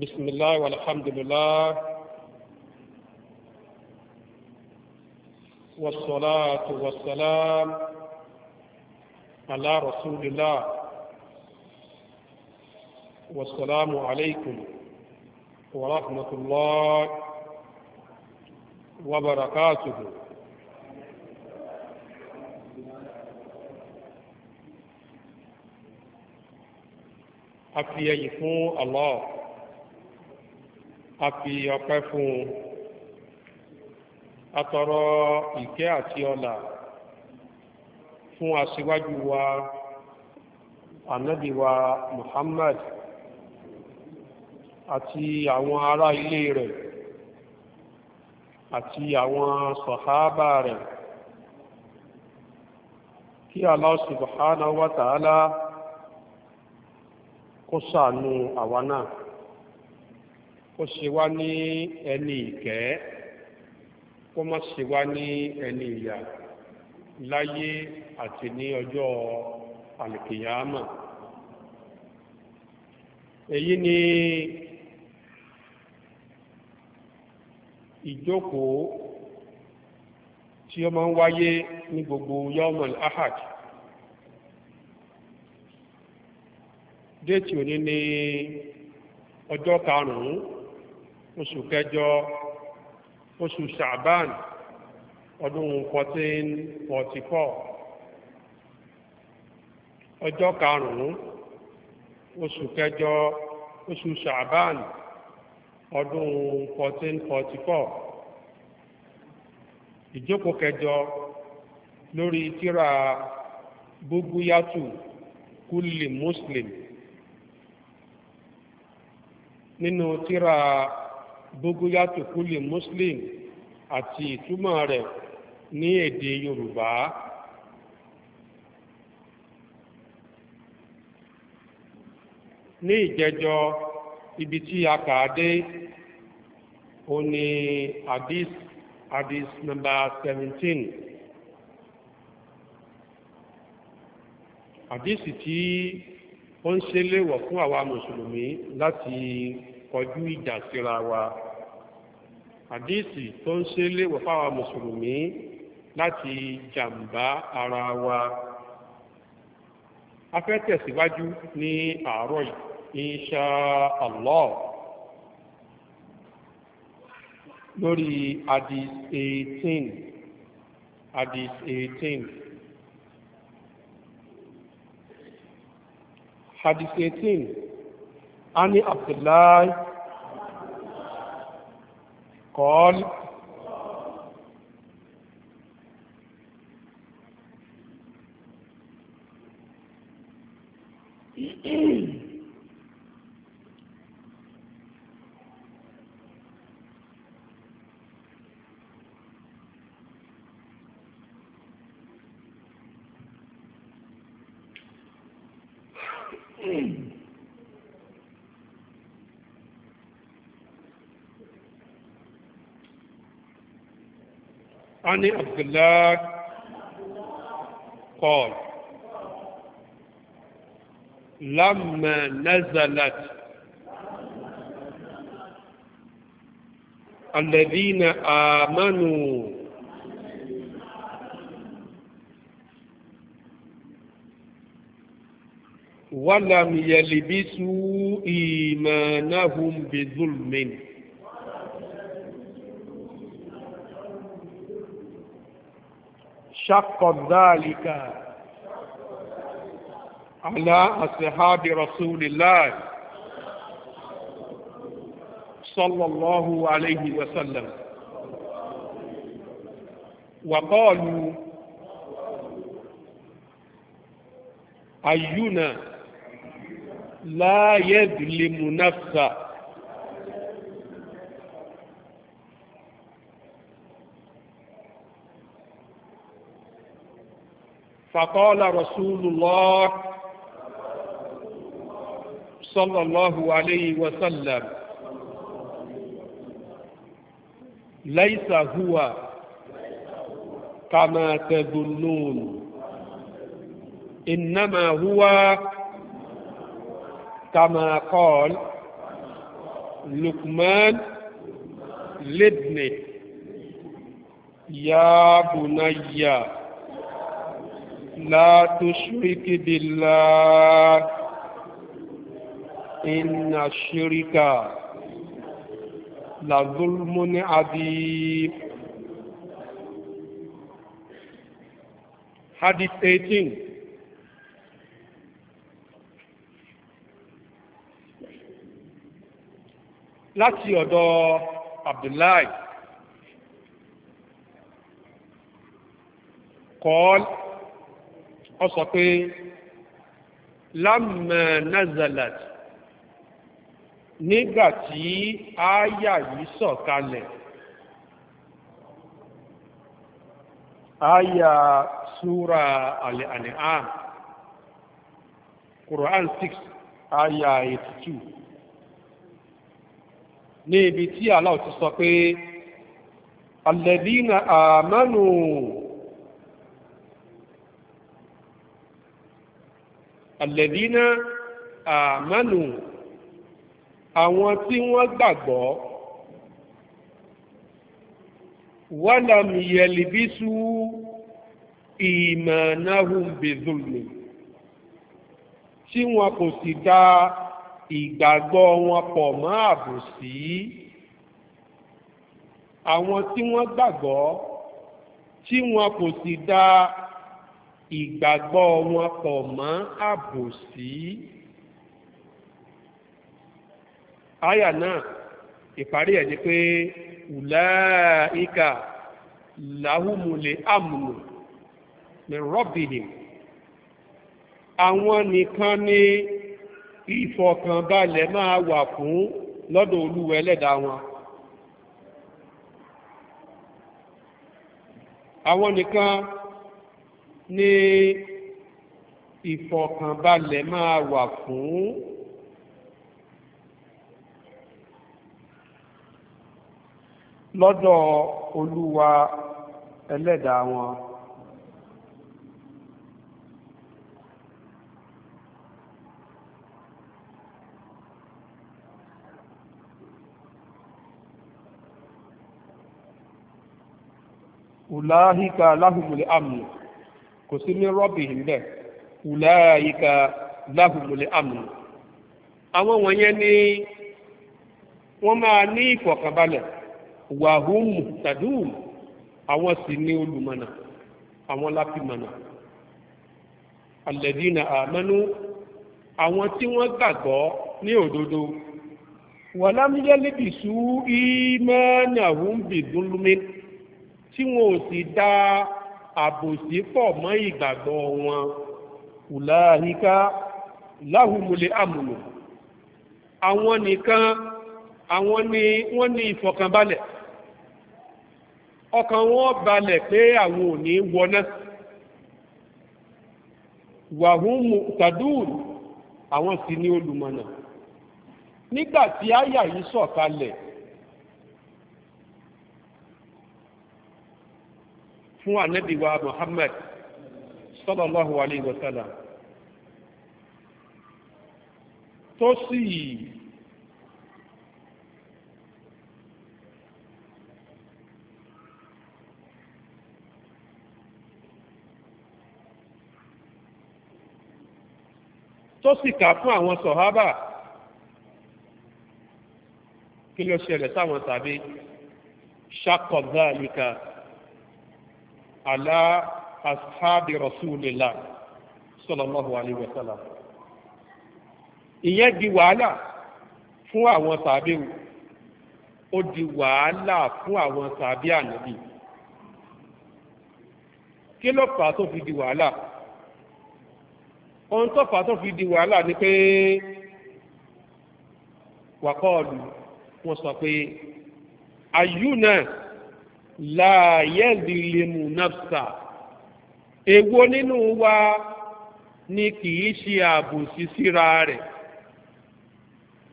بسم الله والحمد لله والصلاة والسلام على رسول الله والسلام عليكم ورحمة الله وبركاته أفيا يفو الله a fi ọpẹ́ fún un atọrọ ìkẹ́ àti ọlà fún aṣíwájú wa ànábì wa Muhammad àti àwọn ará ilé rẹ̀ àti àwọn sọ̀hábà rẹ̀ kí Allah subhanahu kó ṣàánú àwa náà kó ṣe wá ní ẹni ìkẹ́ kó má ṣe wá ní ẹni ìyà láyé àti ní ọjọ́ ni ìjókòó tí ó máa ń wáyé ní gbogbo ahad déètì òní ni ọjọ́ karùn-ún oṣù kẹjọ oṣù ṣàbán ọdún 1444 ọjọ́ karùn-ún oṣù kẹjọ oṣù ṣàbán ọdún 1444 ìjókòó kẹjọ lórí tírà búgúyàtù kúlì muslim nínú tírà bógúyàtò kúlì muslim àti ìtumọ̀ rẹ̀ ní èdè yorùbá. ní ìjẹjọ ibi tí a kà á dé ó ní hadith hadith number seventeen hadith tí ó ń ṣe léwọ̀ fún àwa mùsùlùmí láti kọjú ìjà síra wa àdíìsì tó ń ṣe léwọ̀ fáwa mùsùlùmí láti jàǹbá ara wa a fẹ́ tẹ̀síwájú ní àárọ̀ yìí insha Allah lórí hadith 18 hadith 18 Hadis 18 عن عبد الله قال Mm-hmm. عن عبد الله قال لما نزلت الذين آمنوا ولم يلبسوا إيمانهم بظلم شق ذلك على أصحاب رسول الله صلى الله عليه وسلم وقالوا أينا لا يظلم نفسه فقال رسول الله صلى الله عليه وسلم ليس هو كما تظنون إنما هو كما قال لقمان لابنه يا بني لا تشرك بالله إن الشرك لظلم عظيم Hadith 18 Láti ọ̀dọ̀ Abdullahi قال ọ sọ pé lámà nazalat nígbà tí ááyà yìí sọ̀kalẹ̀ ááyà súra Al-An'am Quran 6 ááyà 82 ní ibi tí Allah ti sọ pé alladhina amanu. àlẹ́dínà àmánù àwọn tí wọ́n gbàgbọ́ wàlámìyẹlìbísú ìmọ̀nàhùn bèzùlù tí wọn kò sì da ìgbàgbọ́ wọn pọ̀ mọ́ àbòsí àwọn tí wọ́n gbàgbọ́ tí wọn kò sì da ìgbàgbọ́ wọn pọ̀ mọ́ àbòsí àyà náà ìparí ẹ̀ ni pé ùlẹ́ẹ̀ẹ́kà làhùmùlẹ̀ àmùnù ní rọ́bìnì àwọn nìkan ni ìfọ̀kànbalẹ̀ máa wà fún lọ́dọ̀ olúwa ẹlẹ́dàá wọn àwọn nìkan ní ìfọ̀kànbalẹ̀ máa wà fún lọ́dọ̀ olúwa ẹlẹ́dàá wọn. Ùláhíkà láhùmùlẹ̀ àmì kò sí ní rọ́bì nílẹ̀ ùláyíká láhùmùlẹ̀ àmùn àwọn wọ̀nyẹn ni wọ́n máa ní ìfọ̀kànbalẹ̀ wàhùmù tàdúùm àwọn sì ní olùmọ̀nà àwọn lápìmọ̀nà alẹ́dínà àmọ́nú àwọn tí wọ́n gbàgbọ́ ní òdodo wàlámúyẹ́lẹ́bìsú ìmọ̀ náà ń bìdúnlùmí tí wọn ò sì dáa àbòsí pọ̀ mọ́ ìgbàgbọ́ wọn ùlàhíká láhùmúlẹ̀ àmùlò àwọn nìkan àwọn ni wọ́n ní ìfọ̀kànbalẹ̀ ọkàn wọn balẹ̀ pé àwọn ò ní wọná wàhùnmù tàdúùn àwọn sì ní olùmọ̀nà nígbà tí àyà yìí sọ̀kalẹ̀ fún ànábì wa Muhammad sallallahu alayhi wa sallam tó sì tó sì kà fún àwọn sọ̀hábà kí ló ṣẹlẹ̀ sáwọn tàbí ṣàkọ̀dá àyíká. على أصحاب رسول الله صلى الله عليه وسلم. di wàhálà fún àwọn sàbẹ̀ ó di wàhálà fún àwọn sàbẹ̀ ànábì kí ló fà á tó fi di wàhálà ohun tó fà á tó fi di wàhálà ni pé wàkọọlù wọn sọ pé àyù láàyè lèmù nafsa èwo nínú wa ni kì í ṣe àbòsí síra rẹ̀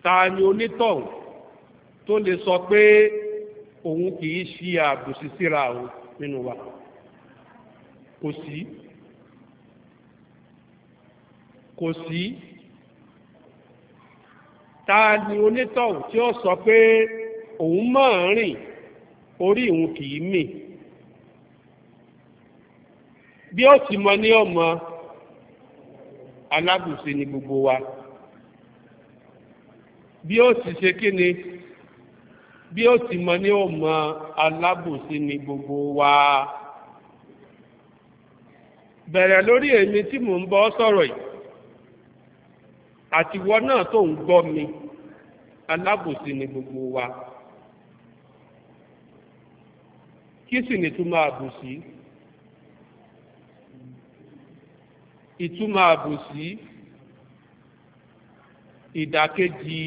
ta ni onítọ̀hún tó lè sọ pé òun kì í ṣe àbòsí síra òun nínú wa kò sí kò sí ta ni onítọ̀hún tí ó sọ pé òun máa ń rìn orí ìhun kì í mì bí ó ti mọ ní ọmọ alábùsí ni gbogbo wa bí ó ti ṣe kí ni bí ó ti mọ ní ọmọ alábùsí ni gbogbo wa bẹ̀rẹ̀ lórí èmi tí mò ń bọ́ sọ̀rọ̀ yìí àtiwọ́ náà tó ń gbọ́ mi alábùsí ni gbogbo wa. kí sì ní túmọ̀ àbòsí ìtumọ̀ àbòsí ìdàkejì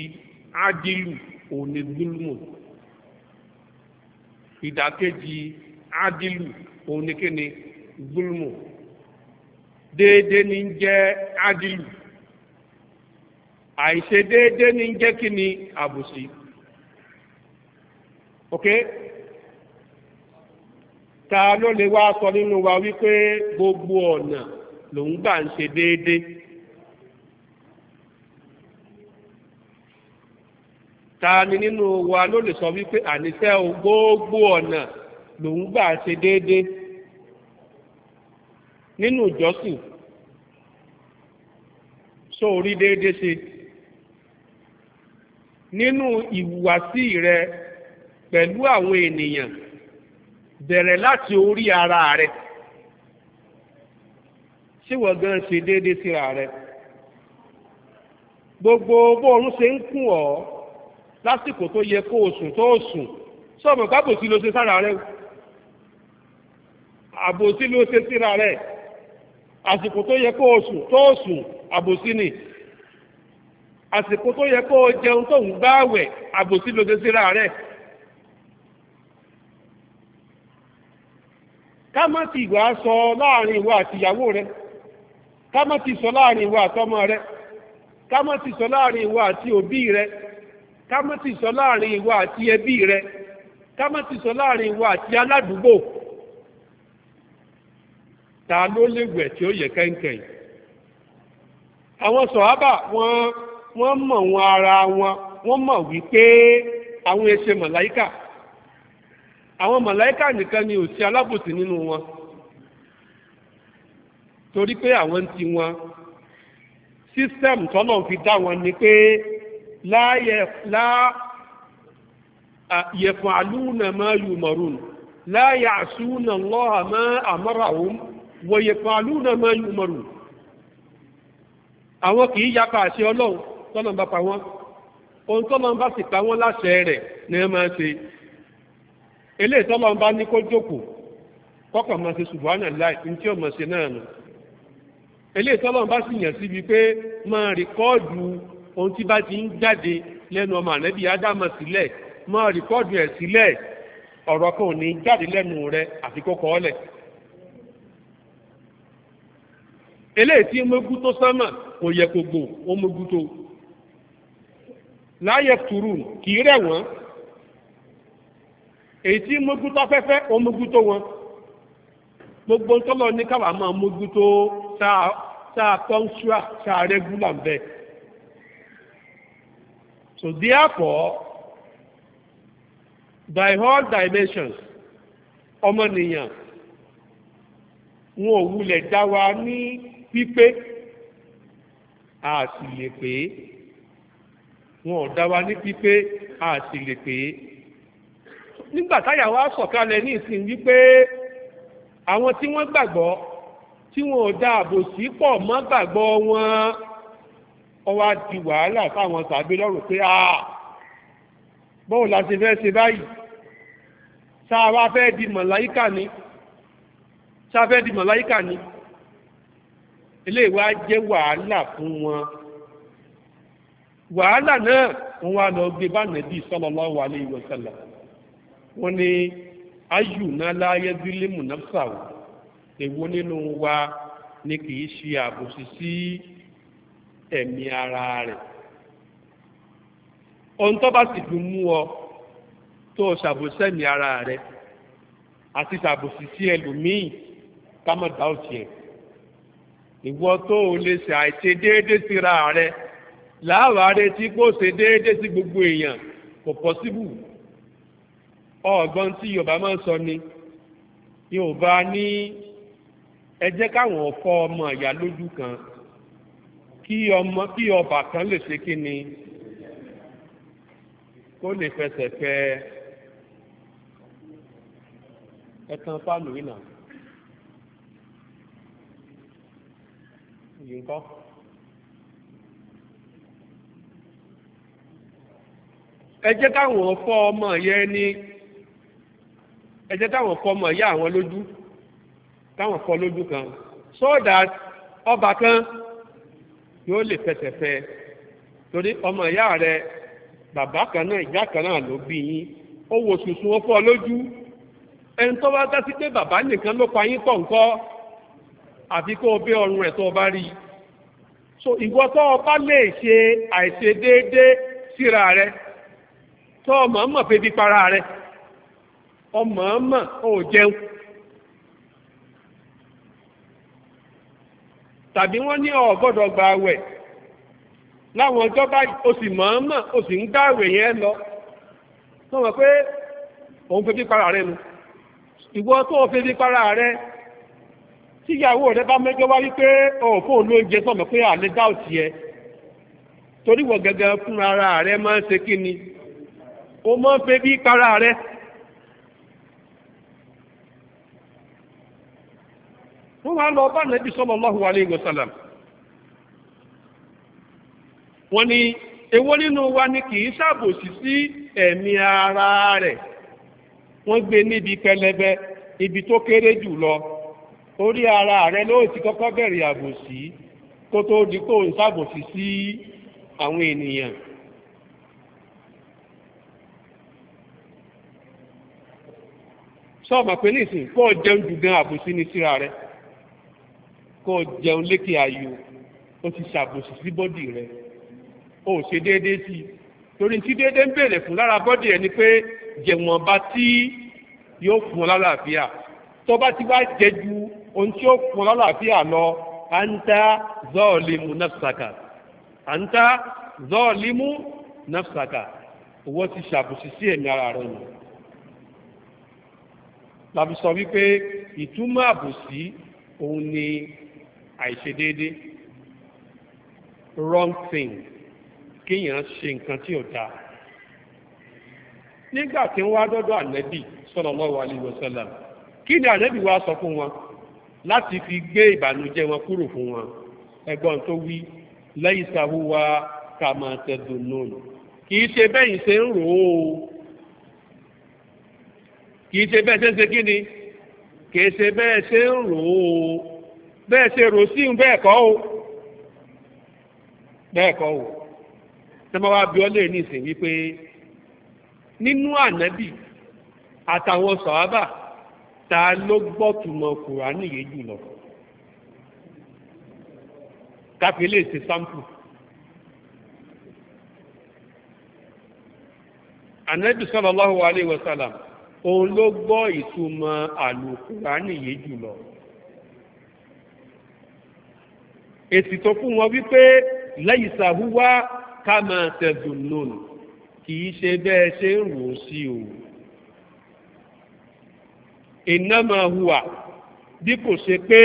ádìlù òní gbólmù ìdàkejì ádìlù òní kíni gbólmù déédéé ní jẹ́ ádìlù àìṣe déédéé ní jẹ́ kíni àbòsí ok ta ló lè wá sọ nínú wa wípé gbogbo ọ̀nà lòun gbà ń ṣe déédéé ta ni nínú wa ló lè sọ wípé àníṣe o gbogbo ọ̀nà lòun gbà ń ṣe déédéé nínú ìjọsìn sọ orí déédéé ṣe nínú ìhùwàsí rẹ pẹ̀lú àwọn ènìyàn bẹ̀rẹ̀ láti orí ara rẹ̀ tí wọ́n gan ṣe déédéé síra rẹ̀ gbogbo bóorun ṣe ń kún ọ lásìkò tó yẹ kó o sùn tó o sùn kábòsí ló ṣe sára àbòsí ló ṣe síra àsìkò tó yẹ kó o sùn tó o sùn àbòsí ni àsìkò tó yẹ kó o jẹun tó ń gbáwẹ̀ àbòsí ló ṣe síra ká má ti sọ láàrin ìwọ àti ìyàwó rẹ ká má ti sọ láàrin ìwọ àtọmọ rẹ ká má ti sọ láàrin ìwọ àti òbí rẹ ká má ti sọ láàrin ìwọ àti ẹbí rẹ ká má ti sọ láàrin ìwọ àti aládùúgbò ta ló léwẹ̀ tí ó yẹ kẹ́ńkẹ́ àwọn sọ̀hábà wọn wọ́n mọ̀ wọn ara wọn wọn mọ̀ wípé àwọn ẹsẹ̀ màláíkà àwọn màláíkà nìkan ni ò sí alábòsí nínú wọn torí pé àwọn ti wọn system tọ́lọ̀ fi dá wọn ni pé láyẹ̀fún àlúùnà máa yù mọ̀rún láyẹ̀ àṣúnà lọ́hà máa àmọ́ra òun wọ̀yẹ̀fún àlúùnà máa yù mọ̀rún àwọn kì í yapa àṣẹ ọlọ́run tọ́lọ̀ ń bá ohun tọ́lọ̀ bá sì pa wọ́n láṣẹ rẹ̀ ni wọ́n máa ṣe eléyìí tọ́lọ́ ń bá ní kó jókòó kọ́kàn máa ṣe ṣùgbọ́n àláì ní tí ó máa ṣe náà nù eléyìí tọ́lọ́ ń bá sì yàn síbi pé máa rìkọ́ọ̀dù ohun tí bá ti ń jáde lẹ́nu ọmọ ànẹ́bí ádámọ̀ sílẹ̀ máa rìkọ́ọ̀dù ẹ̀ sílẹ̀ ọ̀rọ̀ kan ò ní jáde lẹ́nu rẹ àfi kó kọ́ lẹ̀ eléyìí tí mọ́gú tó sánmà kò yẹ kò gbò ó mọ́gú tó láyẹ̀ tùrù kì í rẹ̀ wọ́n èyí tí mógún tó ó mógún wọn gbogbo tọ́lọ ní káwà máa mógún sáà pọ́ńṣúà sáà rẹ́gúlà bẹ́ẹ̀ so therefore by all dimensions ọmọnìyàn wọn ò wulẹ̀ dá wa ní pípé a sì lè pé wọn ò dá wa ní pípé a sì lè pé nígbà táyà wa sọ̀kalẹ̀ ní ìsìn wípé àwọn tí wọ́n gbàgbọ́ tí wọn ò da àbòsí pọ̀ mọ́ gbàgbọ́ wọn ó di wàhálà fáwọn tàbí lọ́rùn pé a bọ́ọ̀ la ṣe fẹ́ ṣe báyìí tá a wá fẹ́ di màláíkà ni tá a fẹ́ di màláíkà ni eléyìí jẹ́ wàhálà fún wọn wàhálà náà wọn wá lọ gbé bá nàbí sallallahu alaihi wasallam wọ́n ní ayù náà láyé dílímù nafsahu èwo nínú wa ni kì í ṣe àbòsí sí ẹ̀mí ara rẹ̀ ohun tó bá sì fi mú ọ tó o ṣàbòsí ẹ̀mí ara rẹ̀ àti ṣàbòsí sí ẹlòmíì ká má dá òtí ẹ̀ ìwọ tó o lè ṣe àìṣe déédéé síra rẹ̀ láwàárẹ̀ tí kò ṣe déédéé sí gbogbo èèyàn kò pọ̀ síbù ọ̀gbọ́n tí yorùbá máa ń sọ ni yorùbá ní ẹ jẹ́ káwọn ọ̀fọ́ ọmọ ìyá lójú kan kí ọmọ kí ọba kan lè ṣe kí ni kó lè fẹsẹ̀ fẹ ẹ̀kan fáànù yìí náà yìí ń kọ́. ẹ jẹ́ káwọn ọ̀fọ́ ọmọ yẹn ní ẹjẹ́ táwọn kọ ọmọ ìyá àwọn lójú táwọn kọ lójú kan so that ọba kan yóò lè fẹsẹ̀ fẹ́ torí ọmọ ìyá rẹ bàbá kan náà ìyá kan náà ló bí yín ó wo sùsùn ó fọ́ lójú ẹni tó bá dásí pé bàbá nìkan ló pa yín pọ̀ ńkọ́ àfi kó o bẹ́ ọrùn ẹ̀ tó o bá rí i so ìwọ tó o bá lè ṣe àìṣedéédé síra rẹ tó o mọ̀ pé bí para rẹ. ọmọọmọ ò jẹun tàbí wọn ní ọ gbọ́dọ̀ gba láwọn ọjọ́ o sì mọ̀ọ́mọ̀ o sì ń dá àwẹ̀ yẹn lọ pé òun fẹ́ para rẹ nu ìwọ tó o fẹ́ para rẹ tíyàwó rẹ bá mẹjọ wá wípé ọ fóun pé torí gẹgẹ fúnra rẹ máa ń ṣe ni o wọ́n wá lọ bá nàbí sallallahu alayhi wa sallam wọ́n ní èwo nínú wa ni kì í ṣàbòsí sí ẹ̀mí ara rẹ̀ wọ́n gbé níbi pẹlẹbẹ ibi tó kéré jù lọ orí ara rẹ̀ ló ti kọ́kọ́ bẹ̀rẹ̀ àbòsí kó tó di kó ń ṣàbòsí sí àwọn ènìyàn. sọ́ọ̀mà pé nísìnyí kó o jẹun jù gan àbòsí ni síra rẹ̀. kó o jẹun lékè ayò o ti ṣàbòsí sí bọ́dì rẹ o ò ṣe déédéé sí i torí tí déédéé ń béèrè fún lára bọ́dì ẹ ni pé jẹ̀wọ̀n bá tí yóò fún ọ lálàáfíà tó bá ti wá jẹ ju ohun tí ó fún ọ lálàáfíà lọ à ń ta zọ́ọ̀lìmù nafsaka à ń ta zọ́ọ̀lìmù nafsaka owó ti ṣàbòsí sí ẹ̀mí ara rẹ nù làbí wípé ìtumọ̀ àbòsí òun ni àìṣedéédé wrong thing kéèyàn ṣe nǹkan tí ò dáa nígbà tí wọ́n wá dọ́dọ̀ ànẹ́bì sallallahu alaihi wasallam kí ni ànẹ́bì wá sọ fún wọn láti fi gbé ìbànújẹ́ wọn kúrò fún wọn ẹ̀gbọ́n tó wí laysa huwa kama tadunnun kì í ṣe bẹ́ẹ̀ ṣe ń rò ó kì í ṣe bẹ́ẹ̀ ṣe ń ṣe kí ni kì í ṣe bẹ́ẹ̀ ṣe ń rò ó. bẹ́ẹ̀ ṣe rò sí bẹ́ẹ̀ kọ́ ó bẹ́ẹ̀ kọ́ ó tẹ́mọ́ bí ọ lè ní ìsìn wípé nínú ànábì àtàwọn sọ̀hábà ta ló gbọ́ túmọ̀ kùránì yìí jùlọ káfí lè ṣe ànábì jùlọ. èsì tó fún wọn wípé lẹ́yìn sàhúwá ká máa tẹ̀dùn lónìí kì í ṣe bẹ́ẹ̀ ṣe ń rò ó sí o. iná máa hùwà bí kò ṣe pé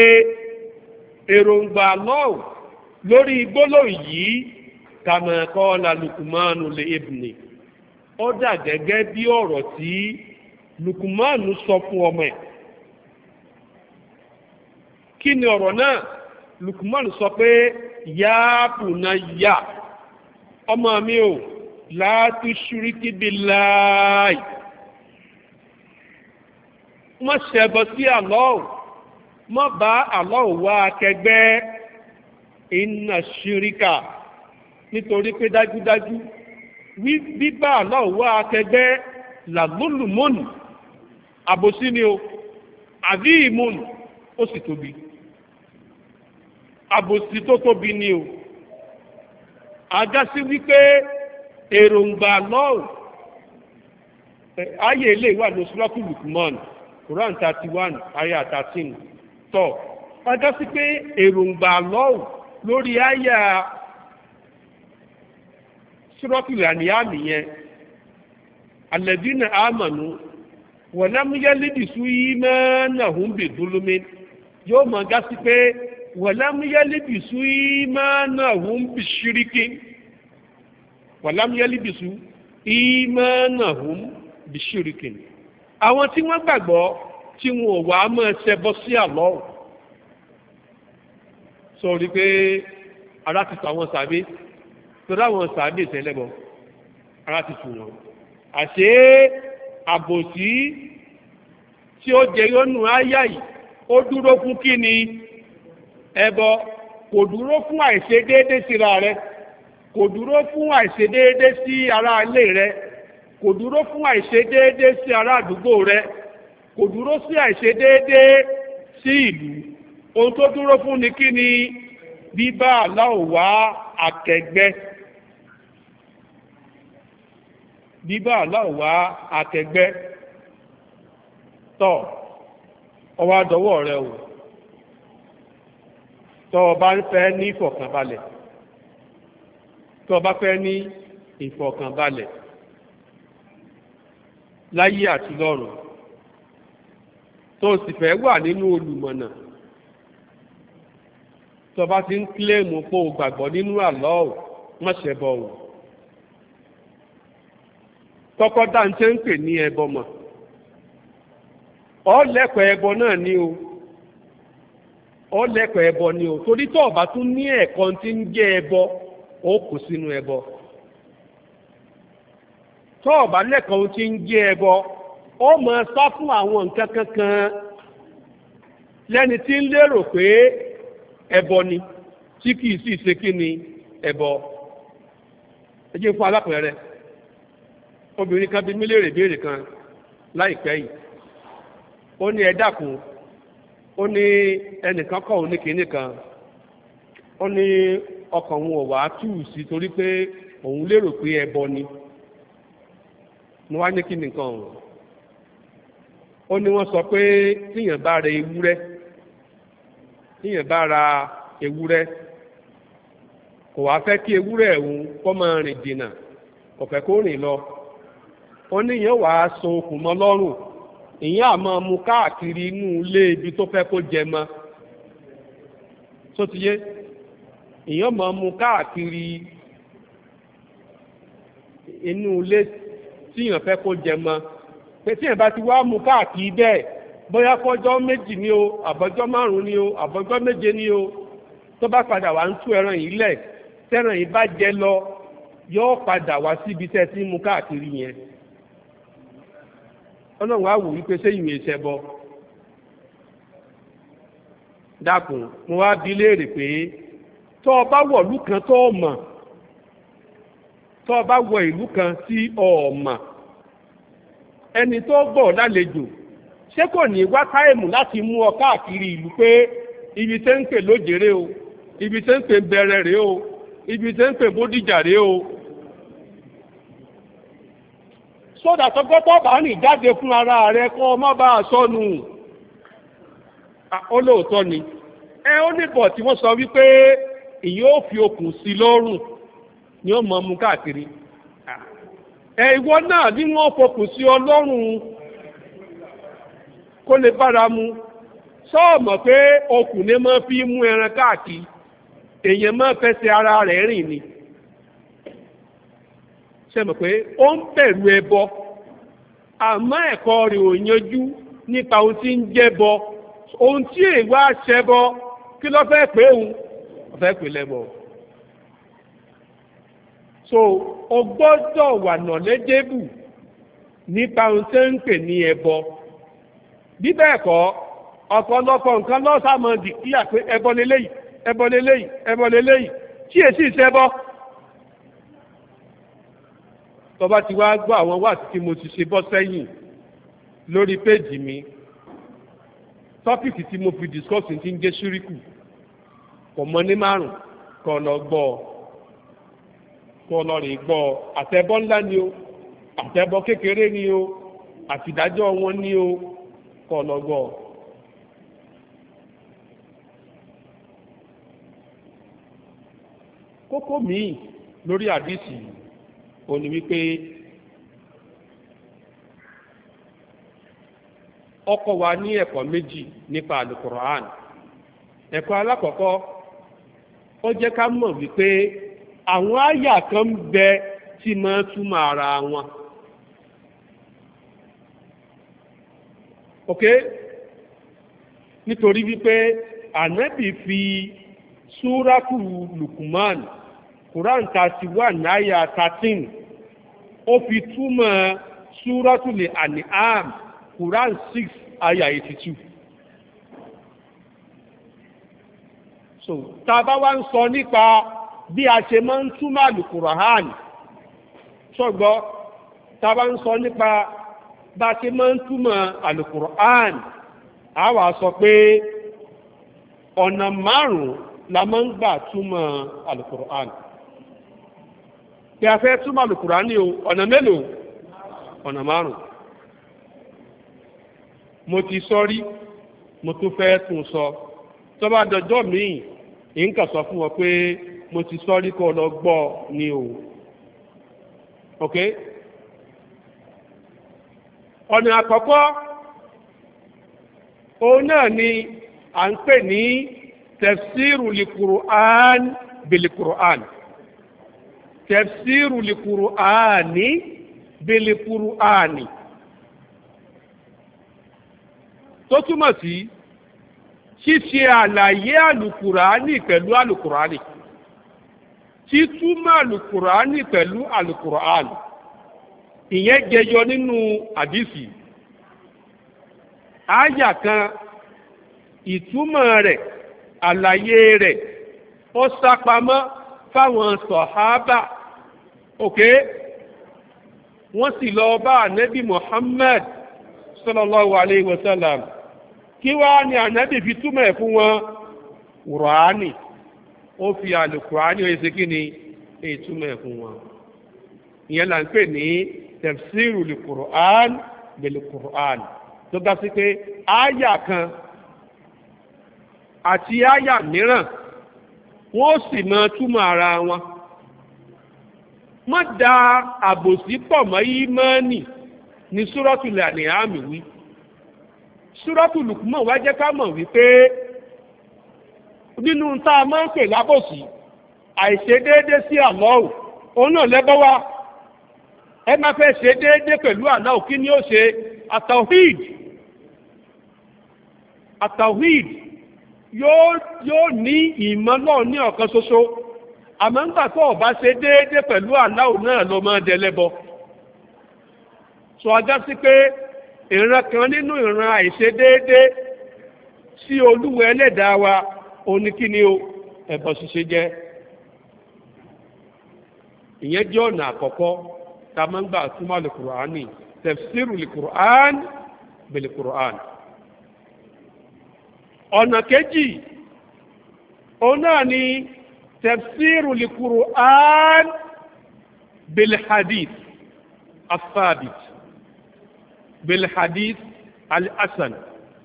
èròǹgbà lọ́wọ́ lórí gbólóhùn yìí ká máa kọ́ lálùkùmánù lè ebùnì ó dà gẹ́gẹ́ bí ọ̀rọ̀ tí lùkùmánù sọ fún ọmọ ẹ̀ kí ni ọ̀rọ̀ náà. Lukman sọ pé yáàpù na yá ọmọ mi ò láti ṣúríkì bí láàyè wọ́n ṣẹbọ sí àlọ́ọ̀ mọ́ bá àlọ́ọ̀ wá akẹgbẹ́ iná ṣíríkà nítorí pé dájúdájú bíbá àlọ́ọ̀ wá akẹgbẹ́ làlúlùmọ́nù àbòsí ni o àbí ìmọ̀nù ó sì tóbi. àbòsí tó ni o àgásí wípé èròǹgbà lọ́ọ̀ ayé ilé wà ní oṣùlọ́kù quran thirty one aya thirteen tọ́ àgásí pé èròǹgbà lọ́ọ̀ lórí aya ṣùlọ́kù ìrànìyàmì yẹn alẹ́dínà àmàlú wọ̀nàmúyẹ́lídìí sú yìí mẹ́ẹ́nà hùn bìdúlùmí yóò mọ̀ gásí pé. wàlámúyálébìsú ìmánàhùn bìṣíríkì wàlámúyálébìsú ìmánàhùn bìṣíríkì àwọn tí wọ́n gbàgbọ́ tí wọn ò wá máa ṣẹbọ sí àlọ́ọ̀ sọ rí pé ara ti tọ àwọn sàbí torí àwọn sàbí ìtẹ́lẹ́bọ ara ti tù wọn àṣé àbòsí tí ó jẹyọ nù áyà yìí ó dúró fún kí ni. ẹbọ kò dúró fún àìṣedéédé síra rẹ kò dúró fún àìṣedéédé sí ara ilé rẹ kò dúró fún àìṣedéédé sí ara àdúgbò rẹ kò dúró sí àìṣedéédé sí ìlú ohun tó dúró fún ni kí ni bíbá aláwò akẹgbẹ. bíbá aláwò wá tọ ọwọ́ àdọ́wọ́ rẹ o. tó o fẹ́ ní ìfọ̀kànbalẹ̀ láyé àti wà nínú olùmọ̀nà tó ti ń kílèmù pé o gbàgbọ́ nínú àlọ́ ò mọ̀ṣẹ́ bọ̀ ò kọ́kọ́ dáńtẹ́ ń pè ní ẹbọ mọ̀ ọ́ lẹ́kọ̀ọ́ ẹbọ náà ni o. ọ lẹ́kọ̀ọ́ ẹbọ ni o torí tó ọba tún ní ẹ̀kọ́ tí ń jẹ́ ẹbọ ó kù sínú ẹbọ tó ọba lẹ́kọ̀ọ́ tí ń jẹ́ ẹbọ ó mọ̀ sá fún àwọn nǹkan kankan lẹ́ni tí ń lérò pé ẹbọ ni tí kìí sì ṣe kí ni ẹbọ ẹ jẹ́ fún obìnrin kan bí mílíọ̀nù ìbéèrè kan láìpẹ́ yìí ó ní ẹ dákun ó ní ẹnìkan kọ̀ òun ní kinní kan ó ní ọkàn òun ò wá tù sí torí pé òun lérò pé ẹbọ ni mo wá ní ó ní wọ́n sọ pé tíyàn bá ra ewúrẹ́ tíyàn bá ra ewúrẹ́ kò wá fẹ́ kí ewúrẹ́ òun máa rìn kò fẹ́ kó rìn lọ ó wàá so okùn ìyẹn àmọ́ mu káàkiri inú ilé ibi tó fẹ́ kó jẹ mọ́ sótìyé ìyẹn máa mu káàkiri inú ilé tíyàn fẹ́ kó jẹ mọ́ pé tíyàn bá ti wá mu káàkiri bẹ́ẹ̀ bóyá fọjọ́ méjì ni o àbọ̀jọ́ márùn-ún ni o àbọ̀jọ́ méje ni o tó bá padà wá ń tú ẹran yìí lẹ̀ tẹ́ran yìí bá jẹ lọ yóò padà wá síbi tẹ́ ti ń mu káàkiri yẹn. ọlọ́run á wípé sẹ́yìn èsì ẹbọ dákun mo wá bi léèrè pé tọ́ ọ bá wọ̀ ìlú kan tọ́ ọ bá wọ̀ ìlú kan ọ mọ̀ ẹni tó lálejò ṣé kò ní wá táìmù láti mú ọ káàkiri ìlú pé ibi tẹ́ ń o ibi tẹ́ ń o ibi tẹ́ ń o sódà tọgbọ́tọ̀ bá rìn jáde fún ara rẹ kọ́ ọmọ bá a sọnù olóòótọ́ ah, ni ẹ ó níbọ̀ tí wọ́n sọ wípé èyí ó fi okùn sí lọ́rùn ni ó mọ̀ mú káàkiri ah, ẹ ìwọ náà ni wọ́n sí ọlọ́run kó lè bára mu sọ́ọ̀mọ̀ pé okùn ni máa fi mú ẹran káàkiri èèyàn máa fẹsẹ̀ ara rẹ̀ rìn ni. ṣe pé ó ń bẹ̀rù ẹbọ àmọ́ ẹ̀kọ́ rẹ̀ ò yanjú nípa ohun tí ń jẹ́bọ ohun tí èèwà ṣẹbọ kí ló fẹ́ pé òun ó fẹ́ pè lẹ́bọ. so o gbọ́dọ̀ wà nọ̀lẹ́dẹ́bù nípa ohun tí ń pè ní ẹbọ bí bẹ́ẹ̀ kọ́ ọ̀pọ̀lọpọ̀ nǹkan lọ́sàmọ́ dìkíyà pé ẹbọ lélẹ́yìí ẹbọ lélẹ́yìí ẹbọ lélẹ́yìí tí èsì ìṣẹbọ tó bá ti wá gbọ́ àwọn wáàsí tí mo ti ṣe bọ́ sẹ́yìn lórí péèjì mi tọ́pìkì tí mo fi discuss ti ń gé ṣíríkù kò mọ ní márùn kò lọ gbọ́ kò lọ rè gbọ́ àtẹ̀bọ́ ńlá ni o àtẹ̀bọ́ kékeré ni o àtìdájọ́ wọn ni o kò lọ gbọ́. kókó míì lórí àdìsí yìí onu ní wípé ọkọ wa ní ẹ̀kọ́ méjì nípa alukur'an ẹ̀kọ́ alákọ̀ọ́kọ́ ó jẹ́ ká mọ̀ wípé àwọn àyà kan ń bẹ tí máa túmọ̀ ara wọn. ok nítorí wípé ànábì fi súrátù lukuman Quran thirty one náírà thirteen ó fi túmọ̀ súrọ́tùlẹ̀ àníhàm Quran six ayà so bá wá ń sọ nípa bí a ṣe máa ń túmọ̀ àlùkùránì ṣọ̀gbọ́ bá ń sọ nípa bá ṣe máa ń túmọ̀ àlùkùránì a sọ pé ọ̀nà márùn-ún la máa ń gbà túmọ̀ àlùkùránì. pé a fẹ́ túmọ̀ lùkùránì o ọ̀nà mélòó ọ̀nà márùn-ún mo ti sọ rí mo tún fẹ́ tún sọ tó bá dọjọ́ míì nǹkan sọ fún pé mo ti sọ rí kó lọ gbọ́ ni o ok ọ̀nà àkọ́kọ́ òun náà ni à ń pè ní tẹ̀síìrù lìkùrù àání bìlìkùrù àání tó túmọ̀ sí ṣíṣe àlàyé àlùkùránì pẹ̀lú àlùkùránì títúmọ̀ àlùkùránì pẹ̀lú àlùkùránì ìyẹn jẹyọ nínú àdìsí àyà kan ìtúmọ̀ rẹ̀ àlàyé rẹ̀ ó sápamọ́ fáwọn sọ̀hábà òkè wọ́n sì lọ bá ànẹ́bì Muhammad sallallahu alayhi wa sallam kí wá ní ànẹ́bì fi túmọ̀ ẹ̀ fún wọn kùránì ó fi àlùkùránì ó ṣe kí ni èyí túmọ̀ ẹ̀ fún wọn ìyẹn là ń pè ní tafsiru lùkùrán bẹ̀lùkùrán tó ga sí pé áyà kan àti áyà mìíràn wọ́n sì máa túmọ̀ ara wọn. má da àbòsí pọ̀ mọ́ ímánì ní súrọ́tùlù àníhàmì wí súrọ́tùlù kùmọ̀ wá jẹ́ ká mọ̀ wípé nínú tá a máa ń pè lábòsí àìṣedéédé sí àlọ́ọ̀ òun náà lẹ́bọ́ wá ẹ máa fẹ́ ṣe déédé pẹ̀lú àlọ́ọ̀ kí ni ó ṣe àtàwíìd àtàwíìd yóò ní ìmọ̀ náà ní ọ̀kan ṣoṣo. àmọ́ ń gbà tó ọba ṣe déédé pẹ̀lú aláwo náà lọ máa dẹlẹ́bọ sọ ajá sí pé ìran kan nínú ìran àìṣe déédé sí olúwa ẹlẹ́dàá wa oníkíni o ẹbọ ṣíṣe jẹ́ ìyẹn jẹ́ ọ̀nà àkọ́kọ́ tá a máa ń gbà túmọ̀ lè kùránì tẹ̀síìrù lè kùránì bẹ̀lẹ̀ kùránì ọ̀nà kejì òun náà ni. tafsiru likur'an bilhadith الثابت بالحديث الحسن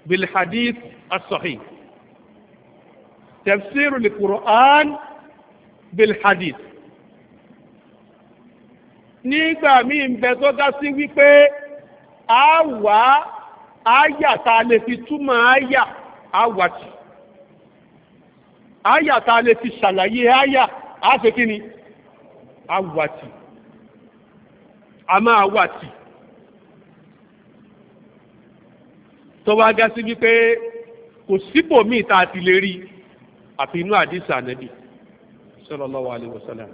بالحديث الصحيح تفسير القرآن بالحديث nígbà míì ń bẹ tó dá sí wípé a wá àyà tá a lè fi túmọ̀ àyà a wà tì àyà tá lè ti ṣàlàyé àyà a ṣe kí ni awàtì a máa wàtì tó wá gá sí wípé kò síbòmíì tá a ti lè rí àfi àdísà àdìsá ànábì sallallahu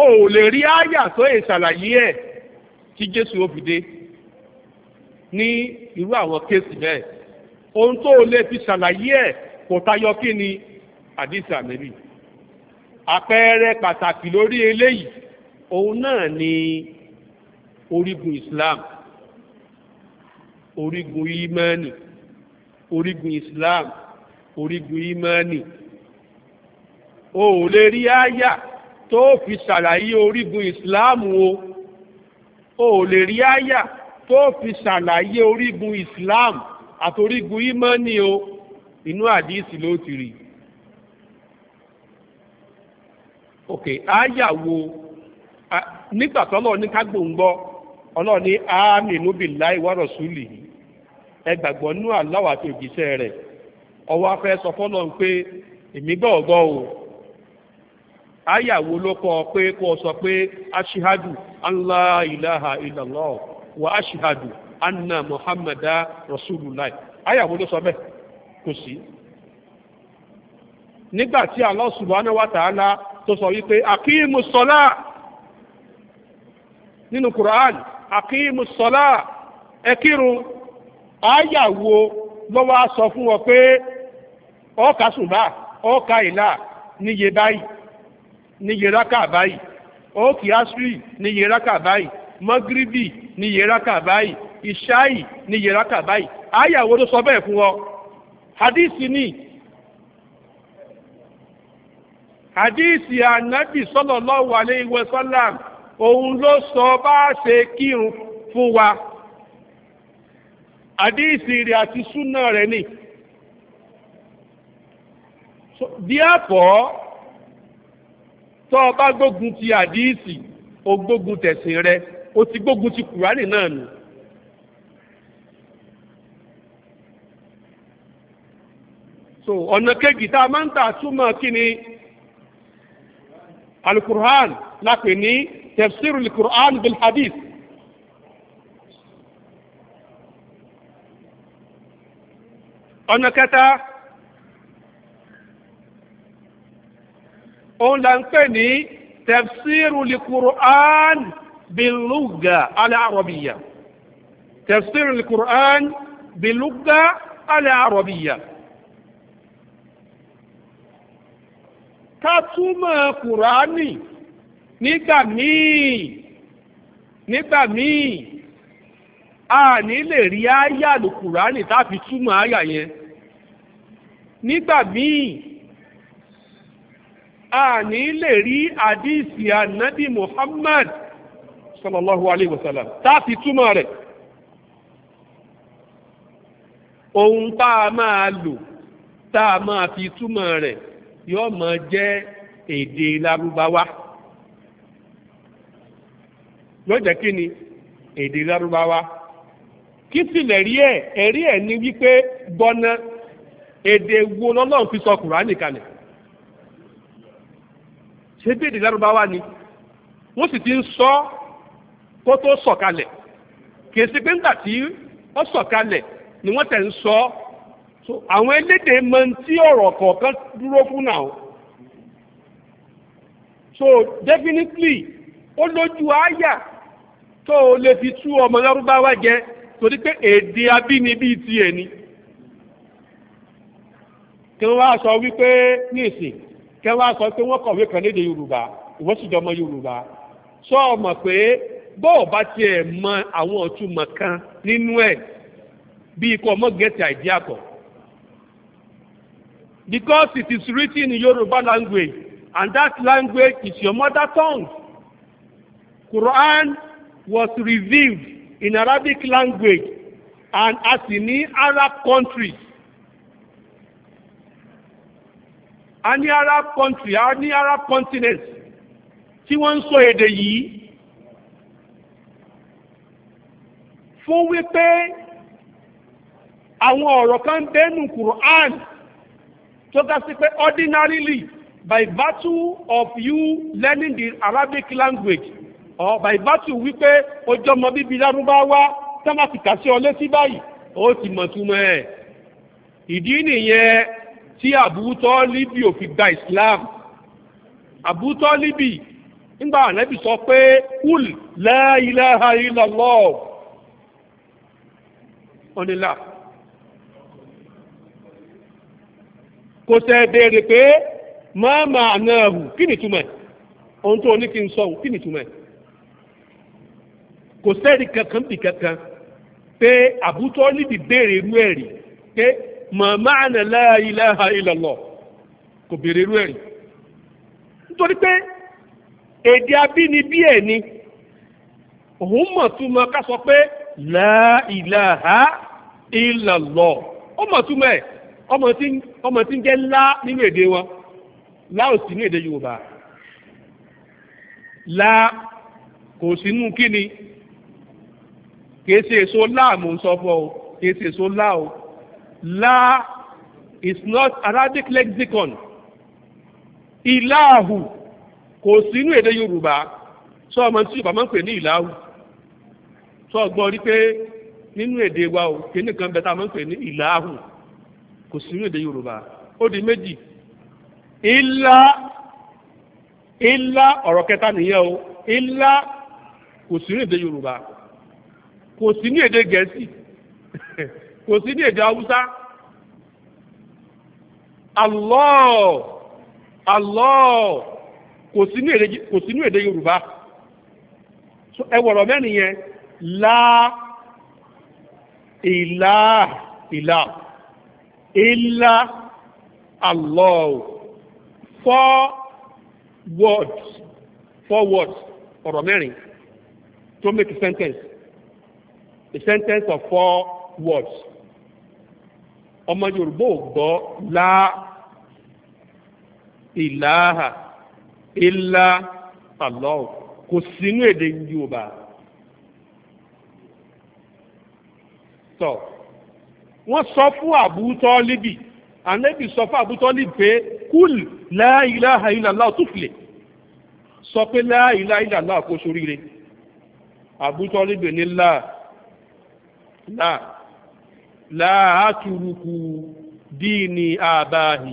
o ò lè rí àyà tó è ṣàlàyé ẹ̀ tí Jésù ó dé ní irú àwọn kéèsì bẹ́ẹ̀. ohun tó lè fi ṣàlàyé ẹ̀ kò tayọ kí ni àdìsí àmẹ́bí àpẹẹrẹ pàtàkì lórí eléyìí òun náà ni orígun Islam orígun imani orígun Islam orígun imani o ò lè rí àyà tó fi ṣàlàyé orígun Islam o o ò lè rí àyà tó fi ṣàlàyé orígun Islam. O, àtorígun ìmọ̀ọ́nì o inú àdíìsì ló ti rí ok àyàwó nígbà tọ́lọ́ ní kágbóǹgbọ́ ọlọ́run ní àmínú billahi wa rasulihi ẹ gbàgbọ́ àti òjíṣẹ́ rẹ̀ ọwọ́ afẹ́ sọ fọ́lọ́run pé èmi o àyàwó ló kọ́ ọ pé sọ pé anna muhammadu rasulullah ayàwó ló sọ bẹ́ẹ̀ kò sí. nígbà tí Allah subhanahu wa ta'ala tó sọ wípé aqimu sọlá nínú Quran aqimu sọlá ẹ ayàwó ló wá sọ fún wọn pé ọkà sùnbà ọkà ìlà níye báyìí níye rákà ìṣáì ni yèràkà báyìí àyàwó ló sọ bẹ́ẹ̀ fún ọ hadisi ni hadisi anabi sallallahu alayhi wa sallam òun ló sọ bá a ṣe kírun fún wa hadisi rẹ̀ àti súnà rẹ̀ ni díàpọ̀ tọ́ ọ bá gbógun ti hadisi o gbógun tẹ̀sìn rẹ̀ o ti gbógun ti kùránì náà nù. so ọ̀nà kejì tá a máa ń tà túmọ̀ kí ni alukur'an lápè ní tafsir alukur'an bil hadith. ọ̀nà kẹta òun là ń pè ní tafsir alukur'an bil lugha ala arabiya tafsir alukur'an bil lugha ala arabiya. ká túmọ̀ kùránì nígbà míì nígbà míì a ní lè rí àyà lò kùránì tá a fi túmọ̀ àyà yẹn nígbà míì a ní lè rí àdìsí ànábì Muhammad sallallahu alayhi wa sallam tá a fi túmọ̀ rẹ̀ ohun tá a máa lò tá a máa fi túmọ̀ rẹ̀ yóò máa jẹ́ èdè lárúbáwá yóò jẹ́ kí ni èdè lárúbáwá kí sì lẹ̀rí ẹ̀ ẹ̀rí ẹ̀ ni wípé gbọ́ná èdè wo lọ́lọ́run fi sọ kùránì kalẹ̀ ṣé bí èdè lárúbáwá ni wọ́n sì ti ń sọ kó tó sọ̀kalẹ̀ kì í pé nígbà tí ó sọ̀kalẹ̀ ni wọ́n tẹ̀ ń sọ ọ́ so àwọn elédè mọ tí ọ̀rọ̀ kọ̀ọ̀kan dúró fún náà so definitely ó lójú àyà tó o lè fi tú ọmọ lárúbáwá jẹ torí pé èdè abínibí tiẹ̀ ni kí wọ́n wá sọ wípé ní ìsìn kí wọ́n wá sọ pé wọ́n kọ̀wé kan léde yorùbá ìwọ́n sì jọmọ yorùbá sọ ọmọ pé bọ́ọ̀ bá tiẹ̀ mọ àwọn ọ̀túnmọ̀ kan nínú ẹ̀ bí ikọ̀ ọmọ gẹ̀ẹ́tì àìdíàkọ̀ because it is written in Yoruba language and that language is your mother tongue. Quran was revealed in Arabic language and as in Arab countries. any Arab country any Arab continent tí wọ́n ń sọ èdè yìí fún wípé àwọn ọ̀rọ̀ kan bẹ́nu Quran tó ká sí pé ordinarily by virtue of you learning the Arabic language or by virtue wípé ojú ọmọ bíbí lárúbáwá tá má fi kà sí ọ létí báyìí ó ti mọ̀ túmọ̀ ẹ̀ ìdí nìyẹn tí àbútọ́ líbi ò fi gba Islam àbútọ́ líbi nígbà ànábì sọ pé kúl la ilaha illallah ọ̀nìlà. kò ṣe béèrè pé ma àná ẹ̀hù kí ni túmọ̀ ohun tó ní kí n sọ kí ni túmọ̀ kò sẹ́ẹ̀rì kankan bì kankan pé àbútọ́ níbi béèrè irú ẹ̀ rí pé mọ̀ọ́mọ́ àná la ila lọ kò béèrè irú ẹ̀ rí nítorí pé èdè abínibí ẹ̀ ni òun mọ̀ túmọ̀ ká sọ pé ó mọ̀ túmọ̀ ẹ̀. ọmọ tí ń jẹ́ lá nínú èdè wọn lá ò sí nínú èdè Yorùbá lá kò sínú kíni kìí ṣe èso lá mò ń sọ fún ọ kìí ṣe èso lá o lá is not Arabic lexicon ìláàhù kò sínú èdè Yorùbá sọ ọmọ tí Yorùbá máa ń pè ní ìláàhù sọ ọgbọ́n rí pé nínú èdè wa o kìíní kan bẹ tá a máa ń pè ní ìláàhù. kò sí ní èdè yorùbá ó di méjì ilá ilá ọ̀rọ̀ kẹta nìyẹn o ilá kò sí èdè yorùbá kò sí ní èdè gẹ̀ẹ́sì kò sí ní èdè haúsá Allah Allah kò sí ní èdè yorùbá mẹ́rin yẹn illa Allah four words four words ọ̀rọ̀ mẹ́rin to make a sentence a sentence of four words ọmọ yorùbá ò gbọ́ la ilaha ìlà Allah kò sínú èdè yorùbá. So, wọ́n sọ fún àbútọ́líbì ànábì sọ fún àbútọ́líbì pé kúl la ilaha illallah tuflih sọ pé la ilaha illallah kó soríire àbútọ́líbì ní láà láà láàtúrukù díìní àbáhì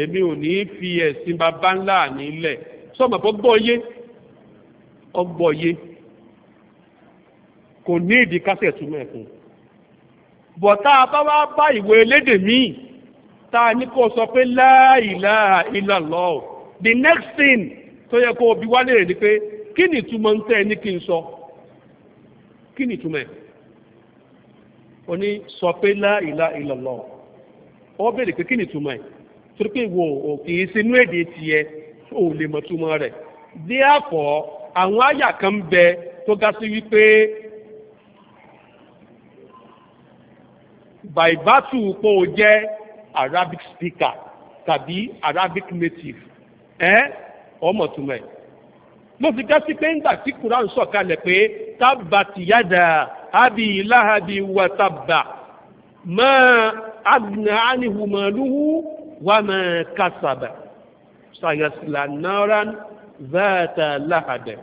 èmi ò ní fi ẹ̀sìn bàbá ńlá nílẹ̀ sọ́mọ̀ fọ́ gbọ́yé ọgbọ́yé kò ní ìdí kásẹ̀ túmọ̀ ẹ̀kùn bọ̀ tá a bá wá bá ìwé elédè míì tá a ní kó sọ pé la ilaha illallah the next thing tó yẹ kó o bí wálé rẹ̀ ni pé kí ni ìtumọ̀ ń tẹ́ ẹ ní kí n sọ kí ni ìtumọ̀ ẹ̀ o ní sọ pé la ilaha illallah ọ bẹ̀rẹ̀ pé kí ni ìtumọ̀ ẹ̀ torí pé ìwọ ò kì í sinú èdè tiẹ̀ ò lè mọ̀ túmọ̀ rẹ̀ díẹ̀ àpọ̀ àwọn àyà kan bẹ tó ga sí wípé vaibatu pé o jẹ́ arabic speaker tàbí arabic native ẹ́ ọmọ túmọ̀ ẹ̀. mo fi kásí pé ńgbà tí quran sọ̀kalẹ̀ pé tábàtìyàdà abi láhàbí wàtàbà ma agna anhu maluhu wa ma kasaba sayasla naran zata lahabe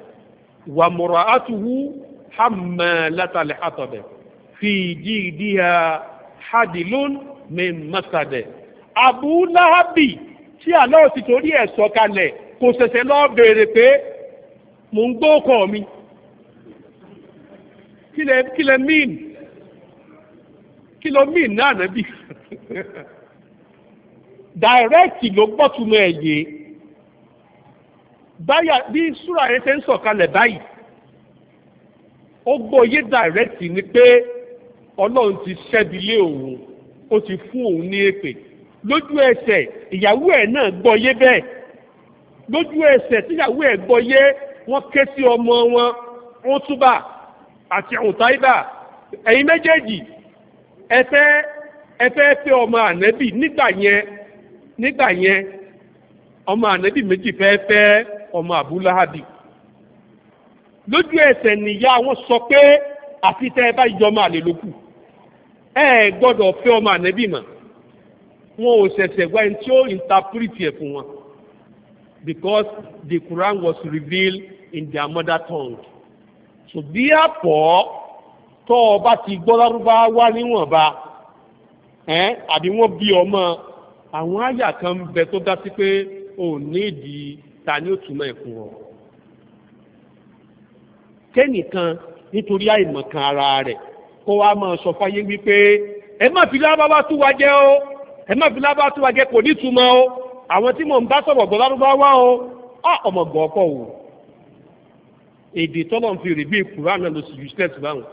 wa mura'atuhu hammalatal hatabe fi jidiha hadilun min masade abu lahabi tí àlọ́ ti torí ẹ̀ sọ̀kalẹ̀ kò ṣẹ̀ṣẹ̀ lọ béèrè pé mò ń gbọ́ ọkọ mi kílẹ̀ kílẹ̀ mean kílọ̀ mean náà nàbí direct ló gbọ́tùmọ̀ ẹ̀ yé báyà bí súra yẹn ṣe ń sọ̀kalẹ̀ báyìí ó gbọ́ yé direct ni pé. ọlọ́run ti ṣẹ́bi lé òun ó ti fún òun ní èpè lójú ẹsẹ̀ ìyàwó ẹ̀ náà gbọ́yé bẹ́ẹ̀ lójú ẹsẹ̀ tíyàwó ẹ̀ gbọ́yé wọ́n ké sí ọmọ wọn ọ̀túbà àti ọ̀táìbà ẹ̀yin méjèèjì ẹ fẹ́ ẹ fẹ́ fẹ́ ọmọ ànẹ́bì nígbà yẹn nígbà yẹn ọmọ ànẹ́bì méjì fẹ́ fẹ́ ọmọ àbúláhàbì lójú ẹsẹ̀ nìyá wọn sọ pé àfi tẹ́ ẹ bá yọmọ àlè lókù ẹ gbọ́dọ̀ fẹ́ ọmọ ànẹ́bí mọ̀ wọn ò ṣẹ̀ṣẹ̀ wá ẹni tí ó interpret ẹ̀ fún wọn because the Quran was revealed in their mother tongue so bí àpọ̀ tó o bá ti gbọ́ lárúbáwá níwọ̀nba ẹ̀ àbí wọ́n bí ọmọ àwọn àyà kan ń bẹ tó dá sí pé ò ní ìdí ta ni ó túmọ̀ ẹ̀kún ọ. kẹ́nìkan nítorí àìmọ̀kan ara rẹ̀ kó wá máa sọ fáyé wípé ẹ má fi lárúbáwá tú wa jẹ o ẹ má fi lárúbáwá tú wa jẹ kò ní ìtumọ̀ o àwọn tí mò ń bá sọ̀rọ̀ gbọ́ lárúbáwá o á ọmọ gbọ́ ọkọ o èdè tọ́lọ̀ ń fi rè bí ìkúrán náà ló sì yù sílẹ̀ síbáwọn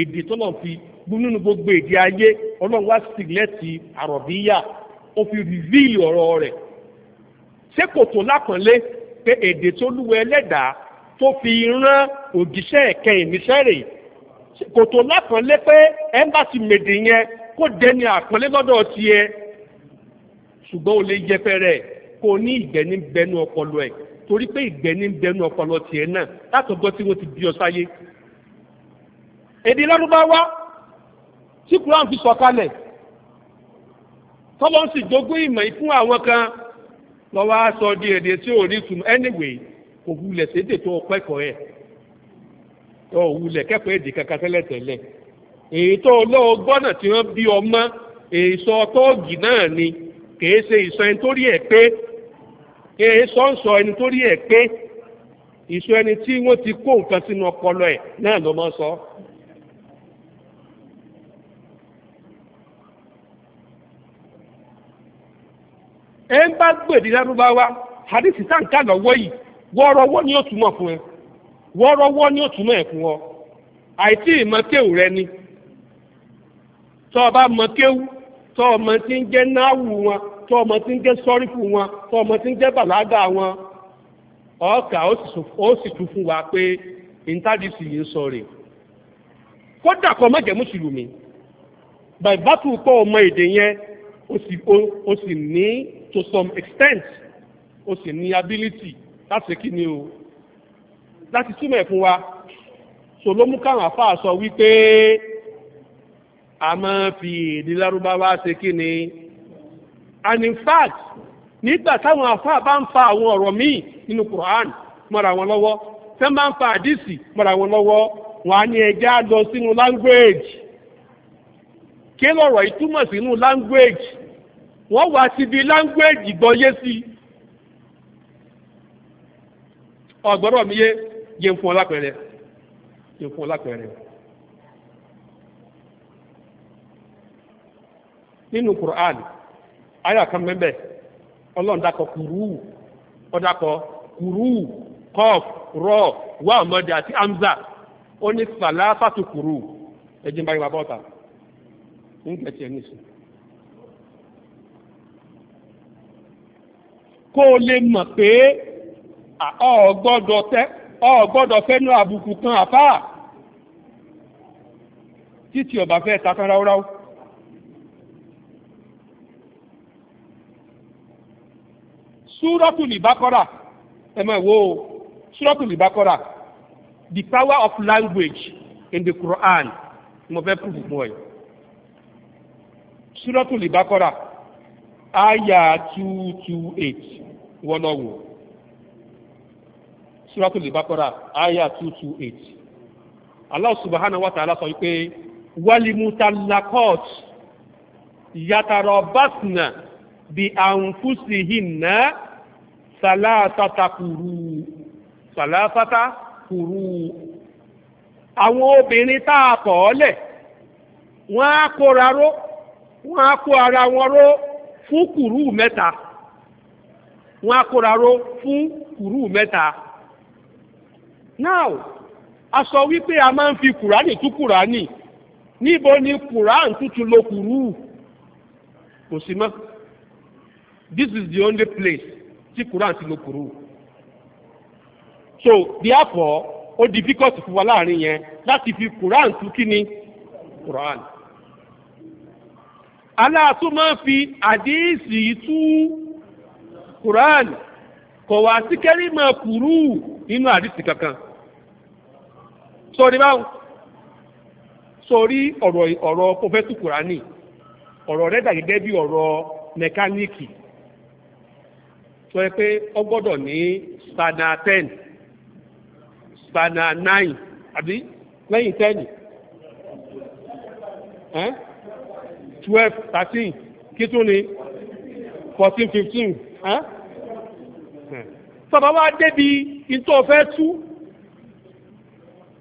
èdè tọ́lọ̀ ń fi nínú gbogbo èdè ayé ọlọ́run wá sílẹ̀tì àrọ̀bíyà ó fi rìvíìlì ọ̀rọ̀ rẹ̀ ṣé kò tó lápọ̀nlé pé èdè tó lúwẹ̀ ẹlẹ́dàá tó fi rán òjíṣẹ́ ẹ̀kẹ́ ìmísẹ́ rèé kò tó lápọ̀nlé pé ẹ́mbàsì mèdè yẹn kó dẹni àpọ̀nlé lọ́dọ̀ tiẹ̀ ṣùgbọ́n o lè yẹpẹrẹ kó o ní ìgbẹ́ni bẹnu ọpọlọ ẹ̀ torí pé ìgbẹ́ni bẹnu ọpọlọ tiẹ̀ náà látọ̀gbọ́ tí wọ́n ti bí ọ sáyé. èdè lárúbáwá tí kuran fi sọ̀kalẹ̀ tọ́lọ́ sì jogún ìmọ̀ fún àwọn kan lọ́wọ́ aṣọ di èdè tí ò ní tùmọ̀ anyway kò wulẹ̀ sédè tó ọpẹ́kọ̀ọ́ ẹ̀ òwúlẹ̀ kẹ́kọ̀ọ́ èdè kankan tẹ́lẹ̀tẹ́lẹ̀ èyí tó olóò gbọ́nà tí wọ́n bí ọmọ èso tóògì náà ni kèé ṣe ìsọ ẹni tó rí ẹ̀ pé kèé sọ́nsọ ẹni tó rí ẹ̀ pé ìsọ ẹni tí wọ́n ti kó nǹkan sínú ọpọlọ ẹ̀ náà ló máa sọ. ẹ ń bá gbèdé lárúbáwá hadith táǹkà lọ́wọ́ yìí wọ́ọ́rọ́wọ́ ni ó túmọ̀ fún ẹ wọ́rọ́wọ́ ni ó túmọ̀ ẹ̀ fún ọ àìtí ìmọ̀kéwù rẹ ni tọ́ ọ bá mọ̀kéwù tọ́ ọmọ tí ń jẹ́ náàwù wọn tọ́ ọmọ tí ń jẹ́ sọ́rífù wọn tọ́ ọmọ tí ń jẹ́ bàlágà wọn ọkà ó sì tún fún wa pé intadisi yìí ń sọ rè kódà kọ́ má jẹ́ mùsùlùmí bàbá tó kọ́ ọmọ èdè yẹn ó sì ní to some extent ó sì ní ability láti kí ni o. láti túmọ̀ ẹ̀ fún wa so ló mú káwọn àfáà sọ wípé a máa fi èdè lárúbáwá ṣe kí ni and in fact nígbà táwọn àfáà bá ń fa àwọn ọ̀rọ̀ míì nínú Quran mọ́ra wọn lọ́wọ́ fẹ́ máa ń fa àdìsí mọ́ra wọn lọ́wọ́ wọn á ní ẹja lọ sínú language kí lọ̀rọ̀ ìtumọ̀ sínú language wọ́n wá síbi language gbọ́yé sí ọ̀gbọ́rọ̀ mi yé. jẹ́ ń fún ọ lápẹẹrẹ jẹ́ fún ọ lápẹẹrẹ. nínú Qur'an ayé àkànmẹ́bẹ̀ ọlọ́run dákọ̀ kùrú ọ̀dàkọ̀ kùrú kọ́f rọ wà ọmọdé àti amza ó ní sàlásàtù kùrú ẹ̀jẹ̀ bá ń ẹ̀ kó o ọ ọ gbọ́dọ̀ fẹ́nu àbùkù kan àfáà títí ọba fẹ́ takan ráúráú. súrọ́tùlì bákọ́rà ẹ máa wò ó súrọ́tùlì bákọ́rà the power of language in the Quran mo fẹ́ prove fún ẹ. súrọ́tùlì bákọ́rà àyà two two eight wọ́n lọ wò suratul bakora aya two two eight Allah subhanahu wa ta'ala sọ pé walimutalakot bi anfusihinna salatata kuru salatata kuru àwọn obìnrin tá a kọ̀ ọ́ ara wọn ró fún now a sọ wípé a máa ń fi kùránì tú kùránì níbo ni kùránì tuntun lo kùrú kò sí mọ́ this is the only place tí kùránì ti lo kùrú so therefore ó difficult fún wa láàrin yẹn láti fi kùránì tú kí ni kùránì aláàtú máa ń fi àdíìsì tú kùránì kò wá sí kẹ́rìmọ̀ kùrú nínú àdíìsì kankan. sọrí báwọn ọ̀rọ̀ ọ̀rọ̀ pọfẹ́tù kùránì ọ̀rọ̀ rẹ̀ dà gẹ́gẹ́ bí ọ̀rọ̀ mẹkáníìkì sọ yẹ pé gbọ́dọ̀ ní spanner ten spanner nine àbí lẹ́yìn ten twelve thirteen ni fourteen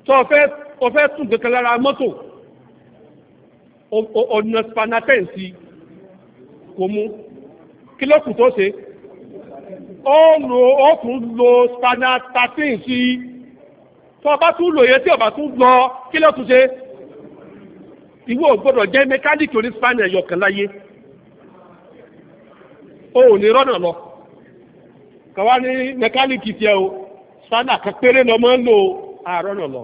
tó o fẹ́ tún kankan lára mọ́tò ọ̀nà spanaten sí kò mú kí ló kù tó ṣe ó lo ó tún lo spanaten sí tó o bá tún lò yẹ tí o bá tún lọ kí ló tún ṣe ìwọ ò gbọ́dọ̀ jẹ́ mẹkáníìkì oní spanaten yọkàn láyé o ò ní rọ́nà lọ kàwá ní mẹkáníìkì tiẹ̀ o spanner kan péré lọ máa ń lo àárọ̀ náà lọ.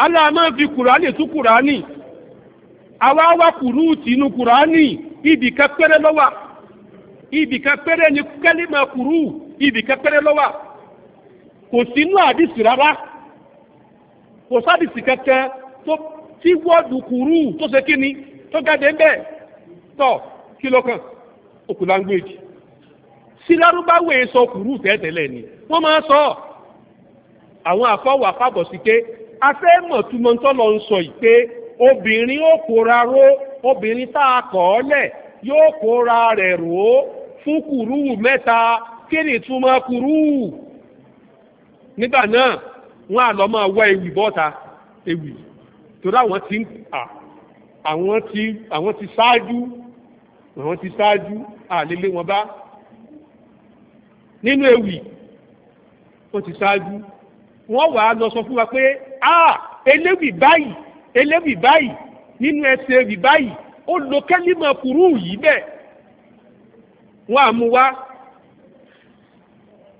Allah máa fi kùránì tú kùránì àwa wá kùrúùtì inú kùránì ibìkan péré lọ́wà ibìkan péré ni kẹ́límà kùrú ibìkan péré lọ́wà kò sínú àdìsí rárá kò sádìsí kankan tó tí wọ́ọ̀dù kùrú tó ṣe kí ni tó jáde ń bẹ̀ tọ̀ kí ló kàn òkú language sí sọ kùrú tẹ́tẹ́lẹ̀ ni wọ́n máa sọ àwọn àfọwọ́ àfàbọ̀síké afẹ́ mọ̀túmọ̀ tọ́lọ ń sọ yìí pé obìnrin ó kóra ró obìnrin tá a kọ̀ ọ́ lẹ̀ yóò kóra rẹ̀ ró fún kùrúù mẹ́ta kí ni ìtumọ̀ kùrúù nígbà náà wọ́n á lọ máa wá ewì bọ́ta ewì torí àwọn ti ń à àwọn ti àwọn ti ṣáájú àwọn ti ṣáájú àlélé wọn bá nínú ewì wọ́n ti ṣáájú wọ́n wàá lọ sọ fún wa pé a eléwì báyìí eléwì báyìí nínú ẹsẹ̀ rì báyìí ó lo yìí bẹ̀. wọ́n á mú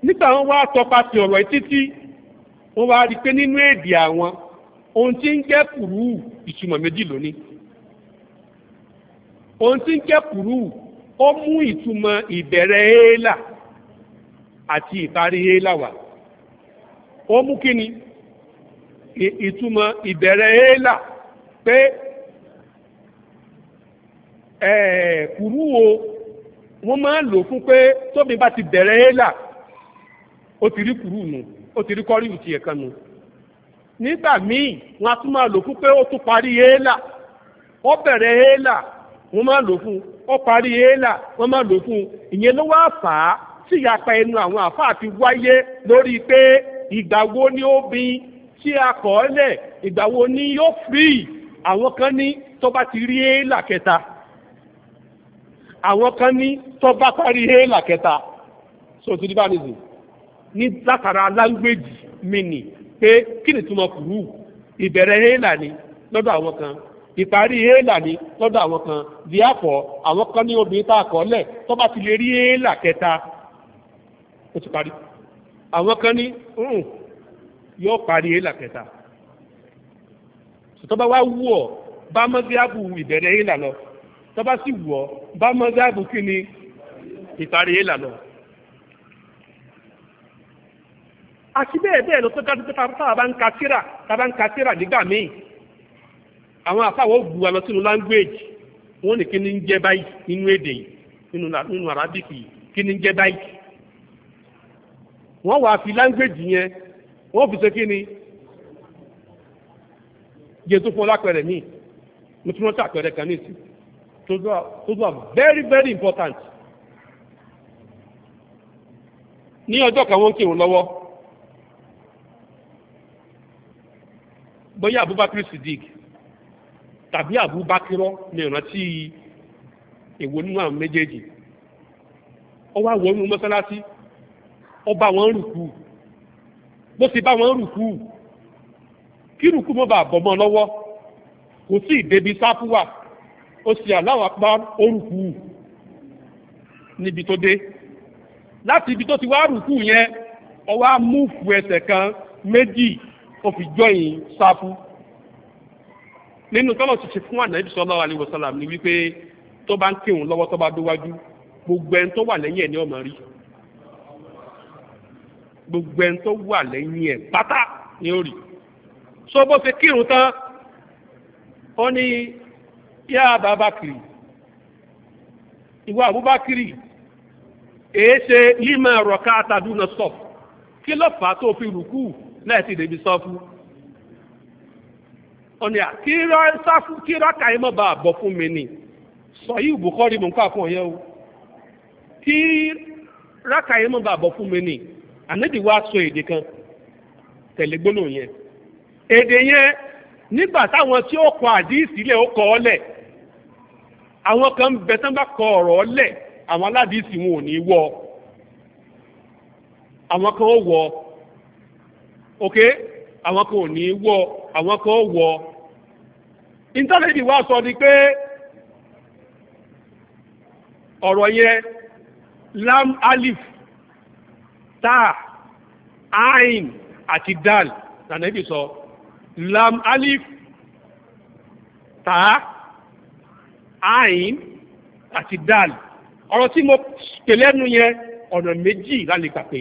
nígbà wọn wá ọ̀rọ̀ títí wọ́n wá rí pé nínú èdè àwọn ohun tí ń jẹ́ kúrú ìtumọ̀ ohun tí ń kúrú ó mú àti ìtumọ̀ ìbẹ̀rẹ̀ éèlà pé kùrú o wọ́n máa ń lò fún pé tóbi bá ti bẹ̀rẹ̀ éèlà ó ti rí kùrú nù ó ti rí kọ́rí ìtì ẹ̀kan nù nígbà míì wọ́n á tún máa fún pé ó tún parí éèlà ó bẹ̀rẹ̀ wọ́n máa lò fún ó parí wọ́n máa lò fún ìyẹn ló fà á ìyapa ẹnu àwọn wáyé lórí pé tí a kọ̀ ọ́ lẹ̀ ìgbà wo ni yóò free àwọn kan ní tó bá ti rí éèlà kẹta àwọn kan ní tó bá parí éèlà kẹta so ti di bá nìyí ní látara language mini pé kí ni túmọ̀ kùrú ìbẹ̀rẹ̀ éèlà ni lọ́dọ̀ àwọn kan ìparí éèlà ni lọ́dọ̀ àwọn kan díàpọ̀ àwọn kan ní obìnrin tá a kọ̀ lẹ̀ tó bá ti lè rí éèlà kẹta ó ti parí àwọn kan ní hmm, yóò parí ìlà kẹta tọ́ba wá wù ọ bá mọ́gíábù ìbẹ̀rẹ̀ ìlà lọ tọ́ba sì wù ọ́ bá mọ́gíábù kí ni ìparí ìlà lọ. àti bẹ́ẹ̀ bẹ́ẹ̀ lọ tó dájú pé táwa bá ń ka tírà táwa bá ń ka nígbà míì àwọn lọ sínú wọ́n ní kí ni ń jẹ́ báyìí nínú èdè nínú kí wọ́n fi ṣe kí ni jésù fún ọlápẹ̀rẹ̀ míì mo tún rántí àpẹẹrẹ kan ní ìsìn tó dùn very very important ní ọjọ́ kan wọ́n ń kírun lọ́wọ́ bóyá Abubakar Siddiq tàbí Abubakar ní ìrántí èwo nínú àwọn méjèèjì ó wá wọnú mọ́sálásí ó bá wọn bó ti bá wọn rùkú kí rùkú mọ́ bá bọ́mọ́ lọ́wọ́ kò sí ìdébi sáfù wà ó sì aláwọ̀ apá orùkú níbi tó dé láti ibi tó ti wá rùkú yẹn ọwọ́ á múùfù ẹsẹ̀ kan méjì ó fi jọyìn sáfù nínú tọ́lọ̀ ti ṣe fún ànábì sallallahu alaihi wasallam ni wípé tó bá ń kírun lọ́wọ́ tó bá dówájú gbogbo ẹni tó wà lẹ́yìn ẹ̀ ní ọmọ rí gbogbo ẹni tó wà lẹ́yìn ẹ̀ pátá ni ó rí so bó ṣe kírun tán ó ní yá Abubakiri ìwà Abubakiri èé ṣe lima rọ̀ká tàdúnà sọ̀f kí ló fà á tó fi rùkú láti débi sọ́fù ọ̀nà kí rákà yìí mọ̀ bá a bọ̀ fún mi ni sọ yìí Bukhari mọ̀ nǹkan àfọ̀yẹ́ o kí rákà yìí bá a bọ̀ fún mi ni. ànábì wa sọ èdè kan tẹ̀lé gbólóhùn yẹn èdè yẹn nígbà táwọn tí ó kọ àdíìsì lẹ ó kọ ọ́ lẹ̀ àwọn kan bẹ tán bá kọ ọrọ ọ́ lẹ̀ àwọn aládìísì wọn ò ní wọ àwọn kan ó wọ ok àwọn kan ò ní wọ àwọn kan ó wọ intanẹ́ẹ̀tì wa sọ ni pé ọrọ yẹn lam alif táà ain àti dal lànàbì sọ lam alif táà ain àti dal ọ̀rọ̀ tí mo pè lẹ́nu yẹn ọ̀nà méjì lálẹ́gbà pé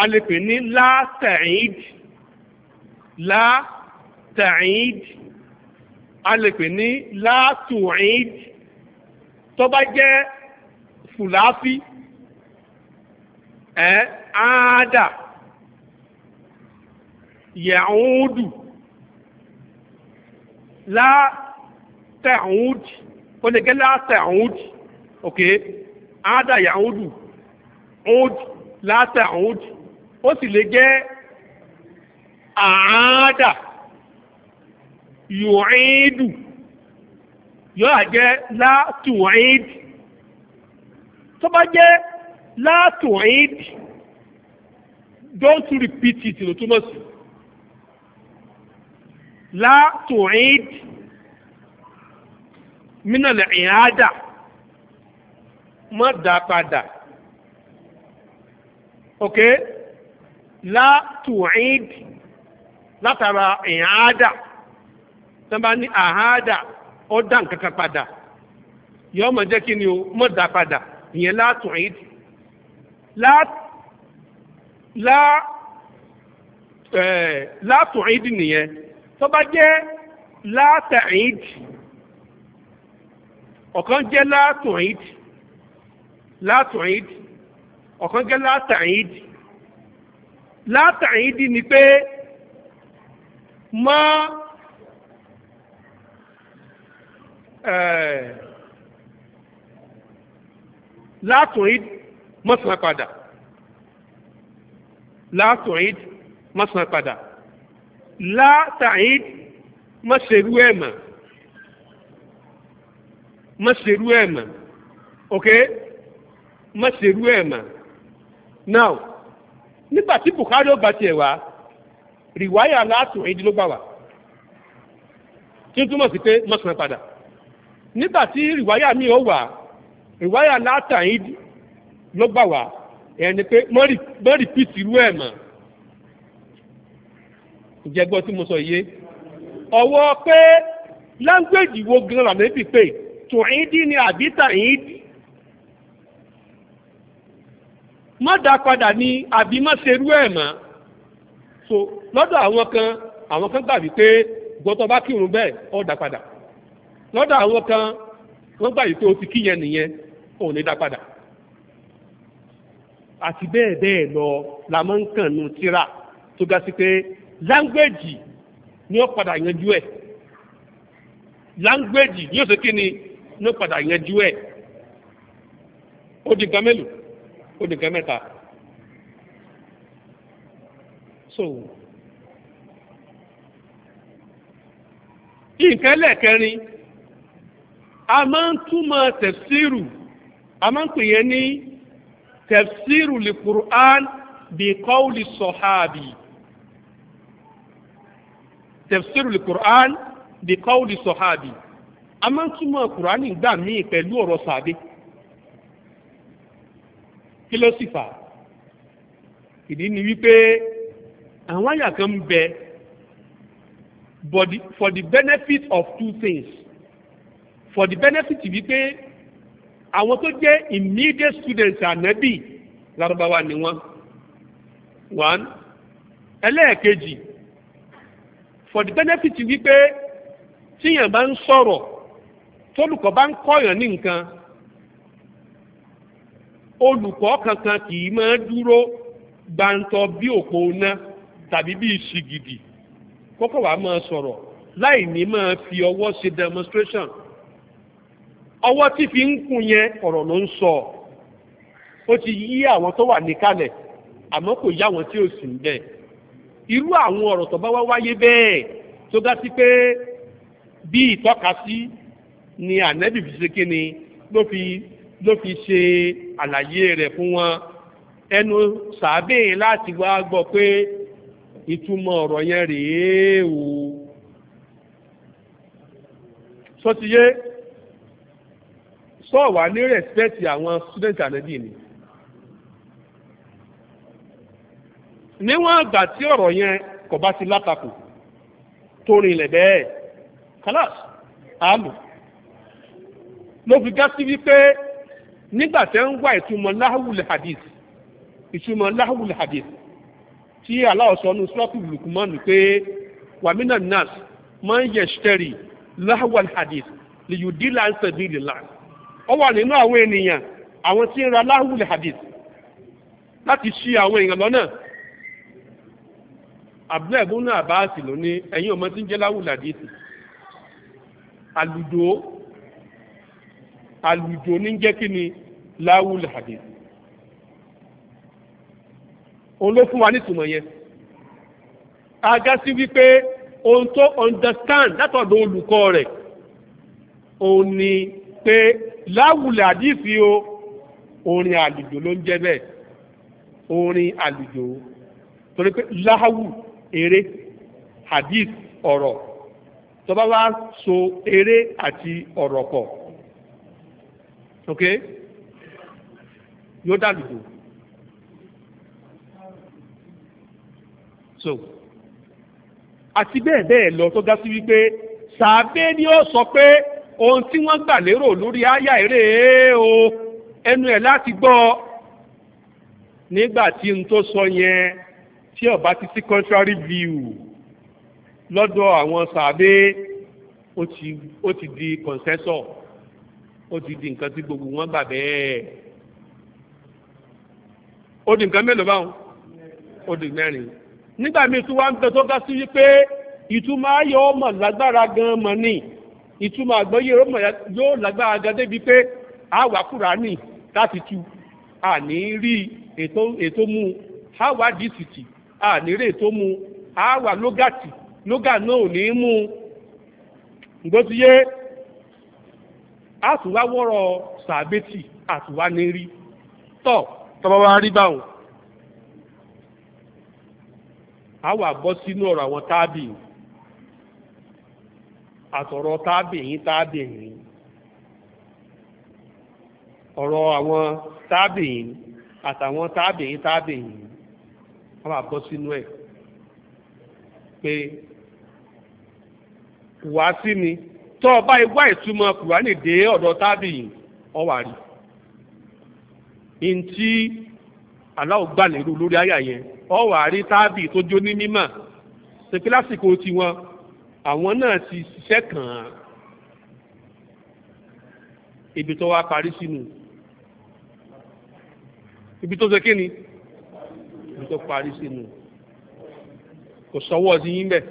a lè pè ní látàíd látàíd a lè pè ní látùíd tó bá jẹ́ fùláfí ẹ́ áádà yẹ̀húndù látẹ̀húndì ó lè gẹ́ látẹ̀húndì ok áádà yẹ̀húndù húndì látẹ̀húndì ó sì lè gẹ́ àádà yòóìdù yóò àjẹ́ látùwáìdì tó bá jẹ́ la tu'id don't repeat it ló túmọ̀ sí la tu'id minal i'ada má dá padà ok la tu'id látara i'ada tó bá ní àhádà ó dá nǹkan kan padà yọ ọmọ jẹ́ kí ni o má dá padà ìyẹn la tu'id látùídì nìyẹn tó bá jẹ́ látàídì ọ̀kan jẹ́ látùídì látùídì ọ̀kan jẹ́ látàídì látàídì ni pé mọ́ látùídì má san padà látọ̀ìd má san padà látàìd má ṣerú ẹ̀ mọ̀ má ṣerú ẹ̀ mọ̀ ok má ṣerú ẹ̀ mọ̀ now nígbà tí Bukhari ó bá tiẹ̀ wá rìwáyà látọ̀ìd ló gbà wá tí ó túmọ̀ sí pé má san padà nígbà rìwáyà mi ò wà rìwáyà látàìd. ló gbà wá ẹ̀yẹn pé mọ́ rìpíìtì irú ẹ̀ mọ̀ tí mo sọ yé ọwọ́ pé wo gan la pé so lọ́dọ̀ àwọn kan àwọn kan gbà wípé gbọ́tọ̀ bá kírun bẹ́ẹ̀ kan wọ́n gbà wípé o ti nìyẹn ò ní àti bẹ́ẹ̀ bẹ́ẹ̀ lọ la máa ń kàn nu tíra tó ga sí pé láńgbẹ́jì ni ó padà yanjú ẹ̀ láńgbẹ́jì ni ó ṣe kí ni ni ó padà yanjú ẹ̀ ó di nǹkan mélòó ó di nǹkan mẹ́ta so nǹkan lẹ́ẹ̀kẹrin a máa ń túmọ̀ tẹ̀síìrù a máa ń pè yẹn ní. تفسير القرآن بقول bi تفسير القرآن بقول li أما bi القرآن sahabi مي máa ń túmọ̀ kùránì gbà míì أنا ọ̀rọ̀ sàbí kí for the benefit of two things for the benefit wípé àwọn tó jẹ́ immediate students ànábì larabawa ni 1 one ẹlẹ́ẹ̀kejì for the benefit wípé tíyàn bá ń sọ̀rọ̀ tólùkọ́ bá ń kọ́yàn ní nǹkan olùkọ́ kankan kì í máa dúró gbàǹtọ̀ bí òpó ná tàbí bí ìṣìgìdì kókò wá máa sọ̀rọ̀ láì ní máa fi ọwọ́ ṣe demonstration ọwọ́ tí fi ń kùn yẹn ọ̀rọ̀ ló ń sọ ó ti yí àwọn tó wà níkàlẹ̀ àmọ́ kò yá àwọn tí ò sí níbẹ̀ irú àwọn ọ̀rọ̀ tó bá wá wáyé bẹ́ẹ̀ tó dá sí pé bí ìtọ́kasí ni ànẹ́bì fi ṣe kí ni ló fi ló fi ṣe àlàyé rẹ̀ fún wọn ẹnu sàábè láti wá gbọ́ pé ìtumọ̀ ọ̀rọ̀ yẹn rèé o sọtiyé. So sọ̀wá ní rẹ̀spẹ̀tì àwọn student ànábì ni. níwọ̀n àgbà tí ọ̀rọ̀ yẹn kò bá ti látakò tó rinlẹ̀ bẹ́ẹ̀ kálás àlù ló fi gá sí wípé nígbà tẹ́ ń wá ìtumọ̀ láhùlẹ̀ hadith ìtumọ̀ láhùlẹ̀ hadith tí aláwọ̀ sọ ní sọ́ọ̀kì lukumanu pé wàmínà nas máa ń yẹ ṣẹ́rì láhùlẹ̀ hadith lè yùdí láǹṣẹ̀ bí lè láǹṣẹ̀ ó wà nínú àwọn ènìyàn àwọn tí ń ra láhùlẹ̀ hadith láti ṣí àwọn èèyàn lọ́nà abdullahi ibn abbas ló ní ẹ̀yin ọmọ tí ń jẹ́ láhùlẹ̀ hadith àlùjò àlùjò ní jẹ́ kí ni láhùlẹ̀ hadith òun ló fún wa nítumọ̀ yẹn aga sí wípé ohun tó understand látọ̀dọ̀ olùkọ́ rẹ̀ òun ni pé láwùlẹ̀ àdìsí o orin àlùjò ló ń jẹ́ bẹ́ẹ̀ orin àlùjò torí pé láhàwù eré àdìsí ọ̀rọ̀ tó bá wá so eré àti ọ̀rọ̀ pọ̀ ok yóò dàlùjò so àti bẹ́ẹ̀ bẹ́ẹ̀ lọ tó ga sí wípé sàbẹ́ ni ó sọ pé ohun tí wọ́n gbà lérò lórí àyà eré o ẹnu ẹ̀ láti gbọ́ nígbà tí n tó sọ yẹn tí ó ti sí contrary view lọ́dọ̀ àwọn sàbẹ ó ti ó di consensus ó ti di nǹkan tí gbogbo wọn gbà bẹ́ẹ̀ ó di nǹkan mélòó báwọn ó di mẹ́rin nígbà míì tí wọ́n ń gbẹ tó ká sí wípé ìtumọ̀ ayọ̀ ọmọ lágbára gan-an mọ̀ ni. ìtumọ̀ àgbọ́yé rómọ̀ yóò lágbára gan débi pé àwa kúránì láti tu àní rí ètò mú àwa dìsìtì àní rí ètò mú àwa lógàtì lógà náà ò ní mú gbósíyé àtúwáwọ́rọ̀ sàbẹ́tì àtúwá ní rí tọ́ àtọ̀rọ̀ tábìyìn tábìyìn ọ̀rọ̀ àwọn tábìyìn àtàwọn tábìyìn tábìyìn wọ́n máa bọ́ sínú ẹ̀ pé wá sí mi tó o bá igbá ìtumọ̀ kùránì dé ọ̀dọ̀ tábìyìn ọ̀wà rí ntí aláwọ̀ gbàlérú lórí àyà yẹn ọ̀wà rí tábì tó jó ní mímọ̀ ṣe kílásìkò tiwọn àwọn náà ti ṣiṣẹ́ kàn án ibi tó wá parí sínú ibi tó ṣe kí ni ibi tó parí sínú kò sọ́wọ́ sí yín bẹ̀.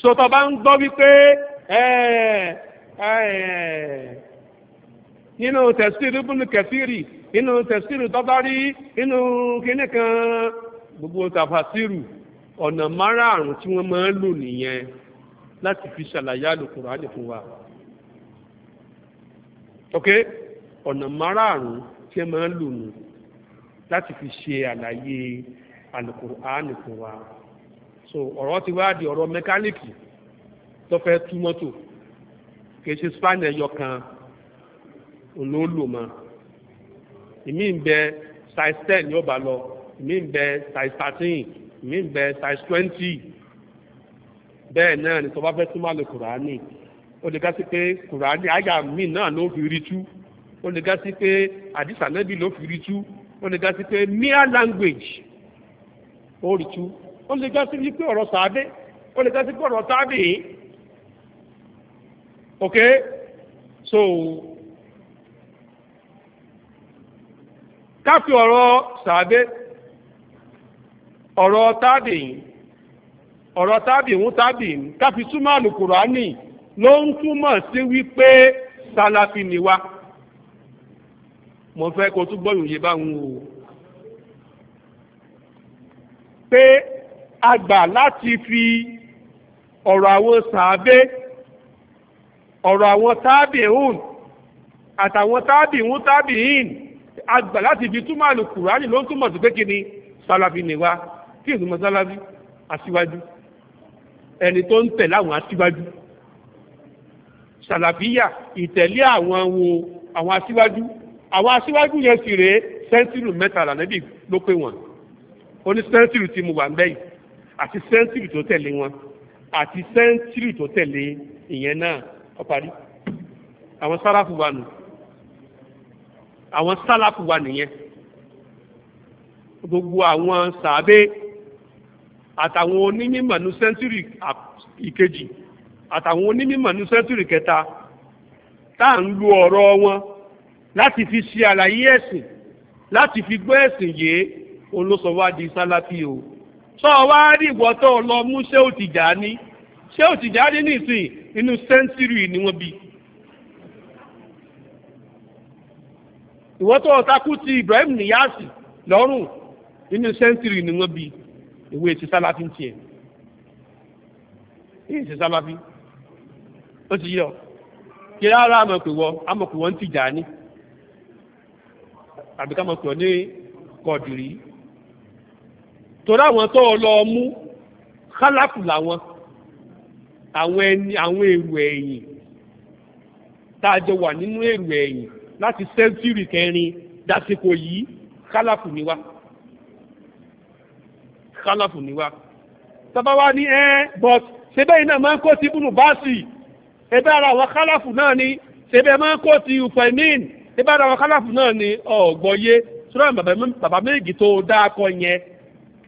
so tó bá ń gbọ́ wípé nínú tẹ̀sírì bùnú kẹfìrì nínú tẹ̀sírì tọ́bárí nínú kíní gbogbo tàfàsírù. ọ̀nà márààrún tí wọ́n máa ń lò nìyẹn láti fi ṣàlàyé àlùkùránì fún wa ok ọ̀nà márààrún tí wọ́n máa ń lò nù láti fi ṣe àlàyé àlùkùránì fún wa so ọ̀rọ̀ ti wá di ọ̀rọ̀ mẹkáníìkì tó fẹ́ tú mọ́tò kì í ṣe span Imi kan olóòlò mọ́ ìmí ń bẹ size ten yóò bá lọ ìmí ń bẹ size thirteen. mí bẹ size twenty bẹ́ẹ̀ náà ni tó bá fẹ́ tún máa lo kùránì ó lè gá sí pé kùránì àyà mi náà ló fi rí tú ó lè gá sí pé àdìsá nẹ́bí ló fi rí tú ó lè gá sí pé mere language ó rí tú ó lè gá sí pé ọ̀rọ̀ sàábé ó lè gá sí pé ọ̀rọ̀ tábìlì ok so káfí ọ̀rọ̀ sàábé ọ̀rọ̀ tábìyìn ọ̀rọ̀ tábìhún tábìhìn káfi túmọ̀ àlùkùránì ló ń túmọ̀ sí wípé sálàfì ni wá mo fẹ́ kó tún gbọ́yìn yé báwọn o pé a gbà láti fi ọ̀rọ̀ àwọn sàábé ọ̀rọ̀ àwọn tábìhún àtàwọn tábìhún tábìhìn a gbà láti fi túmọ̀ àlùkùránì ló ń túmọ̀ sí pé kí ni sálàfì ni wá tí ìlú mọ́sálásí aṣíwájú ẹni tó ń tẹ̀lé àwọn aṣíwájú sàlàfíyà ìtẹ̀lé àwọn ohun àwọn aṣíwájú àwọn aṣíwájú yẹn sì rèé sẹ́ńtìrù mẹ́tàlá níbi ló pé wọn ó ní sẹ́ńtìrù tí mo wà ń bẹ́yìí àti sẹ́ńtìrì tó tẹ̀lé wọn àti sẹ́ńtìrì tó tẹ̀lé ìyẹn náà ó parí àwọn sáláfù wa nù àwọn sáláfù wa nìyẹn gbogbo àwọn sàábé àtàwọn onímọ̀ ní sẹ́ńtúrì ìkejì àtàwọn onímọ̀ ní sẹ́ńtúrì kẹta tá à ń lo ọ̀rọ̀ wọn láti fi ṣe àlàyé ẹ̀sìn láti fi gbọ́ ẹ̀sìn yìí òun ló sọ wá di sálápì o sọ wá rí ìwọ tó lọ mú ṣé ò Tìjàní ṣé ò Tìjàní nìsín inú sẹ́ńtúrì ni wọ́n bí. ìwọ tó takú ti Ibrahim Niyasi lọ́rùn inú sẹ́ńtúrì ni wọ́n bí ìwé ti sálàfí ń tiẹ̀ ìyí ti sálàfí ó ti yọ kí rárá amọ̀pẹ̀wọ amọ̀pẹ̀wọ ń tìjà ní àbí ká mọ̀pẹ̀wọ ní kọ̀dìrí torí àwọn tó lọ mú kálàkù làwọn àwọn ẹni àwọn èrò ẹ̀yìn tá a jọ wà nínú èrò ẹ̀yìn láti sẹ́ńtúrì kẹrin dásìkò yìí kálàkù ni wá kálọ̀fù ni wá tọ́ba wá ní ẹ́ but ṣebẹ́ iná máa ń kó ti búnú báàsì ẹbẹ́ ara àwọn kálọ̀fù náà ni ṣebẹ́ máa ń kó ti ufemin ẹbẹ́ ara àwọn kálọ̀fù náà ni ọ̀gbọ́yé sọ́dọ̀ bàbá méjì tó dáàkọ yẹn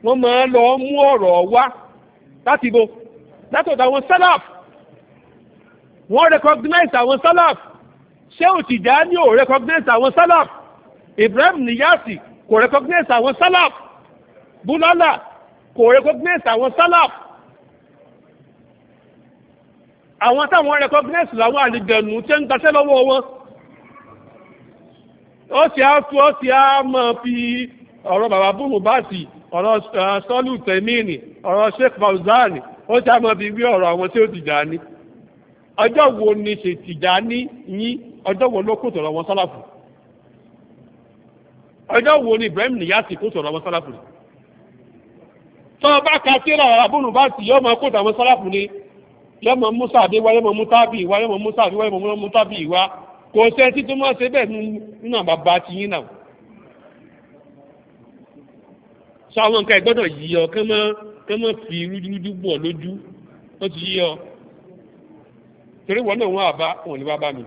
wọ́n máa lọ mú ọ̀rọ̀ wá láti bo látọ̀dọ̀ àwọn sálàf wọ́n recognize àwọn sálàf Ṣéhù Tìjàní ò recognize àwọn sálàf Ibrahim Niyasi kò recognize àwọn sálàf Bùlálà kò recognize àwọn salaf àwọn táwọn recognize làwọn àlìjẹ̀nù tí ń gbaṣẹ́ lọ́wọ́ wọn ó sì á fi ó sì á mọ̀ fi ọ̀rọ̀ bàbá búrú báàsì ọ̀rọ̀ sọ́lù tẹ̀míìnì ọ̀rọ̀ sheikh bauzani ó sì á mọ̀ fi wí ọ̀rọ̀ àwọn tí ó ti jà ọjọ́ wo ni ṣètìjà ní yín ọjọ́ wo ló kò sọ̀rọ̀ wọn sálàfù ọjọ́ wo ni Ibrahim Niyasi kò sọ̀rọ̀ wọn sálàfù rẹ̀ tọ́ bá ka tíra àbúrò bá ti yọ́ máa kó tàwọn sáràfù ni yọ́ máa mú sàbí wa yọ́ máa mú tábì wa yọ́ máa mú sàbí wa yọ́ máa mú tábì wa kò sẹ́ títún máa ṣe bẹ́ẹ̀ nínú àbàbà ti yín náà. sọ àwọn nǹkan ìgbọ́dọ̀ yí ọ kán mọ́ kán mọ́ fi rúdúrúdú bọ̀ lójú ó ti yí ọ torí wọn náà wọn àbá wọn ní bá bá mi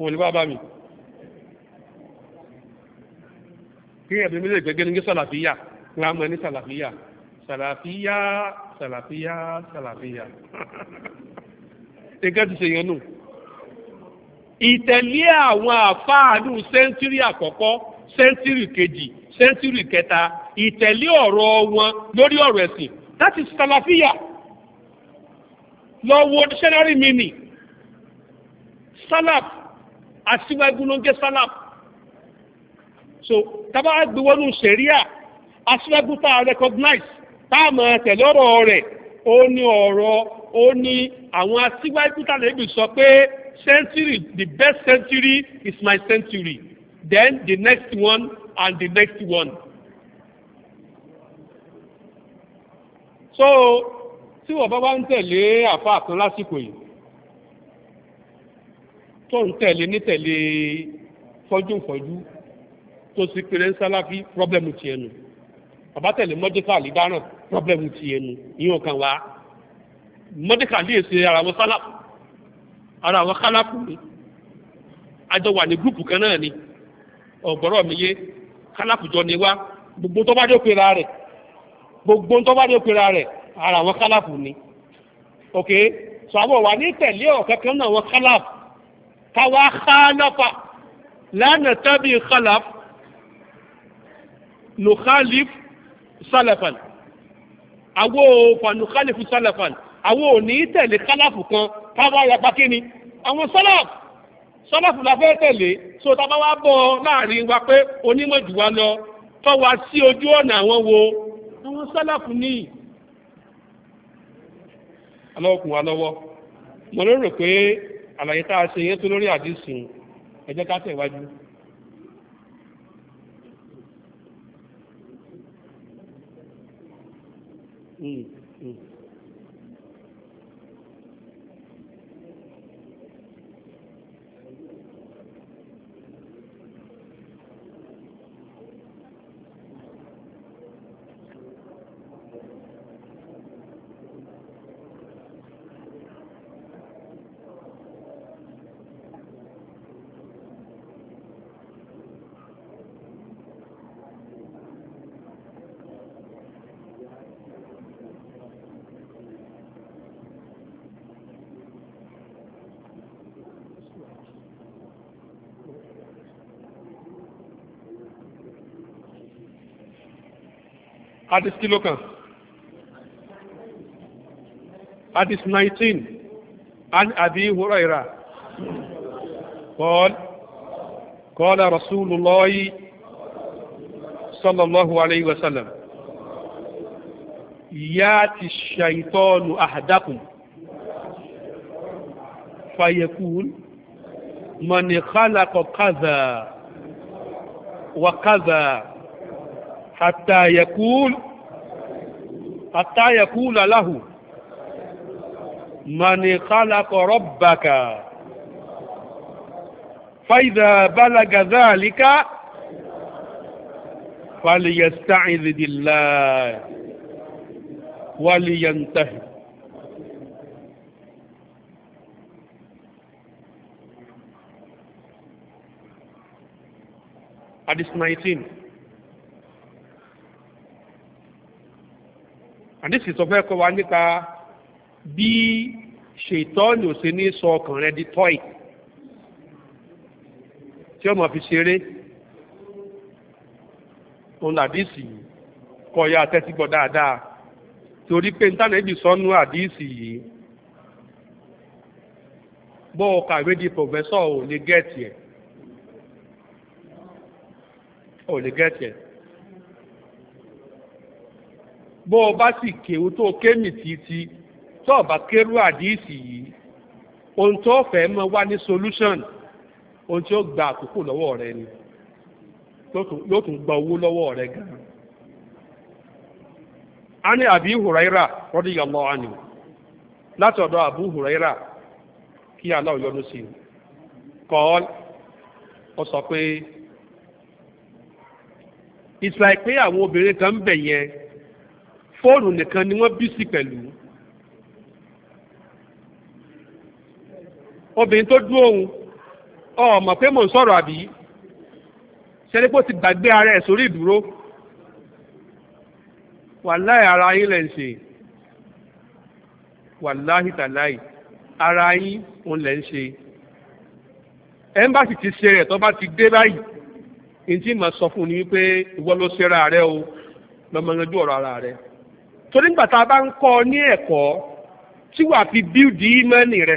wọn ní bá bá mi kí ẹ̀mí mi lè gbẹ́gẹ́ ní sàlàfíà láàmú ní sàlàfíà sàlàfíà sàlàfíà sàlàfíà nǹkan ti ṣe yẹn nù. ìtẹ̀lé àwọn àfáàánú sẹ́ńtírì àkọ́kọ́ sẹ́ńtírì kejì sẹ́ńtírì kẹta ìtẹ̀lé ọ̀rọ̀ wọn lórí ọ̀rọ̀ ẹ̀sìn that is sàlàfíà lọ wo dictionary mini salaf aṣíwájú ló ń jẹ́ salaf so tábà gbé wọnú sẹ̀ríà aṣíwájú tá a recognize tá a mọ̀ tẹ̀lé ọ̀rọ̀ rẹ̀ ó ní ọ̀rọ̀ ó ní àwọn aṣíwájú tá a lè bì sọ pé century the best century is my century then the next one and the next one. so tí wọ́n bá wá ń tẹ̀lé àfáà kan lásìkò yìí tó ń tẹ̀lé ní tẹ̀lé fọ́júfọ́jú tó sì péré ń sáláfí problem tiẹ̀ nù bàbá tẹ̀lé mọ́díkà lè dáràn pọ́blẹ́mù ti ẹnu ìyọ̀n kan wá mọ́díkà lè ṣe ara wọn sálàpù ni àjọ wà ní gúrùpù kan náà ni ọ̀gbọ́rọ̀ mi yé kálàpù jọ ni wá gbogbo tó bá dé òpera rẹ̀ gbogbo tó bá dé òpera rẹ̀ ara àwọn kálàpù ni ok so àwọn wà ní tẹ̀lé ọ̀kan kan náà wọn kálàpù káwa kálàpà lánàá tábì kálàpù nùkálìfù sálẹ̀fàn àwo fanukálífù sálẹ̀fàn àwo òní tẹ̀lé kálàfù kan káwá yapa kíni àwọn sálàf sálàfù la fẹ́ tẹ̀lé so tábà wá bọ̀ láàrin wa pé onímọ̀ jù wá lọ tọ́ wa sí ojú ọ̀nà àwọn wo àwọn sálàfù níyì alọ́kùn wa lọ́wọ́ mo lérò pé àlàyé tá a ṣe yẹn tó lórí àdìsùn ẹ jẹ́ ká tẹ̀wájú. is hadith kìló kan hadith nineteen an abi huraira قال قال رسول الله صلى الله عليه وسلم ياتي الشيطان أحدكم فيقول من خلق كذا وكذا حتى يكون حتى يقول له من خلق ربك فإذا بلغ ذلك فليستعذ بالله ولينتهي حديث 19 àdìsí tó fẹ́ kọ́ wa nípa bí ṣètọ́nù ṣe ní sọ ọkàn rẹ di tọ́ì tí ọmọ fi ṣeré òun làdìsí kọ́ ya tẹ́tí gbọ́ dáadáa torí pé ntánẹ́bì sọnù àdìsí yìí bọ́ ọkà ìwé di pòfẹ́sọ̀ ò lè gẹ̀ẹ́tì ẹ̀ ò lè gẹ̀ẹ́tì ẹ̀. bó o bá sì kéwu tó kémì títí tó o bá kérú àdíìsì yìí ohun tó fẹ́ mọ wá ní solution ohun tí o gba àkókò lọ́wọ́ rẹ ni yóò tún gba owó lọ́wọ́ rẹ gan. a ní àbí hùrẹ́rà radiyallahu anhu látọ̀dọ̀ àbú hùrẹ́rà kí Allah yọ́nú sí i kọ́ ọ sọ pé it's like pé àwọn obìnrin kan ń fóònù nìkan ni wọ́n bí sí pẹ̀lú obìnrin tó dúró òun ọmọ pé mò ń sọ̀rọ̀ àbí ṣẹlẹ̀ pé ó ti gbàgbé ara ẹ̀ sórí ìdúró wàláì ara yín lẹ̀ ń ṣe wàláì tàláì ara yín òun lẹ̀ ń ṣe ẹ̀ńbàsì ti ṣe rẹ̀ tó bá ti dé báyìí ní tí mà sọ fún ni wípé ìwọ ló ṣera rẹ o lọ́mọ yanjú ọ̀rọ̀ ara rẹ. torí nígbà tá a bá ń kọ́ ọ ní ẹ̀kọ́ tí wàá fi bíúdì ímánì rẹ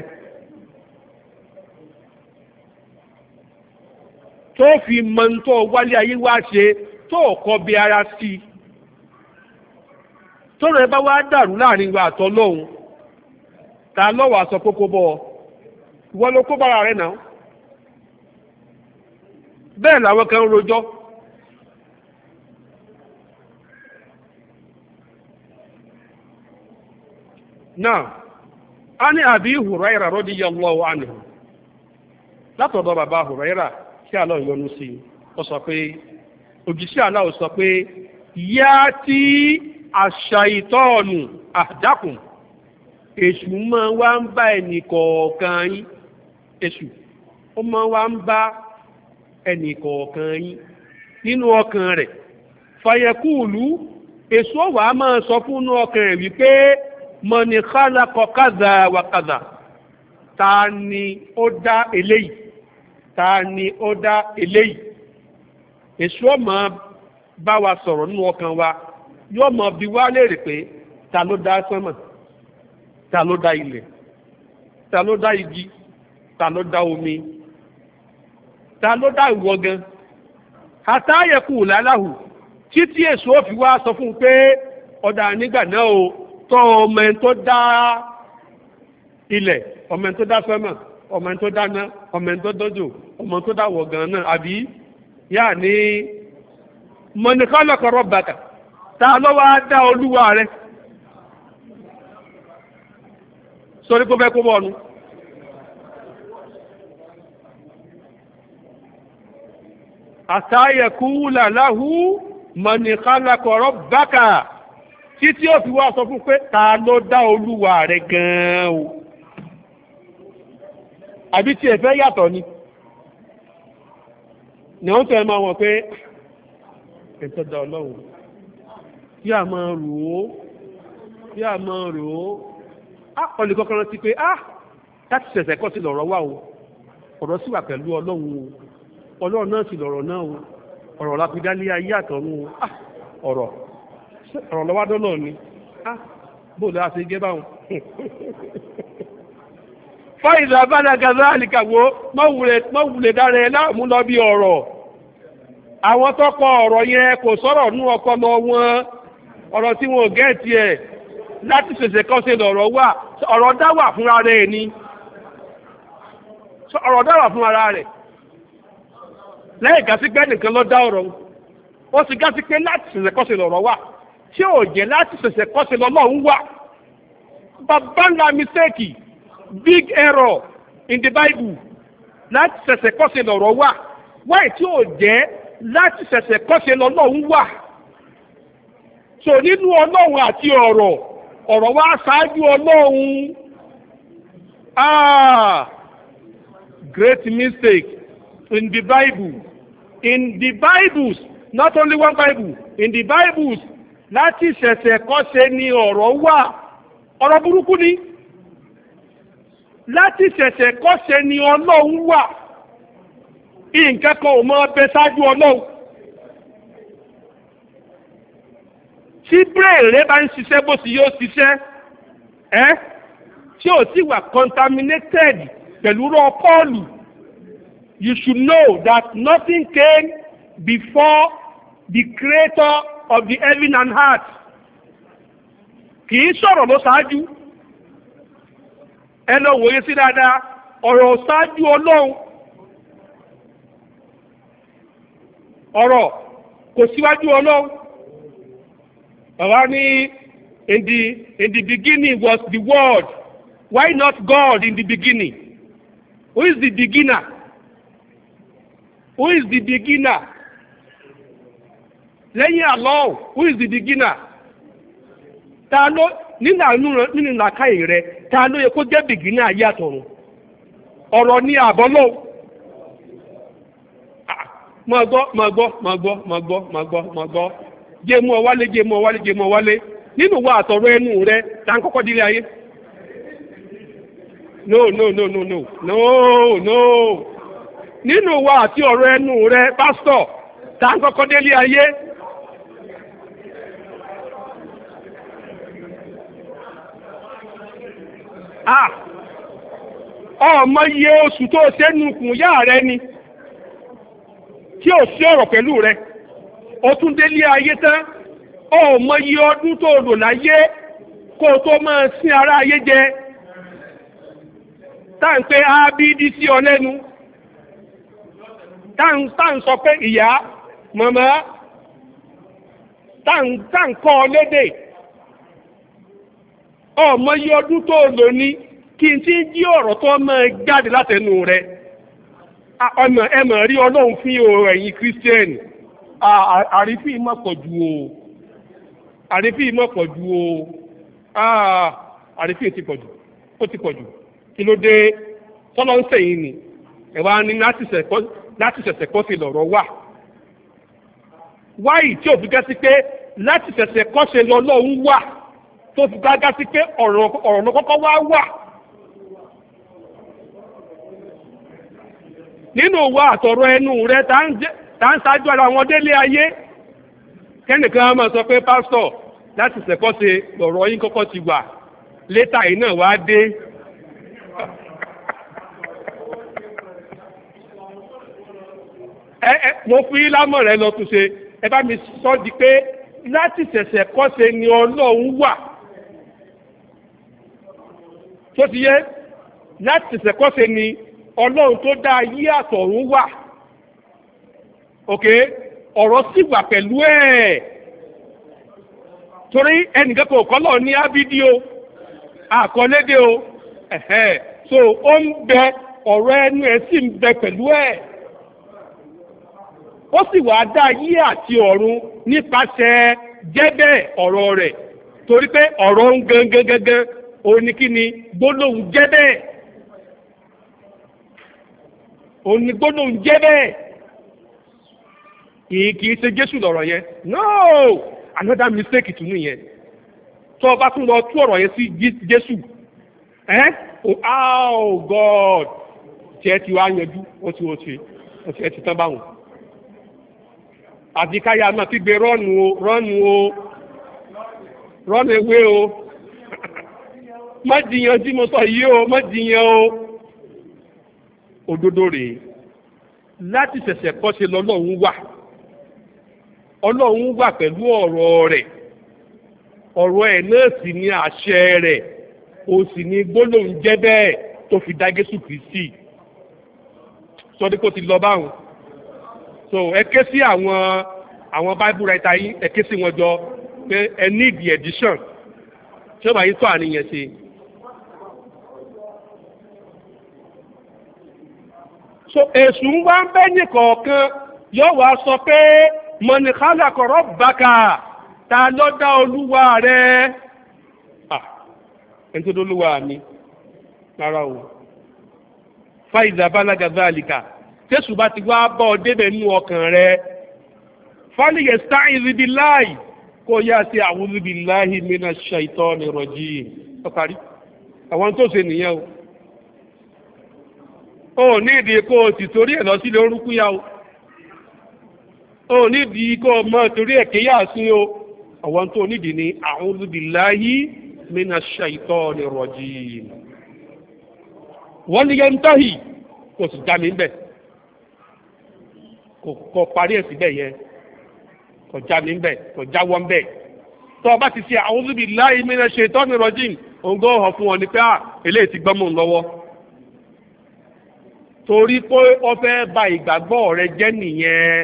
tó fi mọ tó wálé ayé wá ṣe tó kọ́ bí ara sí i tọ́rọ̀ ẹ bá wá dàrú láàrin wa àtọ́ lọ́hùn ta lọ́wọ́ aṣọ kókó bọ́ ọ ìwọ ló kó bára rẹ náà bẹ́ẹ̀ làwọn kan rojọ́. náà a ní àbí hùráìrà radiyallahu anhu látọ̀dọ̀ bàbá hùráìrà kí Allah yọ́nú sí ó sọ pé òjíṣẹ́ Allah sọ pé yá tí àṣà ìtọ́ọ̀nù àdákùn èṣù máa wá ń bá ẹnì kọ̀ọ̀kan yín èṣù ó máa wá ń bá ẹnì kọ̀ọ̀kan yín nínú ọkàn rẹ̀ fàyẹ̀kùlù èṣù ọ̀wà máa sọ fún inú ọkàn rẹ̀ wípé mọ̀nì kálákọ̀ kádà wà kádà ta ni ó dá eléyìí ta ni ó dá eléyìí èṣù ọmọ bá wa sọ̀rọ̀ nínú ọkàn wa yóò mọ̀ bí wá léèrè pé ta ló dá sánmà ta ló dá ilẹ̀ ta ló dá igi ta ló dá omi ta ló dá ìwọ gan àtàyẹ̀kù làálàhù títí èṣù ó fi wá sọ fún un pé ọ̀dà nígbà náà o tọ́ ọmọ ẹni tó dá ilẹ̀ ọmọ ẹni tó dá sẹ́mà ọmọ ẹni tó dáná ọmọ ẹni tó dọ́jò ọmọ ẹni tó dá wọ̀ gan náà àbí yáà ní mọ̀nìkálọ̀kọ̀rọ̀ bàtà ta ló wá dá olúwa rẹ̀ sórí kó fẹ́ kó bọ́ọ̀nù. àtàyẹ̀kú làláhù mọ̀nìkálọ̀kọ̀rọ̀ bàkà títí ó fi wá sọ fún pé ta ló dá olúwa rẹ gan-an o àbí tí ẹ fẹ́ yàtọ̀ ni ni wọ́n tẹ́ máa wọ̀ pé ìtọ́jà ọlọ́run kí a máa rò ó kí a máa rò ó á ọlẹ́ kọ́kọ́rọ́ sí pé Ah, láti ṣẹ̀ṣẹ̀ kọ́ sí lọ́rọ̀ wà o ọ̀rọ̀ sì wà pẹ̀lú ọlọ́run o ọlọ́run náà sì lọ́rọ̀ náà o ọ̀rọ̀ lápidálé ayé àtọ̀run o ah, ọ̀rọ̀ ọ̀rọ̀ ni ah. Ah, bó àti igé báwọn. fáìlà bàdàgà záàlìkà wo mọ́wulẹ̀ dára ẹ láàmú lọ bí ọ̀rọ̀ àwọn tọkọ ọ̀rọ̀ yẹn kò ní nú ọpọlọ wọn ọ̀rọ̀ tí wọn ò gẹ́ẹ̀tì ẹ̀ láti ṣẹ̀ṣẹ̀ kan ṣe lọ̀rọ̀ wà ọ̀rọ̀ fúnra rẹ̀ ni ọ̀rọ̀ fúnra rẹ̀ lẹ́yìn pé dá ọ̀rọ̀ ó sì pé láti tí ò jẹ́ láti ṣẹ̀ṣẹ̀ kọ́sí lọ́lọ́run wà bàbá ńlá mistake big error in the bible láti ṣẹ̀ṣẹ̀ kọ́sí lọ́rọ̀ wà wáyé tí ò jẹ́ láti ṣẹ̀ṣẹ̀ kọ́sí lọ́lọ́run wà so nínú ọlọ́run àti ọ̀rọ̀ ọ̀rọ̀ wá ṣáájú ọlọ́run ah great mistake in the bible in the bibles not only one bible in the bibles láti ṣẹ̀ṣẹ̀ kọ́ṣe ni ọ̀rọ̀ wà ọ̀rọ̀ burúkú ni láti ṣẹ̀ṣẹ̀ kọ́ṣe ni ọlọ́run wà nǹkan kan ò mọ ọbẹ̀ ṣáájú ọlọ́run tí bírèèrè bá ń ṣiṣẹ́ bó ti yóò ṣiṣẹ́ ẹ́ tí ò sì wà contaminated pẹ̀lú rọ pọ́ọ̀lù you should know that nothing came before the creator of the heaven and heart kì í sọ̀rọ̀ ló ṣáájú ẹ lọ wòye sí dáadáa ọ̀rọ̀ ṣáájú ọlọ́run ọ̀rọ̀ kò síwájú ọlọ́run bàbá ní in the in the beginning was the word why not God in the beginning who is the beginner who is the beginner lẹ́yìn Allah who is the beginner ta ló nínú àánú nínú làkàyè rẹ ta ló yẹ kó jẹ́ beginner ayé àtọ̀run ọ̀rọ̀ ní àbọ̀ lọ́wọ́ ah, mọ̀ gbọ́ mọ̀ gbọ́ mọ̀ gbọ́ mọ̀ gbọ́ mọ̀ gbọ́ mọ̀ gbọ́ jẹ́ mú ọ wálé jẹ́ mú ọ wálé jẹ́ mú ọ wálé nínú wa àtọ̀rọ̀ ẹnu rẹ ta ń kọ́kọ́ délé ayé no no no no no no no nínú wa àti ọ̀rọ̀ ẹnu rẹ pásítọ̀ ta ń kọ́kọ́ délé ayé Ah! ọmọ iye oṣù tó sẹ́nukùn yá rẹ ni tí ò sí ọ̀rọ̀ pẹ̀lú rẹ o tún délé ayé tán ọmọ iye ọdún tó lò láyé kó o tó máa sin ara ayé jẹ táǹpẹ́ ábídí sí ọ lẹ́nu táǹ pé ìyá màmá táǹkọ́ ọ lédè. ọmọ iye ọdún tó lò ní kí n ti ń jí ọ̀rọ̀ tó máa jáde látẹnu rẹ̀ ọmọ ẹ mọ̀ rí ọlọ́run fi ọ̀rọ̀ ẹ̀yin kírísítẹ́nì àrífín má pọ̀ ju o àrífín má pọ̀ ju o àrífín ti pọ̀ jù ó ti pọ̀ jù kí ló dé tọ́lọ́ ń sẹ̀yìn ni ẹ̀wá ni láti ṣẹ̀ṣẹ̀ kọ́ sí lọ̀rọ̀ wà wáyì tí òfin kẹ́sí pé láti ṣẹ̀ṣẹ̀ kọ́ ṣe lọ́lọ́run wà tó ti dágá sí pé ọ̀rọ̀ ọ̀rọ̀ kọ́kọ́ wá wà nínú wa àtọ̀rọ̀ ẹnu rẹ tá ń ṣáájú ara wọn délé ayé kẹ́nìkan máa sọ pé pásítọ̀ láti ṣẹ̀kọ́ṣe lọ̀rọ̀ yín kọ́kọ́ ti wà létà yìí náà wá dé. ẹ ẹ mo fi lámọ̀ rẹ lọ túnṣe ẹ bá mi sọ di pé láti ṣẹ̀ṣẹ̀ kọ́ṣe ni ọlọ́run wà. tó ti yẹ láti ṣẹ̀kọ́ṣe ni ọlọ́run tó dá ayé àtọ̀run wà òkè ọ̀rọ̀ sì wà pẹ̀lú ẹ̀ torí ẹnìkan kò ní ábídí o àkọlédè o ẹ̀hẹ́ so ó ń bẹ ọ̀rọ̀ ẹnu ẹ̀ sì ń bẹ pẹ̀lú ẹ̀ ó sì wàá dá ayé àti ọ̀run nípasẹ̀ jẹ́bẹ̀ ọ̀rọ̀ rẹ̀ torí pé ọ̀rọ̀ ń gangan gangan òun ni kí ni gbólóhùn jẹ́ bẹ́ẹ̀ òun ni gbólóhùn jẹ́ bẹ́ẹ̀ kìí kìí ṣe jésù lọ̀rọ̀ yẹn no another mistake tún nìyẹn tó tún lọ ọ̀rọ̀ yẹn sí jésù ẹ́ oh god tiẹ̀ ti wá yanjú ó ti ó ti ó ti ẹ ti tán báwọn o rọ́ọ̀nù o rọ́ọ̀nù ewé o má jiyàn tí mo sọ yìí o má jiyàn o òdodo rèé láti ṣẹ̀ṣẹ̀ kọ́ ṣe lọ́lọ́run wà ọlọ́run wà pẹ̀lú ọ̀rọ̀ rẹ̀ ọ̀rọ̀ ẹ̀ náà sì ni àṣẹ rẹ̀ o sì ni gbólóhùn jẹ́ bẹ́ẹ̀ tó fi dá Jésù Kristi sọdí kó ti lọ báwọn so ẹ ké sí àwọn àwọn bible writer yín ẹ ké sí wọn jọ pé ẹ need the edition tí ó yín tó àníyàn ṣe. so èṣù ń wá ń bẹ́yìn kọ̀ọ̀kan yóò wá sọ pé mọ̀nìkálà kọ̀rọ̀ bàkà ta ló dá olúwa rẹ̀ ẹni tó dólúwa mi rárá o fáìlì abálága záàlìkà tẹ́sù bá ti wá bọ́ ọ débẹ̀ nú ọkàn rẹ̀ fálìyẹ stáìlì bíi láì kó yá sí àwùjọ bíi láì mìíràn ṣàìtọ́ nìrọ̀jì ọ̀parí àwọn tó ṣe nìyẹn o. o ní ìdí kó o sì torí ẹ̀ lọ o o ní ìdí kó o mọ torí ẹ̀ kéyà sí o àwọn tó nídìí ni a'udhu billahi minash shaitani rajim wọ́n ní yẹn ń tọ́hì kò sì já mi ń bẹ̀ kò parí ẹ̀ síbẹ̀ yẹn kò já mi ń bẹ̀ kò já ń bẹ̀ tó o bá ti ṣe a'udhu billahi minash shaitani rajim òǹgọ́ ọ̀hún fún ọ ní pé à ah, eléyìí ti lọ́wọ́. torí pé ó fẹ́ ba ìgbàgbọ́ rẹ jẹ́ nìyẹn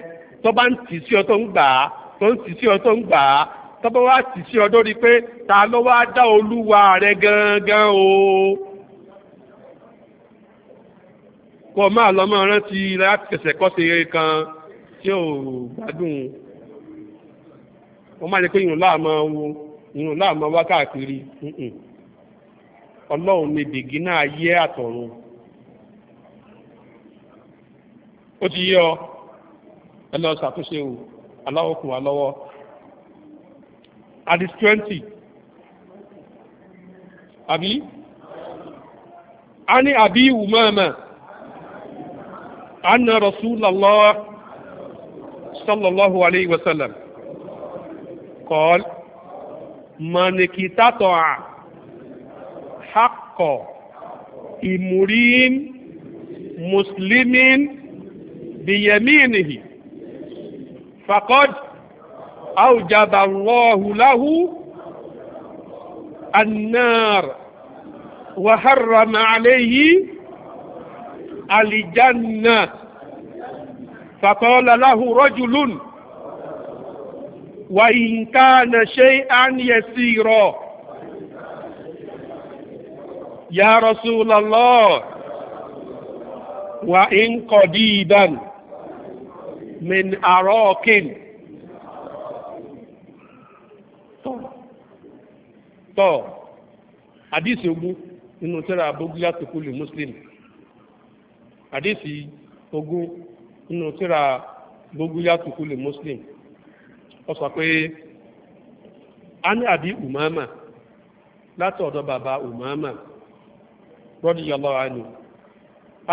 tó bá ń tì sí ọ tó ń gbà á tó ń tì sí ọ tó ń gbà á tó bá wá tì sí ọ lórí pé ta ló wá dá olúwa rẹ gangan o. kó máa lọ máa rántí láti tẹ̀sẹ̀ kọ́ sí eré kan tí ò gbádùn wọ́n máa jẹ́ pé ìrùn láàmú wo ìrùn láàmú wá káàkiri ọlọ́run ni bègínà ayé àtọ̀run. ó ti yé ọ ẹ lọ ṣàtúnṣe o aláwọ̀ kù wá lọ́wọ́ àdìs twenty àbí a ní àbí ìwùmọ̀ọ́mọ̀ a nà Rasulullah sallallahu alayhi wa sallam kọ́ọ́l mọ̀nìkìtàtọ̀ à hakọ̀ ìmùrín mùsùlùmín. بيمينه فقد أوجب الله له النار وحرم عليه الجنة فقال له رجل وإن كان شيئا يسيرا يا رسول الله وإن قديدا min arọ́ọ̀kìn tọ́ àdísì ogún nínú tírà bógílá tó kú lè muslim àdísì ogún nínú tírà bógílá tó kú lè muslim ó sọ a ní àbí umama látọ̀dọ̀ bàbá umama radiyallahu anhu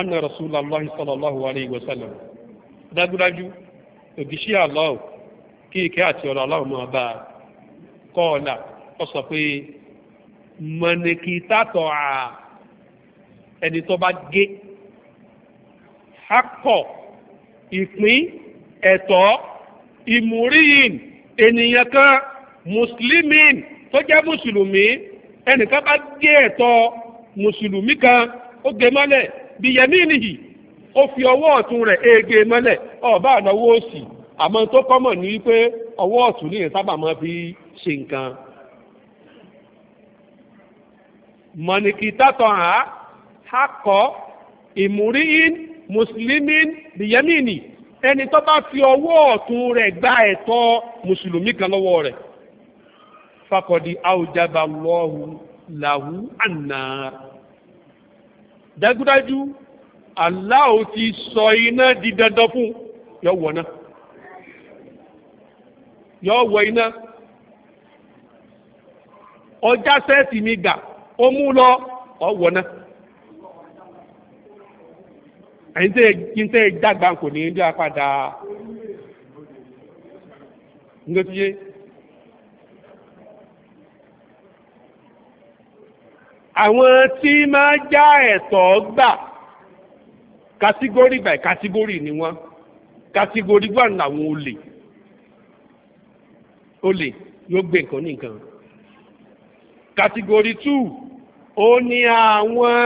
anna rasulallah sallallahu dájúdájú òjíṣẹ́ Allah kí ìkẹ́ àti ọ̀rọ̀ Allah máa bá a kọ́ ọ̀la ó sọ pé mọ̀nìkì tàtọ̀ à ẹni tó bá gé akọ̀ ìpín ẹ̀tọ́ ìmúríyìn ènìyàn kan mùsùlùmíìn tó jẹ́ mùsùlùmí ẹnìkan bá gé ẹ̀tọ́ mùsùlùmí kan ó gé mọ́lẹ̀ bíyẹ̀mí nìyí ó fi ọwọ́ ọ̀tún rẹ̀ ege mọ́lẹ̀ ọ̀bá ànáwó òsì àmọ́ tó kọ́mọ̀ ní pé ọwọ́ ọ̀tún ní fi ṣe nǹkan. mọ̀nìkì tátọ̀ hàn á hákọ́ ìmúríhìn mùsùlùmí bìyẹ́mìnì ẹni tó fi ọwọ́ ọ̀tún rẹ̀ gba ẹ̀tọ́ mùsùlùmí kan lọ́wọ́ rẹ̀ fakọ̀dí àwùjábà lọ́hùn làwù àná dájúdájú Allah ò ti sọ iná di dandan fún yọ wọ̀ yọ wọ̀ iná ọjà sẹ́ẹ̀tì mi gà ó mú lọ ọ̀wọ̀ náà ẹ̀yin tẹ́ ẹ̀yin tẹ́ dàgbà kò ní bí a padà nígbà tí àwọn tí máa já ẹ̀tọ́ gbà. category by category ni wọ́n category one làwọn olè olè yóò gbé nǹkan ní nǹkan category two ó ní àwọn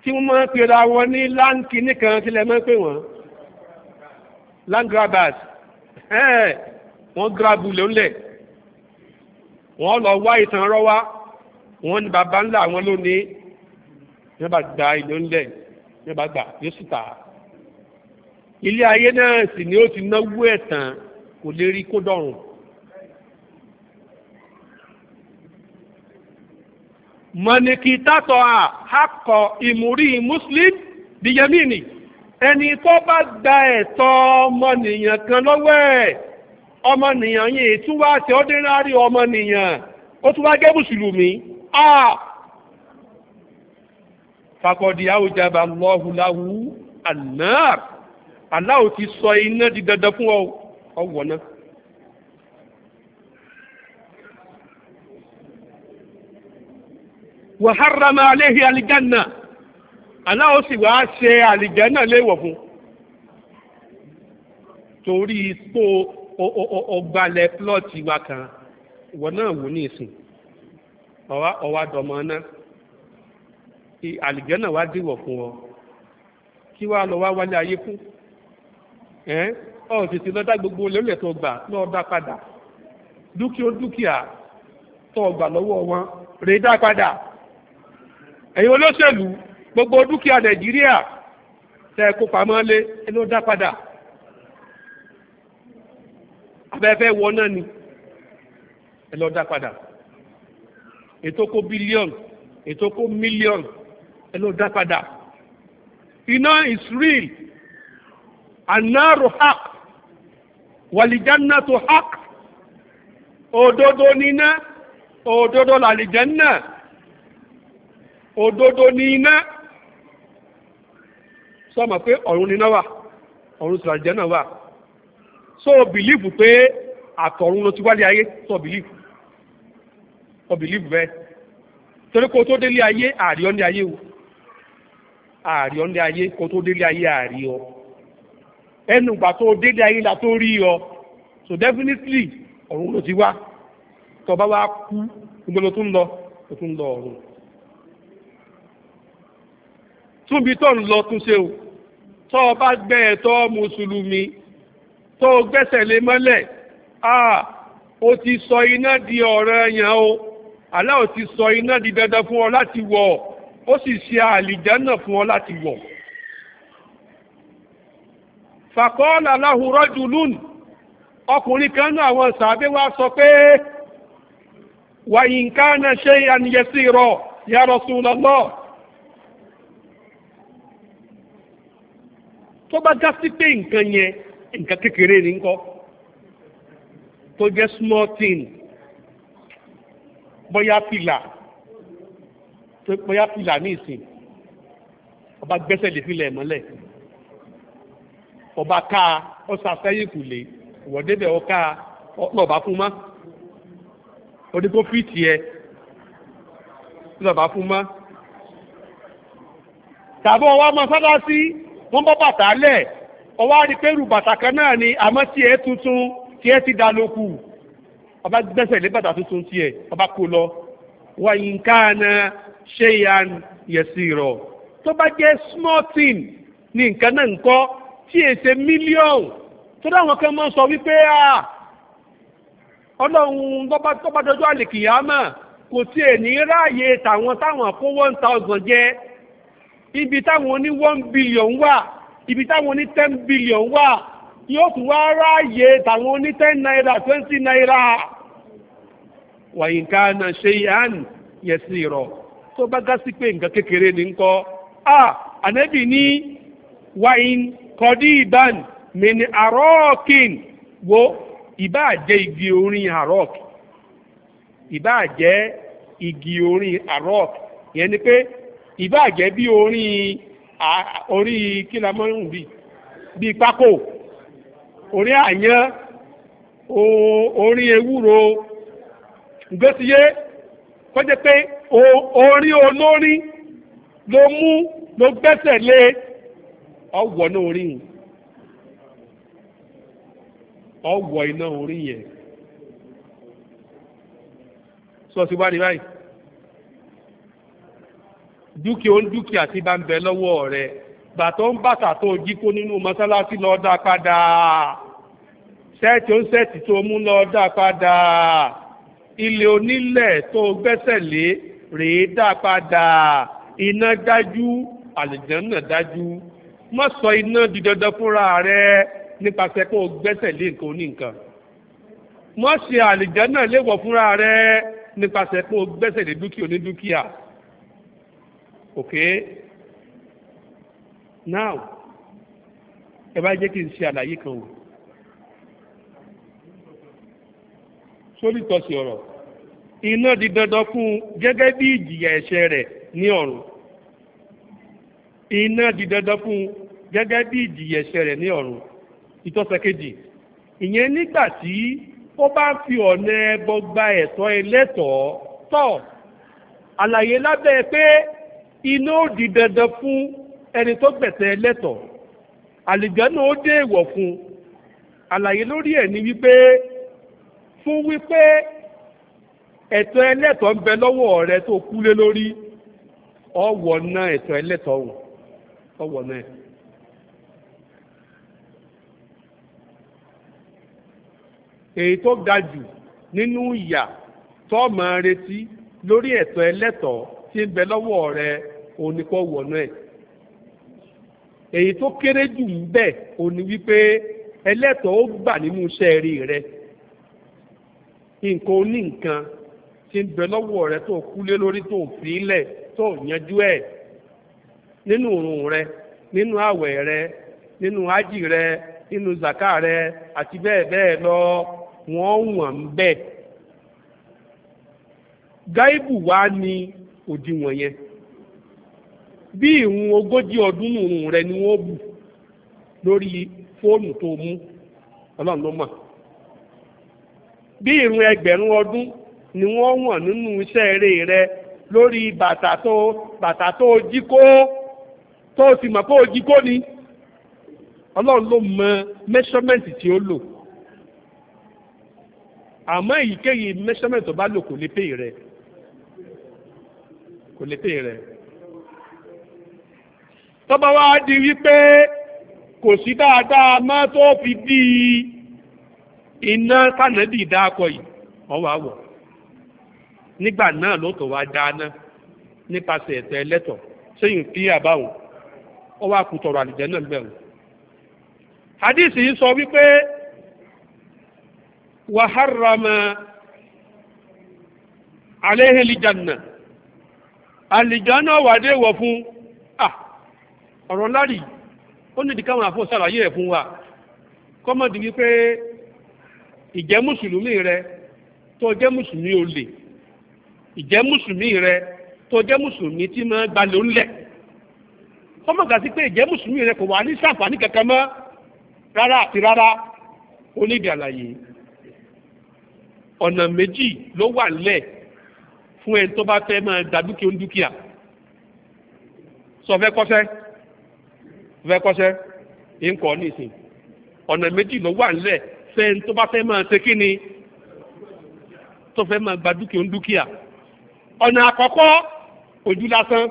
tí wọ́n máa ń pera wọn ní láǹkì nìkan tí lè máa ń pè wọ́n land grabbers wọ́n grabu lónlẹ̀ wọ́n lọ wá ìtàn rọ́wá wọ́n ní baba ńlá àwọn lónìí wọ́n bá gba ìlú ńlẹ̀ yóò bá gbà yóò sì tà á ilé ayé náà sì ni ó ti náwó ẹ̀ tán kò lè rí kó dọ̀rùn. mọ̀nìkì tátọ̀ à hákọ̀ ìmúrí muslim bíyẹmínì ẹni tó bá gba ẹ̀tọ́ ọmọnìyàn kan lọ́wọ́ ẹ̀ ọmọnìyàn yìí tún wá ṣe ordinary ọmọnìyàn ó tún wá gẹ́ mùsùlùmí. Ah! fàkọ̀dì àwùjábà lọ́hùláhù ànáà aláwò ti sọ iná di dandan fún ọwọ́ náà. wàhárama aléhi alìjánà aláwò sì wá ṣe alìjánà léwọ̀ fún torí pò ọgbàlẹ̀ plọ́ọ̀tì wa kan ìwọ náà wò ní ìsìn ọwá dọ̀mọ́ náà àlìjẹ́nà wá dìwọ̀ fún ọ kí wàá lọ wá wálé ayé fún ẹ ọ tètè lọ dá gbogbo lẹ́lẹ̀ tó gbà lọ dá padà dúkìá dúkìá tó gbà lọ́wọ́ wọn rè dá padà ẹ̀yin olóṣèlú gbogbo dúkìá nàìjíríà tẹ kó pamọ́ lé ẹ ló dá padà abẹ́fẹ́ wọ náà ni ẹ lọ dá padà ètò kó bílíọ̀nù ètò kó mílíọ̀nù ẹ ló dá padà iná is real anáàrò haq wàlìjánná tó haq òdodo níná òdodo làlìjánná òdodo ní iná sọ ma pé ọ̀run níná wà ọ̀run sì làlìjánná wà so bìlífù pé àtọ̀run ló ti wálé ayé sọ bìlífù ọ bìlífù bẹ́ẹ̀ torí kó tó délé ayé àríọ́ ní ayé o ààrí ọ nílé ayé kó tó délé ayé ààrí ọ ẹnu ìgbà tó délé ayé la tó rí ọ so definitely ọ̀run ló ti wá tó bá wá kú gbogbo ló tún lọ ló tún lọ ọ̀run túnbi tó ń lọ túnṣe o tó o bá gbẹ ẹ̀tọ́ mùsùlùmí tó o gbẹ́sẹ̀ lé mọ́lẹ̀ ah o ti sọ iná di ọ̀ranyàn o Allah ò ti sọ iná di dandan fún ọ láti wọ̀ ọ́. ó sì ṣe àlìjánà fún ọ láti wọ̀ fàkọ́ọ́lá láhùrọ́ jùlún ọkùnrin kan náà àwọn sàábé wa sọ pé wàyínká náà ṣe àníyẹsí rọ ya Rasulullah tó bá já sí pé nǹkan yẹn nǹkan kékeré ní kọ́ tó jẹ́ small thing bóyá bóyá pìlà ní ìsìn ọba gbẹ́sẹ̀ lè fi lẹ̀ mọ́lẹ̀ ọba ká ọ sàfẹ́yìn kù lè ìwọ́débẹ̀ ọ ká ọlọ́ọ̀bá fún má oníkó fìtì ẹ ọlọ́ọ̀bá fún má tàbí ọwọ́ ọmọ sọ́dá sí wọ́n bọ́ bàtà lẹ̀ ọwọ́ àdìpẹ́rù bàtà kan náà ni àmọ́ tí ẹ tuntun tí ẹ ti dá lókù ọba gbẹ́sẹ̀ lé bàtà tuntun tí ẹ ọba kó lọ wàyí nkáàna ṣéyàn yẹsìrọ̀ tó bá jẹ́ small thing ní nǹkan náà ńkọ́ tí èsè mílíọ̀nù tó dáwọn kan máa ń sọ wípé ọlọ́run tó bá dọjọ́ àlèkìyàmà kò tí ẹ̀ ní ráàyè tàwọn táwọn kó one thousand jẹ́ ibi táwọn ní one billion wà ibi táwọn ní ten billion wà yóò tún wá ráàyè tàwọn ní ten naira twenty naira. wàyínkáná ṣe yán yẹsí rọ tó bá gá sí pé nǹkan kékeré ni ń kọ́ a ànábì ní wàyín kọ́dí ìbán mìíní àrọ́ọ̀kìn wo ìbá jẹ́ igi orin àrọ́ọ̀k ìbá jẹ́ igi orin àrọ́ọ̀k yẹn ni pé ìbá jẹ́ bí orin orí bi bíi bíi pákó orí àyán orí ewúro yé kọjá pé orí olórí ló mú ló gbẹ́sẹ̀ lé ọwọ́ náà orí yìí ọwọ́ iná orí yẹn sọ sí wárí báyìí dúkìá ń dúkìá tí bá ń bẹ lọ́wọ́ rẹ̀ bàtọ́ ń bàtà tó jí nínú mọ́sálásí lọ dá padà sẹ́ẹ̀tì ń sẹ́ẹ̀tì tó mú lọ dá padà ilé onílẹ̀ tó gbẹ́sẹ̀ lé rèé dá padà iná dájú àlìjánná dájú má sọ iná di dandan fúnra rẹ nípasẹ̀ kó o gbẹ́sẹ̀ lé nǹkan oníǹkan má ṣe àlìjánná léwọ̀ fúnra rẹ nípasẹ̀ pé o gbẹ́sẹ̀ dúkìá onídúkìá ok now ẹ bá jẹ́ kí n ṣe àlàyé kan o sórí ìtọ́sí ọ̀rọ̀ iná di dandan fún un gẹ́gẹ́ bí ìjìyà ẹ̀ṣẹ̀ rẹ̀ ní ọ̀run iná di dandan fún un gẹ́gẹ́ bí ìjìyà ẹ̀ṣẹ̀ rẹ̀ ní ọ̀run ìtọ́sẹ̀ kejì ìyẹn nígbà tí ó bá fi ọ̀nà ẹbọ gba ẹ̀tọ́ ẹlẹ́tọ̀ọ́ tọ̀ àlàyé lábẹ́ pé iná ó di dandan fún ẹni tó gbẹ̀tẹ̀ ẹlẹ́tọ̀ọ́ àlìjọ́nà ó dé ìwọ̀ fún àlàyé lórí ẹ̀ ni wípé fún wípé ẹ̀tọ́ ẹlẹ́tọ̀ọ́ ń bẹ lọ́wọ́ rẹ tó lori lórí ọwọ́ náà ẹ̀tọ́ ẹlẹ́tọ̀ọ́ ọ̀hún ọwọ́ náà. èyí tó ga jù nínú ìyà tó máa retí lórí ẹ̀tọ́ ẹlẹ́tọ̀ọ́ tí ń bẹ lọ́wọ́ rẹ òun ni náà èyí tó kéré jù ń rẹ tí ń bẹ lọ́wọ́ rẹ tó kúlé lórí tó fi tó yanjú ẹ̀ nínú òrùn rẹ nínú àwẹ̀ rẹ nínú ájì rẹ nínú zaka rẹ àti bẹ́ẹ̀ bẹ́ẹ̀ lọ wọ́n wọ̀n ń gáíbù wá ní òdiwọ̀n yẹn bí rẹ ni wọ́n bù lórí fóònù tó mú ọlọ́run ló mọ̀ bí ni wọ́n wọ̀n nínú iṣẹ́ eré rẹ lórí bàtà tó bàtà tó jí kó tó o sì mọ̀ pé o kó ni ọlọ́run ló mọ measurement tí ó lò àmọ́ èyíkéyìí measurement tó bá lò kò lè pè rẹ kò lè pè rẹ tó bá wá di wípé kò sí dáadáa mọ́ tó fi di iná kànáàdì dáakọ̀ yìí wọ́n wá wọ̀ nígbà náà ló tó wá dáná nípasẹ̀ ẹ̀tọ́ ẹlẹ́tọ̀ sẹ́yìn kí àbáwọn ó wá kú tọrọ àlùjẹ́ náà bẹ̀rù. hadith yìí sọ wípé wàhárama aléhìlìjànà àlìjànà wàdé wọ̀ fún ọ̀rọ̀ lárì ó nídìí káwọn àfọ̀ sàlàyé ẹ̀ fún wa kọ́mọ̀dì wípé ìjẹ́ mùsùlùmí rẹ tó jẹ́ mùsùlùmí olè ìjẹ́ mùsùlùmí rẹ tó jẹ́ mùsùlùmí tí máa gbalẹ̀ ńlẹ̀ ọmọ gàtí pé ìjẹ́ mùsùlùmí rẹ kò wà ní sàǹfààní kankan mọ́ rárá àti rárá ó ní ìdí àlàyé ọ̀nà méjì ló wà ńlẹ̀ fún ẹni tó bá fẹ́ máa da dúkìá ń dúkìá sọ fẹ́ kọ́ṣẹ́ fẹ́ kọ́ṣẹ́ ìǹkọ́ nìsín ọ̀nà méjì ló wà ńlẹ̀ fẹ́ ẹni tó bá fẹ́ máa ṣe kí ni tó fẹ́ máa gba dúkìá ń dúkìá ọ̀nà àkọ́kọ́ ojú lásán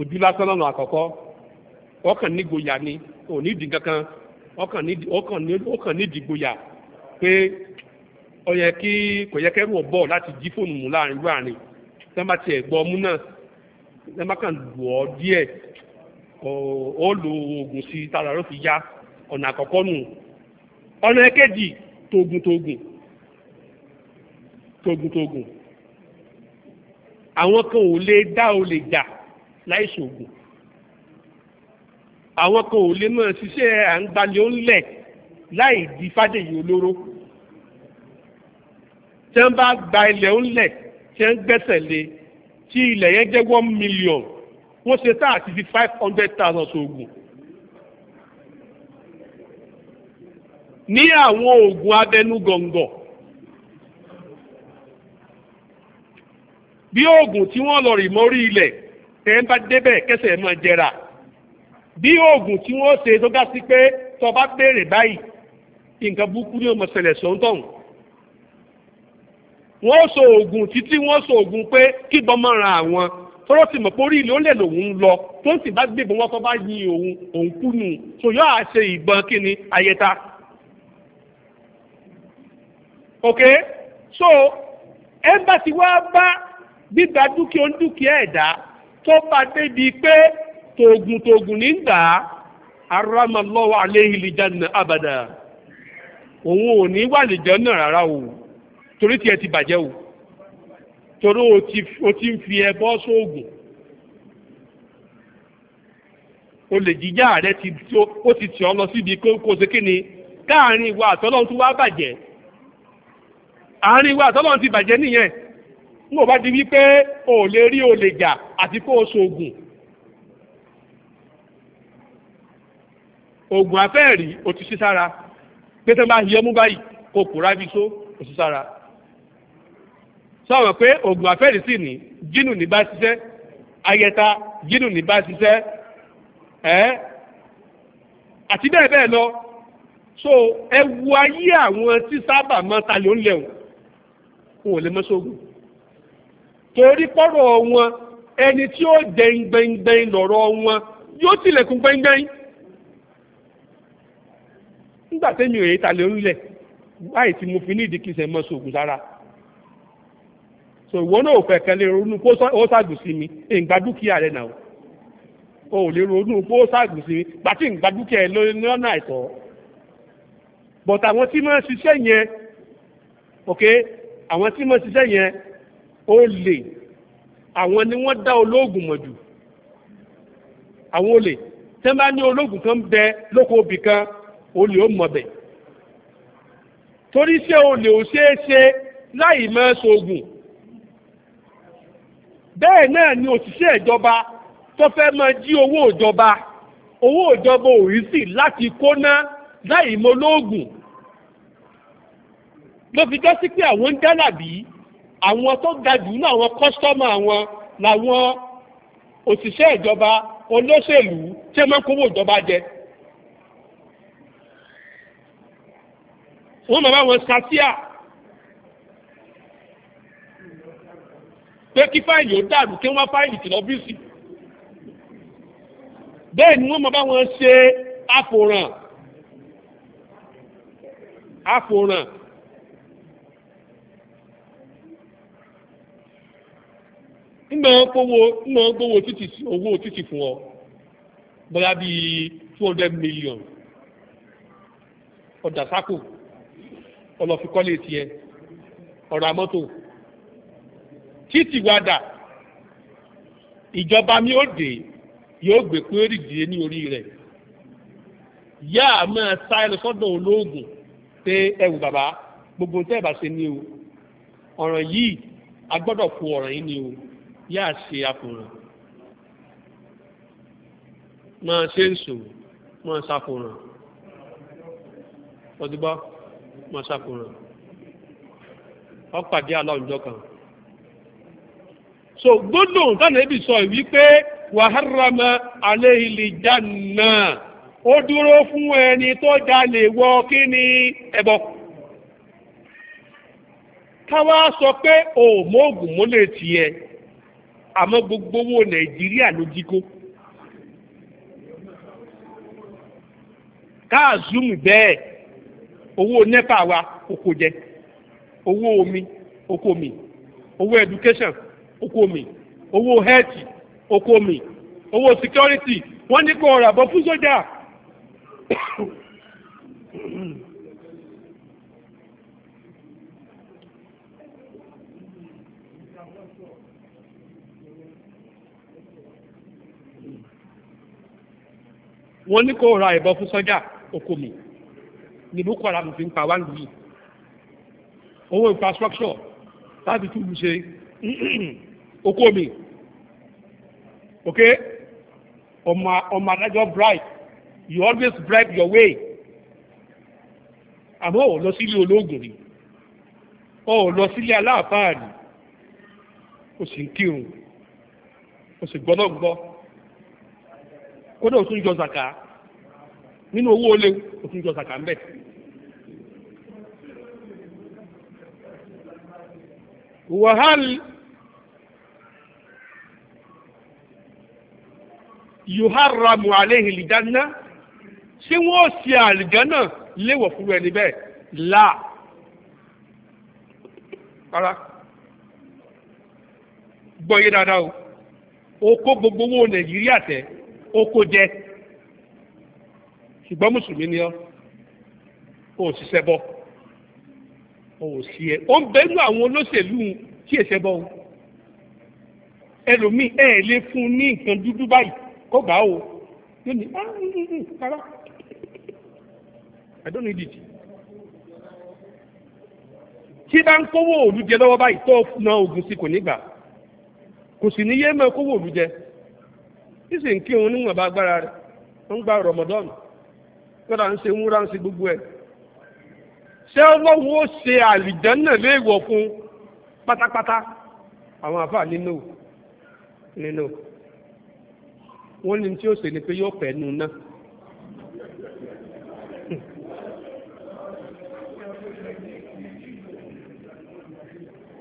ojú lásán lọ́nà àkọ́kọ́ ọkàn nígboyà ni ò ní ìdí kankan ọkàn ní ìdìgboyà pé ó yẹ kí kò yẹ kẹ́rù ọ̀bọ̀ láti jí fóònù mú láàrin láàrin lẹ́mbà tiẹ̀ gbọ́ ọmú náà lẹ́mbà kan lù ọ́ díẹ̀ ó lo oògùn sí tára ló fi yá ọ̀nà àkọ́kọ́ nù ọ̀nà ẹ̀kejì tógun tógun tógun tógun àwọn kan ò lè dá olè jà láì ṣògùn àwọn kan ò lè máa ṣiṣẹ́ à ń gbalẹ̀ ó ń lẹ̀ láì di fádèyí olóró tí wọ́n bá gba ilẹ̀ ó ń lẹ̀ tí wọ́n gbẹ́sẹ̀ lé tí ilẹ̀ yẹn jẹ́ one million wọ́n ṣe tá àti fi five hundred thousand ṣògùn. ní àwọn oògùn abẹnú bí oògùn tí wọ́n lọ rì mọ́rí ilẹ̀ tẹ́ ń bá débẹ̀ kẹsẹ̀ máa jẹrà bí oògùn tí wọ́n ṣe tó dá sí pé tó bá béèrè báyìí nǹkan burúkú ni ọmọ ṣẹlẹ̀ sọ́ńtọ̀hún wọ́n sọ oògùn títí wọ́n sọ oògùn pé kíbọn máa ran àwọn tọ́rọ́ ti mọ̀ pé orí ilé ó lẹ̀ lòun lọ tó ń sì bá gbébọn wọn tó bá yin òun òun kú nù tó yọ àṣe ìbọn kí ni ayẹta. ok so ẹ bá ti wá bá gbígba dúkìá dúkìá ẹ̀dá tó bá débi pé tògùn tògùn nígbà aramallahu alayhi abada òun ò ní wà lìjánà rárá o torí tiẹ̀ ti bàjẹ́ o torí o ti ń fi ẹbọ sóògùn olè ti lọ síbi kó ìwà tó wá bàjẹ́ àárín ìwà n ò bá di wípé o ò lè rí o lè jà àti kó o ṣoògùn oògùn afẹ́ẹ̀rí o ti sí sára pé tó bá yẹ mú báyìí kò kúra bí so o sí sára sọ̀rọ̀ pé oògùn afẹ́ẹ̀rí sì ní jínù ní bá ṣiṣẹ́ ayẹta jínù ní bá ṣiṣẹ́ ẹ́ àti bẹ́ẹ̀ bẹ́ẹ̀ lọ so ẹ wo ayé àwọn tí sábà mọ́ta ló ń lẹ̀wọ̀n wọn ò lè mọ́ sóògùn torí pọ́rọ̀ wọn ẹni tí ó dẹ̀yìn gbẹ̀ngbẹ̀yìn lọ́rọ̀ wọn yóò tilẹ̀kùn gbẹ̀ngbẹ̀yìn nígbà tẹ́mi ò yẹ ta lè orílẹ̀ báyìí tí mo fi ní ìdíkìsẹ̀ mọ́ sóògùn sára so ìwọ náà ò fẹ́ kẹ́lẹ́ ronú kó ó ṣàgùn sí mi ìgbà dúkìá rẹ̀ náà o ò lè ronú kó ó ṣàgùn sí mi gbàtí ìgbà dúkìá rẹ̀ lọ́nà àìtọ́ bọ̀t àwọn tí máa ń ṣiṣẹ́ yẹn ok àwọn tí máa ń ṣiṣẹ́ yẹn olè àwọn ni wọ́n dá olóògùn mọ̀ jù àwọn olè tẹ́ bá ní olóògùn kan bẹ lóko obì kan olè ó mọ̀ bẹ̀ torí ṣé olè ò ṣeé ṣe láì máa ṣoògùn bẹ́ẹ̀ náà ni òṣìṣẹ́ ìjọba tó fẹ́ máa jí owó ìjọba owó ìjọba ò rí sí láti kóná láì mọ olóògùn ló fi jásí pé àwọn ń dálàbí àwọn tó ga jù ní àwọn kọ́sítọ́mù àwọn làwọn òṣìṣẹ́ ìjọba olóṣèlú tí wọ́n máa ń kówó ìjọba jẹ. wọ́n máa bá wọn ṣàṣìyà pé kí fáìlì ó dàrú kí wọ́n fáìlì tì lọ́bíìsì. bẹ́ẹ̀ ni wọ́n máa bá wọn ṣe àfòràn àfòràn ńgbà wọn gbowó ńgbà wọn gbowó títì owó títì fún ọ bóyá bíi two hundred million ọjà sákò ọlọ́fikọ́lé tiẹ̀ ọ̀rọ̀ àmọ́tò títì wàdà ìjọba mi ò dé yóò gbé kúrẹ́rì dìé ní orí rẹ̀ yá a máa sá ẹ lọ sọ́dọ̀ olóògùn pé ẹ wù bàbá gbogbo tẹ́ ẹ bá ṣe ni o ọ̀ràn yìí a gbọ́dọ̀ fún ọ̀ràn yìí ni o. yá ṣe àkòrò máa ṣe ń sòwò máa ṣàkòràn ọdúgbọ́ máa ṣàkòràn ọpàdé aláwùjọ kan so gbólóhùn tánàbí sọ wípé wàhárama aléhìlì jánà ó dúró fún ẹni tó jalè wọ kí ni ẹbọ káwá sọ pé òmóògùn mólè tiẹ̀ àmọ́ gbogbo owó nàìjíríà ló jiko kó. káàzúmù bẹ́ẹ̀ owó wa oko jẹ owó omi oko mi owó education oko mi owó health oko mi owó security wọ́n ní kó ọ̀rọ̀ àbọ̀ fún sójà. wọ́n ní kó ra ìbọn fún sọ́jà oko mi ní boko haram fi ń pa wá lù yìí owó infrastructure láti túbú ṣe oko mi ok ọmọ ọmọ bright you always bribe your way àmọ́ ò lọ sílé olóògùn rí ò lọ sílé aláàfáà rí o sì ń kírun o sì gbọ́dọ̀ gbọ́ kódà ó tún yọ zàkà nínú owó olè ó tún yọ zàkà ń bẹ̀. wàhálì yuharramu alayhi lijanna ṣé wọ́n ṣe àlìjánà léwọ̀ fún ẹni bẹ́ẹ̀ láà rárá gbọ́ dáadáa o kó gbogbo owó nàìjíríà tẹ́ ó jẹ ṣùgbọ́n mùsùlùmí ni ọ́ ó ṣiṣẹ́ bọ́ ó sì ẹ́ ó ń bẹ́nu àwọn olóṣèlú tí èṣẹ́ bọ́ ọ́ ẹlòmíì ẹ̀ lè fún un ní nǹkan dúdú báyìí kó gbà ó yóò ní ah, mm, mm, mm, rárá I don't need it. tí bá ń kówó òòlù lọ́wọ́ báyìí tó na oògùn sí kò ní gbà kò sì ní yé mọ́ kówó òòlù ìsì ń kí òun níwọ̀n bá gbára rẹ̀ ó ń gba Ramadan kódà ń ṣe múra ń ṣe gbogbo ẹ̀ ṣé ọlọ́run ó ṣe àlìjánná léèwọ̀ fún pátápátá àwọn àfà nínú nínú wọ́n ní tí ó ṣe ni pé yóò pẹ́ nu náà.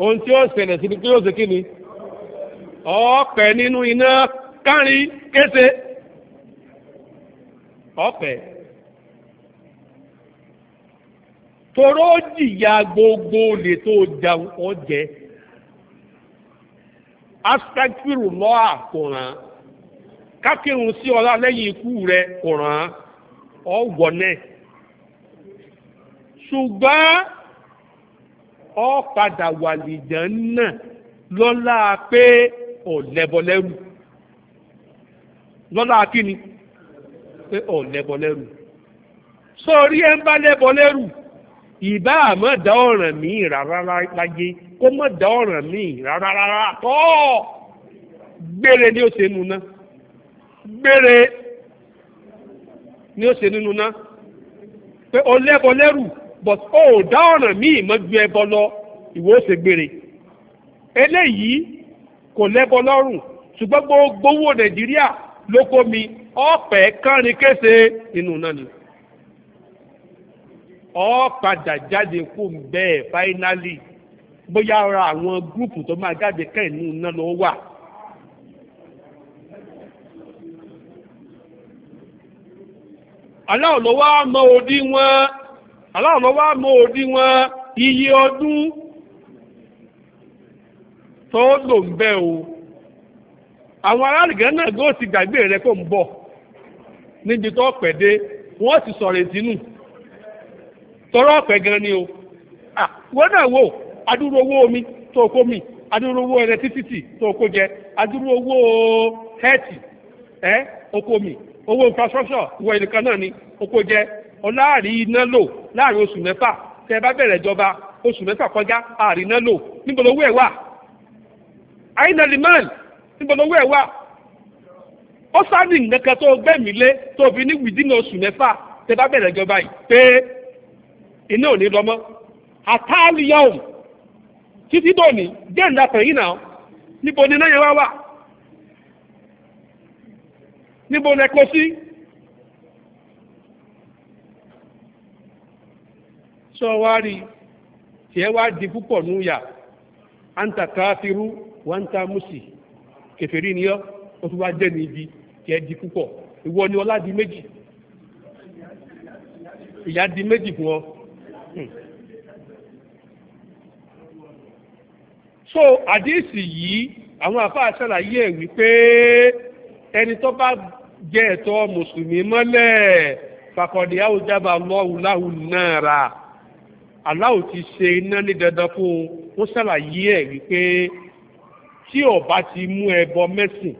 ohun tí ó ṣẹlẹ̀ sí ni pé yóò ṣe kí ni ọ̀ọ́pẹ nínú iná kárí kése ọ̀pẹ toró jìyà gbogbo olè tó jẹun ọjẹ aspẹkiru lọ àkùrán kákírun sí ọlá lẹ́yìn ikú rẹ kùrán ọwọ́nẹ́ ṣùgbọ́n ọ padà wà lìjàn náà lọ́la pé ọ̀lẹ́bọ̀lẹ́rù. lọ́lá kíni pé ọ̀ lẹ́bọ lẹ́rù sórí ẹ̀ ń bá lẹ́bọ lẹ́rù ìbá àmọ́ dá ọ̀ràn míì rárá láyé kó mọ̀ dá ọ̀ràn míì rárá rárá kọ́ gbére ni ó ṣe nu ná gbére ni ó ṣe nínú ná pé o lẹ́bọ lẹ́rù but o ò dá ọ̀ràn míì mọ́ ju ẹbọ lọ ìwọ ó ṣe gbére eléyìí kò lẹ́bọ lọ́rùn ṣùgbọ́n gbogbo owó Nàìjíríà lóko mi ọ̀pẹ̀ kánrin kése inú náà ni ọ jáde kó bẹ́ẹ̀ fáínálì bóyá ara àwọn gúrùpù tó máa jáde inú náà ló wà. aláwọ̀ ló wá mọ òdi wọn aláwọ̀ ló wá mọ òdi wọn iye ọdún tó lò ń bẹ́ẹ̀ o. àwọn aráàlùgẹ́ náà gó ti gbàgbé rẹ kó ń bọ̀ níbi tó pẹ̀ dé wọ́n ti sọ̀rọ̀ ìdínú tọrọ ọ̀pẹ̀ gan ni o wọ́n náà wò adúrú owó omi tó kó mi adúrú owó ẹlẹtírísítì tó kó jẹ adúrú owó hẹ́ẹ̀tì ẹ́ oko mi owó infrastructure ìwọ ìnìkan náà ni oko jẹ ọláàrí iná lò láàrin oṣù mẹ́fà tẹ bá bẹ̀rẹ̀ ìjọba oṣù mẹ́fà kọjá lò níbo ẹ̀ wà níbo lówó ẹ̀ wà ó sáàdì nǹkan tó gbẹ̀mí lé tó fi ní wìdínà oṣù mẹ́fà tẹ bá bẹ̀rẹ̀ ìjọba yìí pé iná ò ní lọ mọ́ àtàlíyàwó títí dòní jẹ́ ìdàpọ̀ yìí náà níbo ni náà yẹn wá wà níbo lẹ kó sí. sọ wá rí wá di púpọ̀ núyà àǹtà káfíru wọ́n ń ta mùsì. kèfèrí ni ọ́ ó tún wá jẹ́ ní ibi kẹ́ di púpọ̀ ìwọ ni ọlá di méjì ìyá di méjì fún ọ. Hmm. so àdéhìsì yìí àwọn àfa àṣàlàyé ẹ̀ wípé ẹni tó bá jẹ́ ẹ̀tọ́ mùsùlùmí mọ́lẹ̀ fàkọ̀dé àwùjábà lọ́wọ́ láwùn náà rà aláwò ti ṣe iná ní dandan fún un wọ́n ṣàlàyé ẹ̀ wípé tí ọba ti mú ẹbọ mẹ́sìn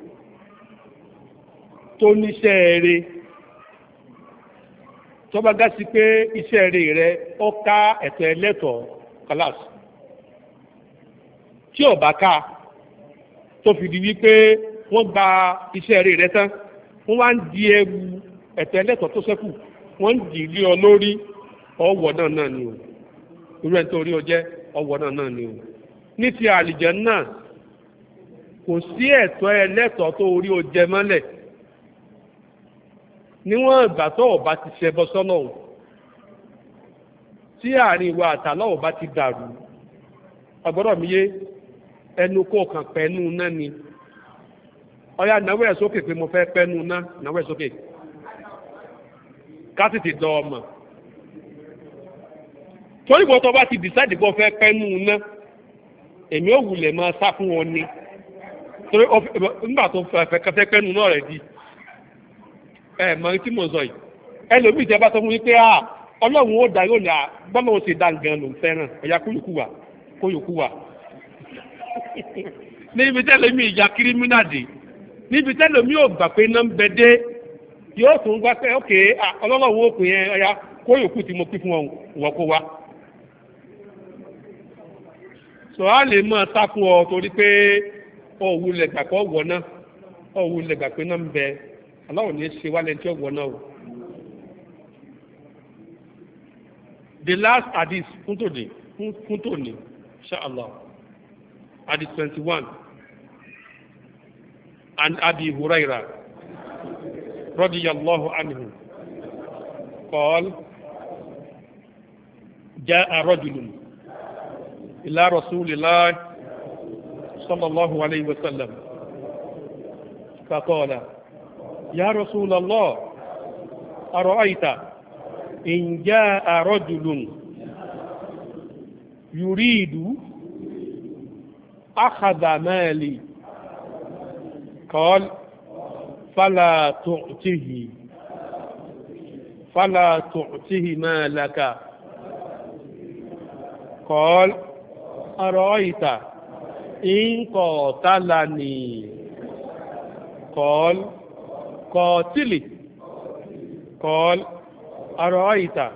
tó níṣẹ́ eré tó bá pé iṣẹ eré rẹ ó ká ẹ̀tọ́ ẹlẹ́tọ̀ọ́ tí ọba ká fi wípé gba iṣẹ ere rẹ tán wọ́n wá ń di ẹrù ẹ̀tọ́ ẹlẹ́tọ̀ọ́ tó ṣẹ́kù wọ́n ń dì ọ lórí ọwọ náà náà ni o irú ẹni tó rí ọ náà o ní kò sí ẹ̀tọ́ ẹlẹ́tọ̀ọ́ tó orí o jẹ mọ́lẹ̀ níwọ̀n ìgbà tó o bá ti ṣẹbọ sọ́nà o tí àárín ìwà àtàlọ́ o bá ti dàrú ọgbọ́dọ̀ mi yé ẹnu kó kàn pẹ́ẹ́nù náà ni ọ̀yá náwó ẹ̀ sókè pé mo fẹ́ pẹ́ẹ́nù náà náwó ẹ̀ sókè ká sì ti dán ọmọ torí wọn tó ti dìsáìdì bọ́ fẹ́ pẹ́ẹ́nù náà èmi ò wulẹ̀ máa sá fún wọn ni. torí nígbà tó fẹ́ kẹfẹ́ pẹ́nu náà rẹ̀ di ẹ̀ mọ̀ tí mo sọ yìí ẹlòmíì tẹ́ bá sọ fún mi pé ọlọ́run ó dá yóò ní dangan ló ń fẹ́ràn ẹ̀yà kóyòkú wa kóyòkú wa níbi tẹ́lẹ̀ mi ìjà kírímínà dé níbi tẹ́lẹ̀ mi ò gbà pé náà ń bẹ dé yóò tún gbà pé ok ọlọ́run yẹn ẹ̀yà kóyòkú mo pín fún wọn kó sọ̀rọ̀ àlè mọ́ ọ̀wulẹ̀ gbà pé ọ̀wọ́ náà ọ̀wulẹ̀ gbà pé náà ń bẹ aláwọ̀ ní í ṣe wálé tí ọ̀wọ́ náà o. the last hadith fún tòní fún tòní inshallah hadith twenty one an abi huraira radiyallahu anhu qala jaa rajulun ila rasulillah. صلى الله عليه وسلم فقال يا رسول الله أرأيت إن جاء رجل يريد أخذ مالي قال فلا تعطه فلا تعطه مالك قال أرأيت ìǹkọ̀tàlànì kọ́l kọ́tìlì kọ́l ọ̀rọ̀ ìta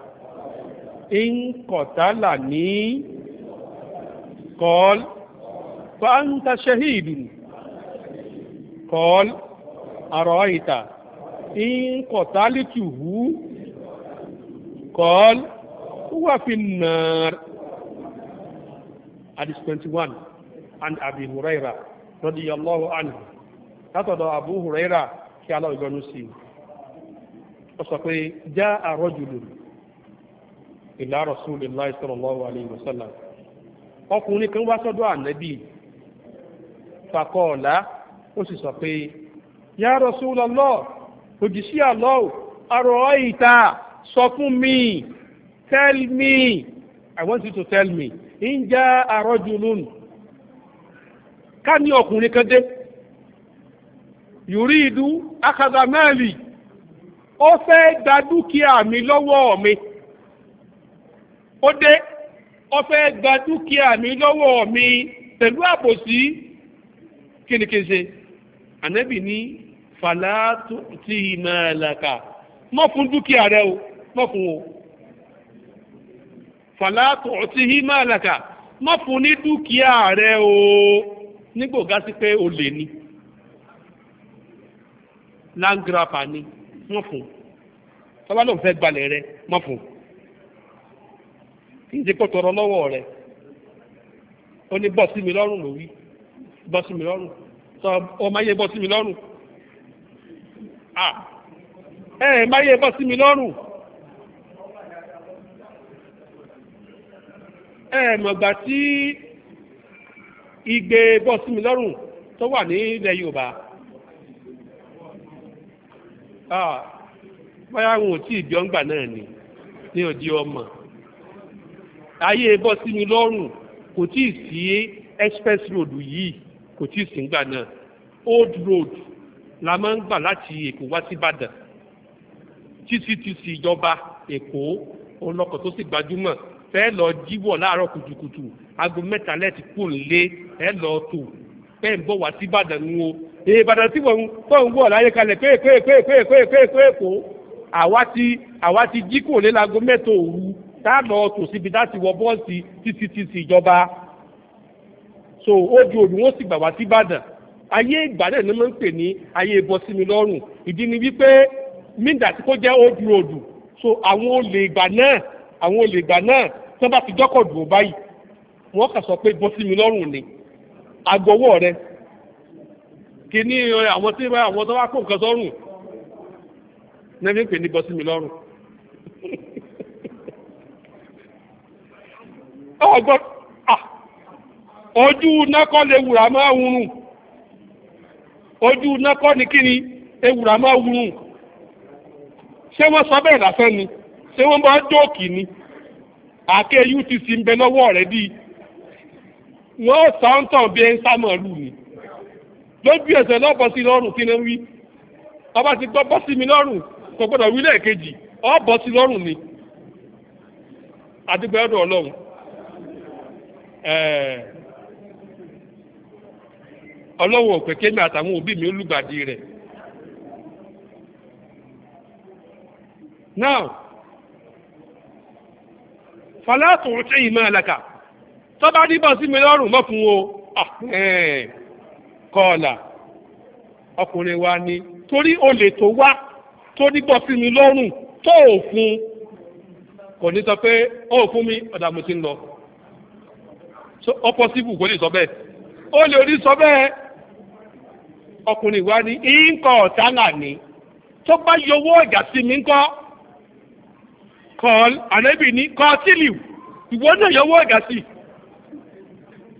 ìǹkọ̀tàlànì kọ́l fa'anta shahidun kọ́l ọ̀rọ̀ ìta ìǹkọ̀tàlìtùhù kọ́l wà fi nàr. Hadith 21 an abi huraira radiyallahu anhu látọ̀dọ̀ abu huraira kí aláwọ̀ ìgbọ́nú sí i ó sọ pé já àrọ́jùlù ìlà rasulillahi sallallahu alayhi wa sallam ọkùnrin kan wá sọ́dọ̀ ànábì fàkọọ̀lá ó sì sọ pé ya rasulallah òjìṣí àlọ́ àrọ̀ ìta sọ fún mi tell me i want you to tell me in já àrọ́jùlù ká ní ọkùnrin kan dé yùrí ìdú akadamẹ́ẹ̀lì ó fẹ́ gba dúkìá mi lọ́wọ́ mi ó dé ó fẹ́ gba dúkìá mi lọ́wọ́ mi pẹ̀lú àbòsí kínníkínṣe ànẹ́bì ní fàlàtú tí ìmọ̀ ẹ̀lẹ́ka mọ́ fún dúkìá rẹ o mọ́ fún o fàlàtú tí ìmọ̀ ẹ̀lẹ́ka mọ́ fún ní dúkìá rẹ o nígbò ga sí pé olè ni land grabber ni wọ́n fún tọ́ba ló ń fẹ́ gbalẹ̀ rẹ wọ́n fún kí n ṣe kó tọrọ lọ́wọ́ rẹ ó ní bọ́ sí mi lọ́rùn ló wí bọ́ sí mi lọ́rùn sọ ọmọ ayé bọ́ sí mi lọ́rùn ẹ ẹ má yé bọ́ mi lọ́rùn ẹ mọ̀gbà tí igbe bọ́sùmí lọ́rùn tó wà ní ilẹ̀ Yorùbá báyà wọn ò tí ì náà ni ní òdi ọmọ ayé bọ́sùmí lọ́rùn kò tí ì sí express road yìí kò tí ì sí ngbà náà old road la máa ń gbà láti Èkó wá sí Ìbàdàn títí ìjọba Èkó olọkọ̀ tó sì gbajúmọ̀ fẹ́ lọ jíwọ̀ láàárọ̀ kùtùkùtù aago mẹ́ta lẹ́ẹ̀tì kò lé ẹ lọ tò pé ń bọ̀ wá sí ìbàdàn nu o ìbàdàn tí wọ́n ń wọ̀ láyé kalẹ̀ pé pé pé pé pé pé pé kò àwa ti àwa ti jí kò lé lago mẹ́tò òru tá a lọ tò síbi láti wọ bọ́ọ̀sì títí títí ìjọba so ó di òru wọn sì gbà wá sí ìbàdàn ayé ìgbàlẹ̀ ni wọ́n ń pè ní ayé bọ́sími lọ́rùn ìdí ni wípé mídà tí kò jẹ́ old road so àwọn olè ìgbà náà àwọn olè ìgbà náà tí wọ́n bá ti jọ́kọ̀ dùn báyìí wọ́n kà sọ pé bọ́sími lọ́rùn ni agọwọ́ rẹ kì ní àwọn tí àwọn tó wá kó nǹkan sọ́rùn nẹ́bí ń pè ní bọ́sí mi lọ́rùn ojú nákọ́ lè wùrà máa wùrùn ojú nákọ́ ní kí ni ewùrà máa wùrùn ṣé wọ́n sọ bẹ́ẹ̀ lásán ni ṣé wọ́n bá jóòkì ni àáké utc ń bẹ lọ́wọ́ rẹ̀ bíi wọ́n sọ bie tàn bí ni lójú ẹsẹ̀ náà si sí lọ́rùn kí ni wí ọba ti gbọ́ bọ́ sí mi lọ́rùn kò gbọ́dọ̀ wí lẹ́ẹ̀kejì ọ sí ni àdúgbò ẹ̀dọ̀ ọlọ́run ọlọ́run ò kémi àtàwọn òbí mi olùgbàdì tó bá díbọ̀ mọ́ fún o ah, eh, kọ́ọ̀là ọkùnrin wa ni torí olè tó wá tó díbọ̀ sí tó ò fún kò ní sọ pé ó fún mi ọ̀dà mo ti ń lọ ọpọ síbù kò lè sọ bẹ́ẹ̀ olè orí sọ bẹ́ẹ̀ ọkùnrin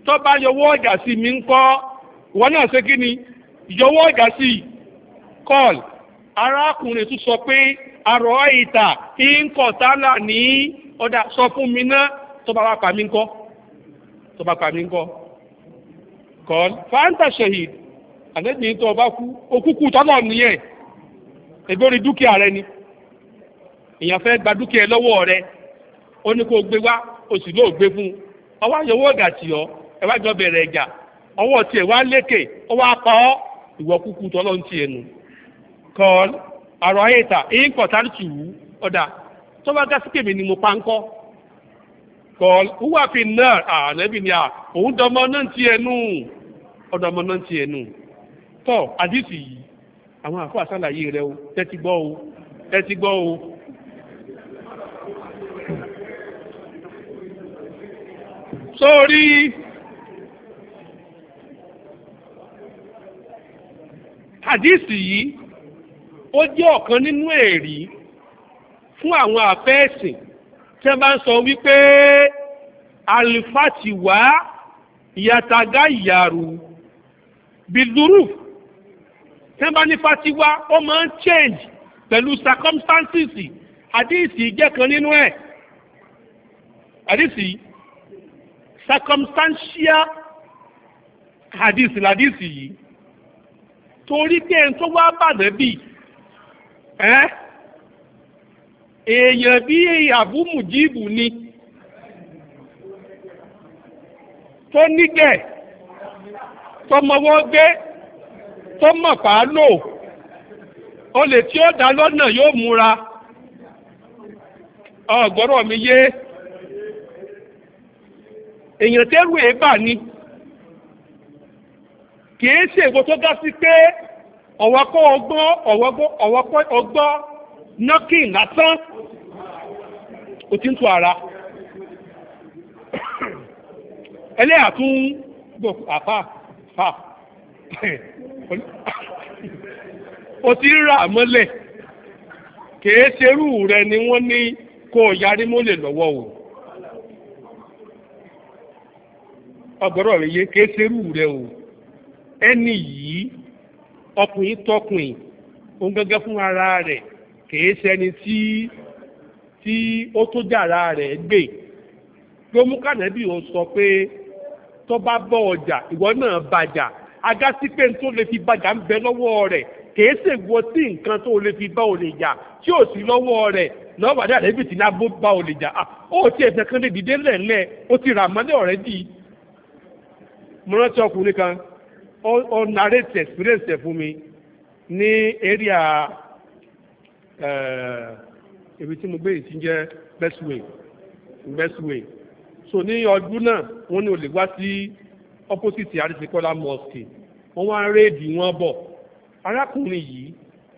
tó bá yọwọ́ ọ̀gá sí mi ń kọ́ ìwọ náà ṣe kí ni yọwọ́ ọ̀gá sí kọ́ọ̀lù arákùnrin tún sọ pé àrọ̀ ìta ìǹkọ̀tálà ní ọ̀dà sọ fún mi náà tó bá wá pa mí ń kọ́ tó bá pa mí ń kọ́ kọ́ọ̀lù fáńtà ṣèhìd àlẹ́bìnrin tó ọba kú òkúkú tọ́lọ̀ nìyẹn ègbórí dúkìá rẹ ni èèyàn fẹ́ gba dúkìá lọ́wọ́ rẹ ó ní kó gbé wá o sì lóò gbé fún ọwọ́ àyẹ̀wò tì ọ́ ẹ wá jọ bẹ̀rẹ̀ ẹ̀jà ọwọ́ tiẹ̀ wá lékè ó wá pa ọ́ ìwọ kúkú tọ́lọ́ ń tiẹ̀ nù. kọ́l àrò ayéta èyí kọ̀ tù wú ọ̀dà tó bá gá ni mo pa ń kọ́. kọ́l wúwà fi náà ànábì ni à òun dọmọ náà ń tiẹ̀ nù náà ń tiẹ̀ nù. tọ́ àdìsí yìí àwọn àfọ rẹ o gbọ́ o hadisi yìí ó jẹ́ ọ̀kan nínú ẹ̀rí fún àwọn àfẹ́ẹ̀sìn tí wọ́n bá ń sọ wípé alifatiwa yàtàgá yàrú bìdúrù tí wọ́n bá ní fatiwa ó máa ń change pẹ̀lú circumstances hadisi jẹ́ kan nínú ẹ̀ hadisi circumstantial hadisi ladisi yìí torí pé ẹni tó wá bàdàn bì ẹ́ èèyàn bí Abu Mujibu ni tó nígẹ̀ tọmọwọ́ gbé tọmọ̀pá lò olè tí ó dá lọ́nà yóò múra ọ̀gbọ́rọ̀ mi yé èèyàn tẹ́rù èébà ni. kìí ṣe èwo tó dá sí pé ọ̀wọ́kọ́ ọgbọ́n ọ̀wọ́kọ́ ọgbọ́n knocking lásán ó ti ń tu ara ẹlẹ́yà tún gbò àfà fà ó ti ń rà mọ́lẹ̀ kìí ṣerú rẹ ni wọ́n ní kó o yarí mọ́lẹ̀ lọ́wọ́ o ọgbọ́dọ̀ rẹ yé kìí ṣerú rẹ o. ẹni yìí ọkùnrin tọkùnrin òun gẹ́gẹ́ fún ara rẹ̀ kìí ṣẹni tí tí ó tó dára rẹ̀ gbè gbómúkànẹ́bì ò sọ pé tó bá bọ́ ọjà ìwọ náà bàjà sí pé tó lè fi bàjà ń bẹ lọ́wọ́ rẹ̀ kìí ṣègbọ́ nǹkan tó bá jà tí lọ́wọ́ rẹ̀ bá jà ó ti ẹ̀sẹ̀ kan lè dìde ó ti rà ọ̀rẹ́ dì í ó narrate experience ẹ̀ fún mi ní area eh, ibi tí mo gbé yìí ti ń best way best way so ní ọdún náà wọ́n ní olè wá sí opposite àrísíkọ́lá mosque wọ́n wá ń réèdì wọn bọ̀ arákùnrin yìí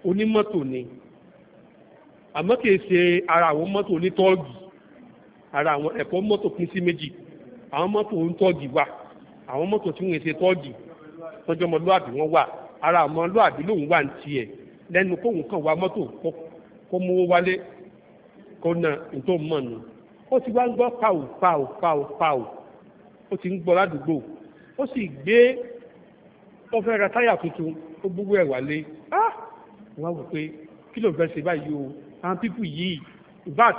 onímọ́tò ni àmọ́ kìí ṣe ara àwọn mọ́tò onítọ́ọ̀gì ara àwọn ẹ̀kọ́ mọ́tò pín sí méjì àwọn mọ́tò onítọ́ọ̀gì wà àwọn mọ́tò tí wọ́n ṣe tọ́ọ̀gì tọ́jú ọmọlúàbí wọn wà ara ọmọlúàbí lòun wà ń tiẹ̀ lẹ́nu kóun kàn wá mọ́tò kó mówó wálé kó na ètò mọ̀nù ó ti wá ń gbọ́ pàù pàù pàù pàù ó ti ń gbọ́ ládùúgbò ó sì gbé ó fẹ́ ra táyà tuntun ó gbogbo ẹ̀ wálé ah! wá wò pé kí ló fẹ́ ṣe báyìí o àwọn pípù yìí vat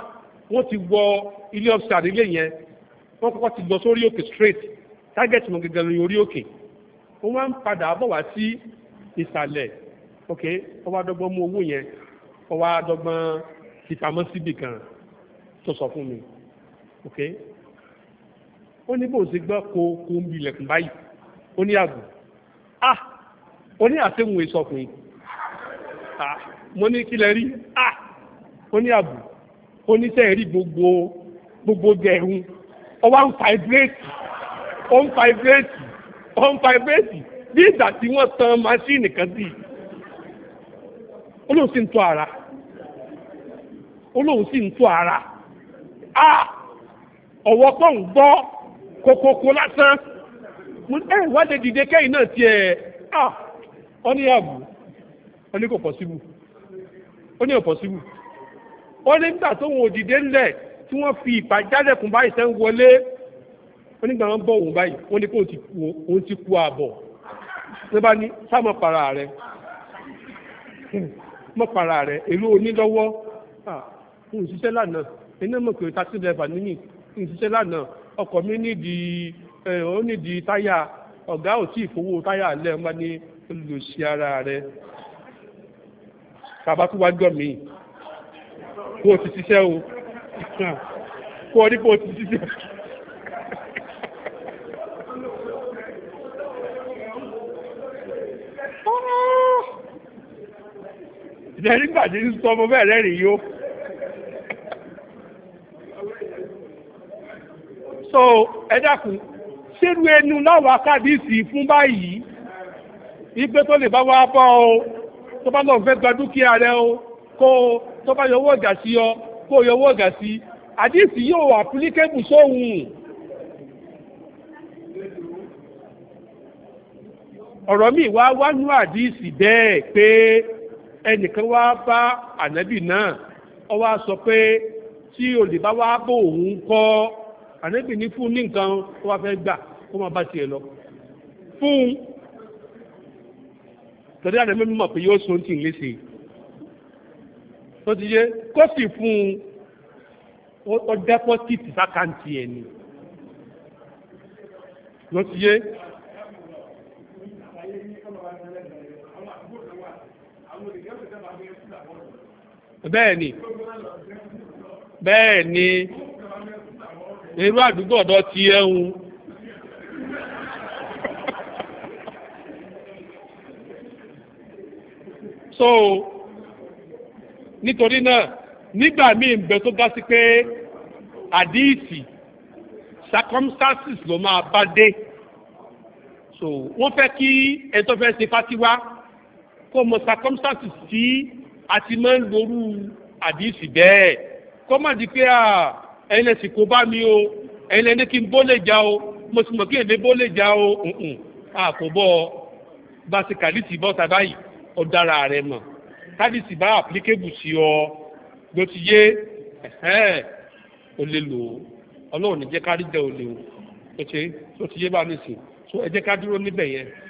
wọ́n ti wọ ilé ọ̀sán àdílé yẹn wọ́n kọ́kọ́ ti lọ sórí òkè straight target wọn gẹ́gẹ́ lórí òkè. Okay wọ́n wá ń padà bọ̀ wá sí ìsàlẹ̀ ok wọ́n wá dọ́gbọ́n mú owó yẹn wọ́n wá dọ́gbọ́n ti pamọ́ síbì kan tó sọ fún mi ok ó ní bóun ṣe gbọ́ ko kó ń bi ilẹ̀kùn báyìí ó ní àgùn ah ó ní àtẹ̀wọ̀n ìsọkùn ah mo ní kílẹ̀ rí ah ó ní àbù ó ní sẹ́ẹ̀ rí gbogbo gbogbo gẹ̀ẹ́hún ó wá ń fa ìbírèkì ó ń fa ó ń fáibréètì bí ìgbà tí wọ́n tan máṣíìnì kan sí i olóhùn sì ń tọ́ ara olóhùn sì ń tọ́ ara a ọ̀wọ́ pọ̀ ń gbọ́ kókókó lásán ẹ ìwádìí eh, dìde kẹ́yìn náà tiẹ̀ a ọ ní ààbò ọ ní kò pọ̀síbù ó ní ọ̀pọ̀síbù ó ní nígbà tó wọn òdìdé ńlẹ̀ tí wọ́n fi ìpàjálẹ̀kùn báyìí sẹ́ ń wọlé ó nígbà wọn bọ̀ òun báyìí wọ́n ní kó òun ti kú ààbọ̀ ló bá ní sáàmọ̀ para rẹ̀ mọ̀ para rẹ̀ èrò onílọ́wọ́ n ṣiṣẹ́ lánàá iná mọ̀ pé taxi driver ní mi n ṣiṣẹ́ lánàá ọkọ̀ mi nídìí ó nídìí táyà ọ̀gá ò tí ì fowó táyà lẹ́ ń bá ní olùlòṣì ara rẹ̀ tàbá tó wá gbọ́ mi kó o ti ṣiṣẹ́ o kó o rí kó o ti ṣiṣẹ́. ìjẹ́ nígbà ní sọ so ẹ dákun ṣérú ẹnu náà wà kábíyèsí fún báyìí ìgbé tó lè bá wá bọ́ o tó bá fẹ́ gba dúkìá o kó o tó bá yọwọ́ ọ̀gá sí ọ kó o yọwọ́ ọ̀gá sí yóò wà sóhun. ọ̀rọ̀ mi ẹnìkan wá bá ànábì náà ó wá sọ pé tí olè bá wá bò òun kọ́ ànábì ní fún ní nǹkan tó wá fẹ́ gbà kó máa bá tiẹ̀ lọ fún un tọ́jú ànábì mímọ̀ pé yóò sọ ti ń lé sí i tó ti yé kó sì fún un dẹ́pọ́tìtì sákàǹtì ẹ̀ ni ló bẹ́ẹ̀ ni bẹ́ẹ̀ ni irú àdúgbò ọ̀dọ́ ti ẹ̀hún. so nítorí náà nígbà míì ń bẹ tó bá sí pé àdíìsì circumstances ló máa bá dé so wọ́n fẹ́ kí ẹni tó fẹ́ ṣe fásiwá kó mọ circumstances tí. Si, àti máa ń lorú àdìsí bẹ́ẹ̀ kọ́mọ̀dì pé à ẹ̀yin lẹ́sìn kó bá mi o ẹ̀yin lẹ́ni kí n bó lè já o mo sì mọ̀ kí èmi bó lè já o àkóbọ̀ bá ṣe kàdìsí bọ́ ta báyìí ó dára rẹ mọ̀ kàdìsí bá àplikébù sí ọ ló ti yé o lè lò ó ọlọ́run ní rí jẹ́ o lè o ó ti yé bá mi sìn so ká dúró níbẹ̀ yẹn.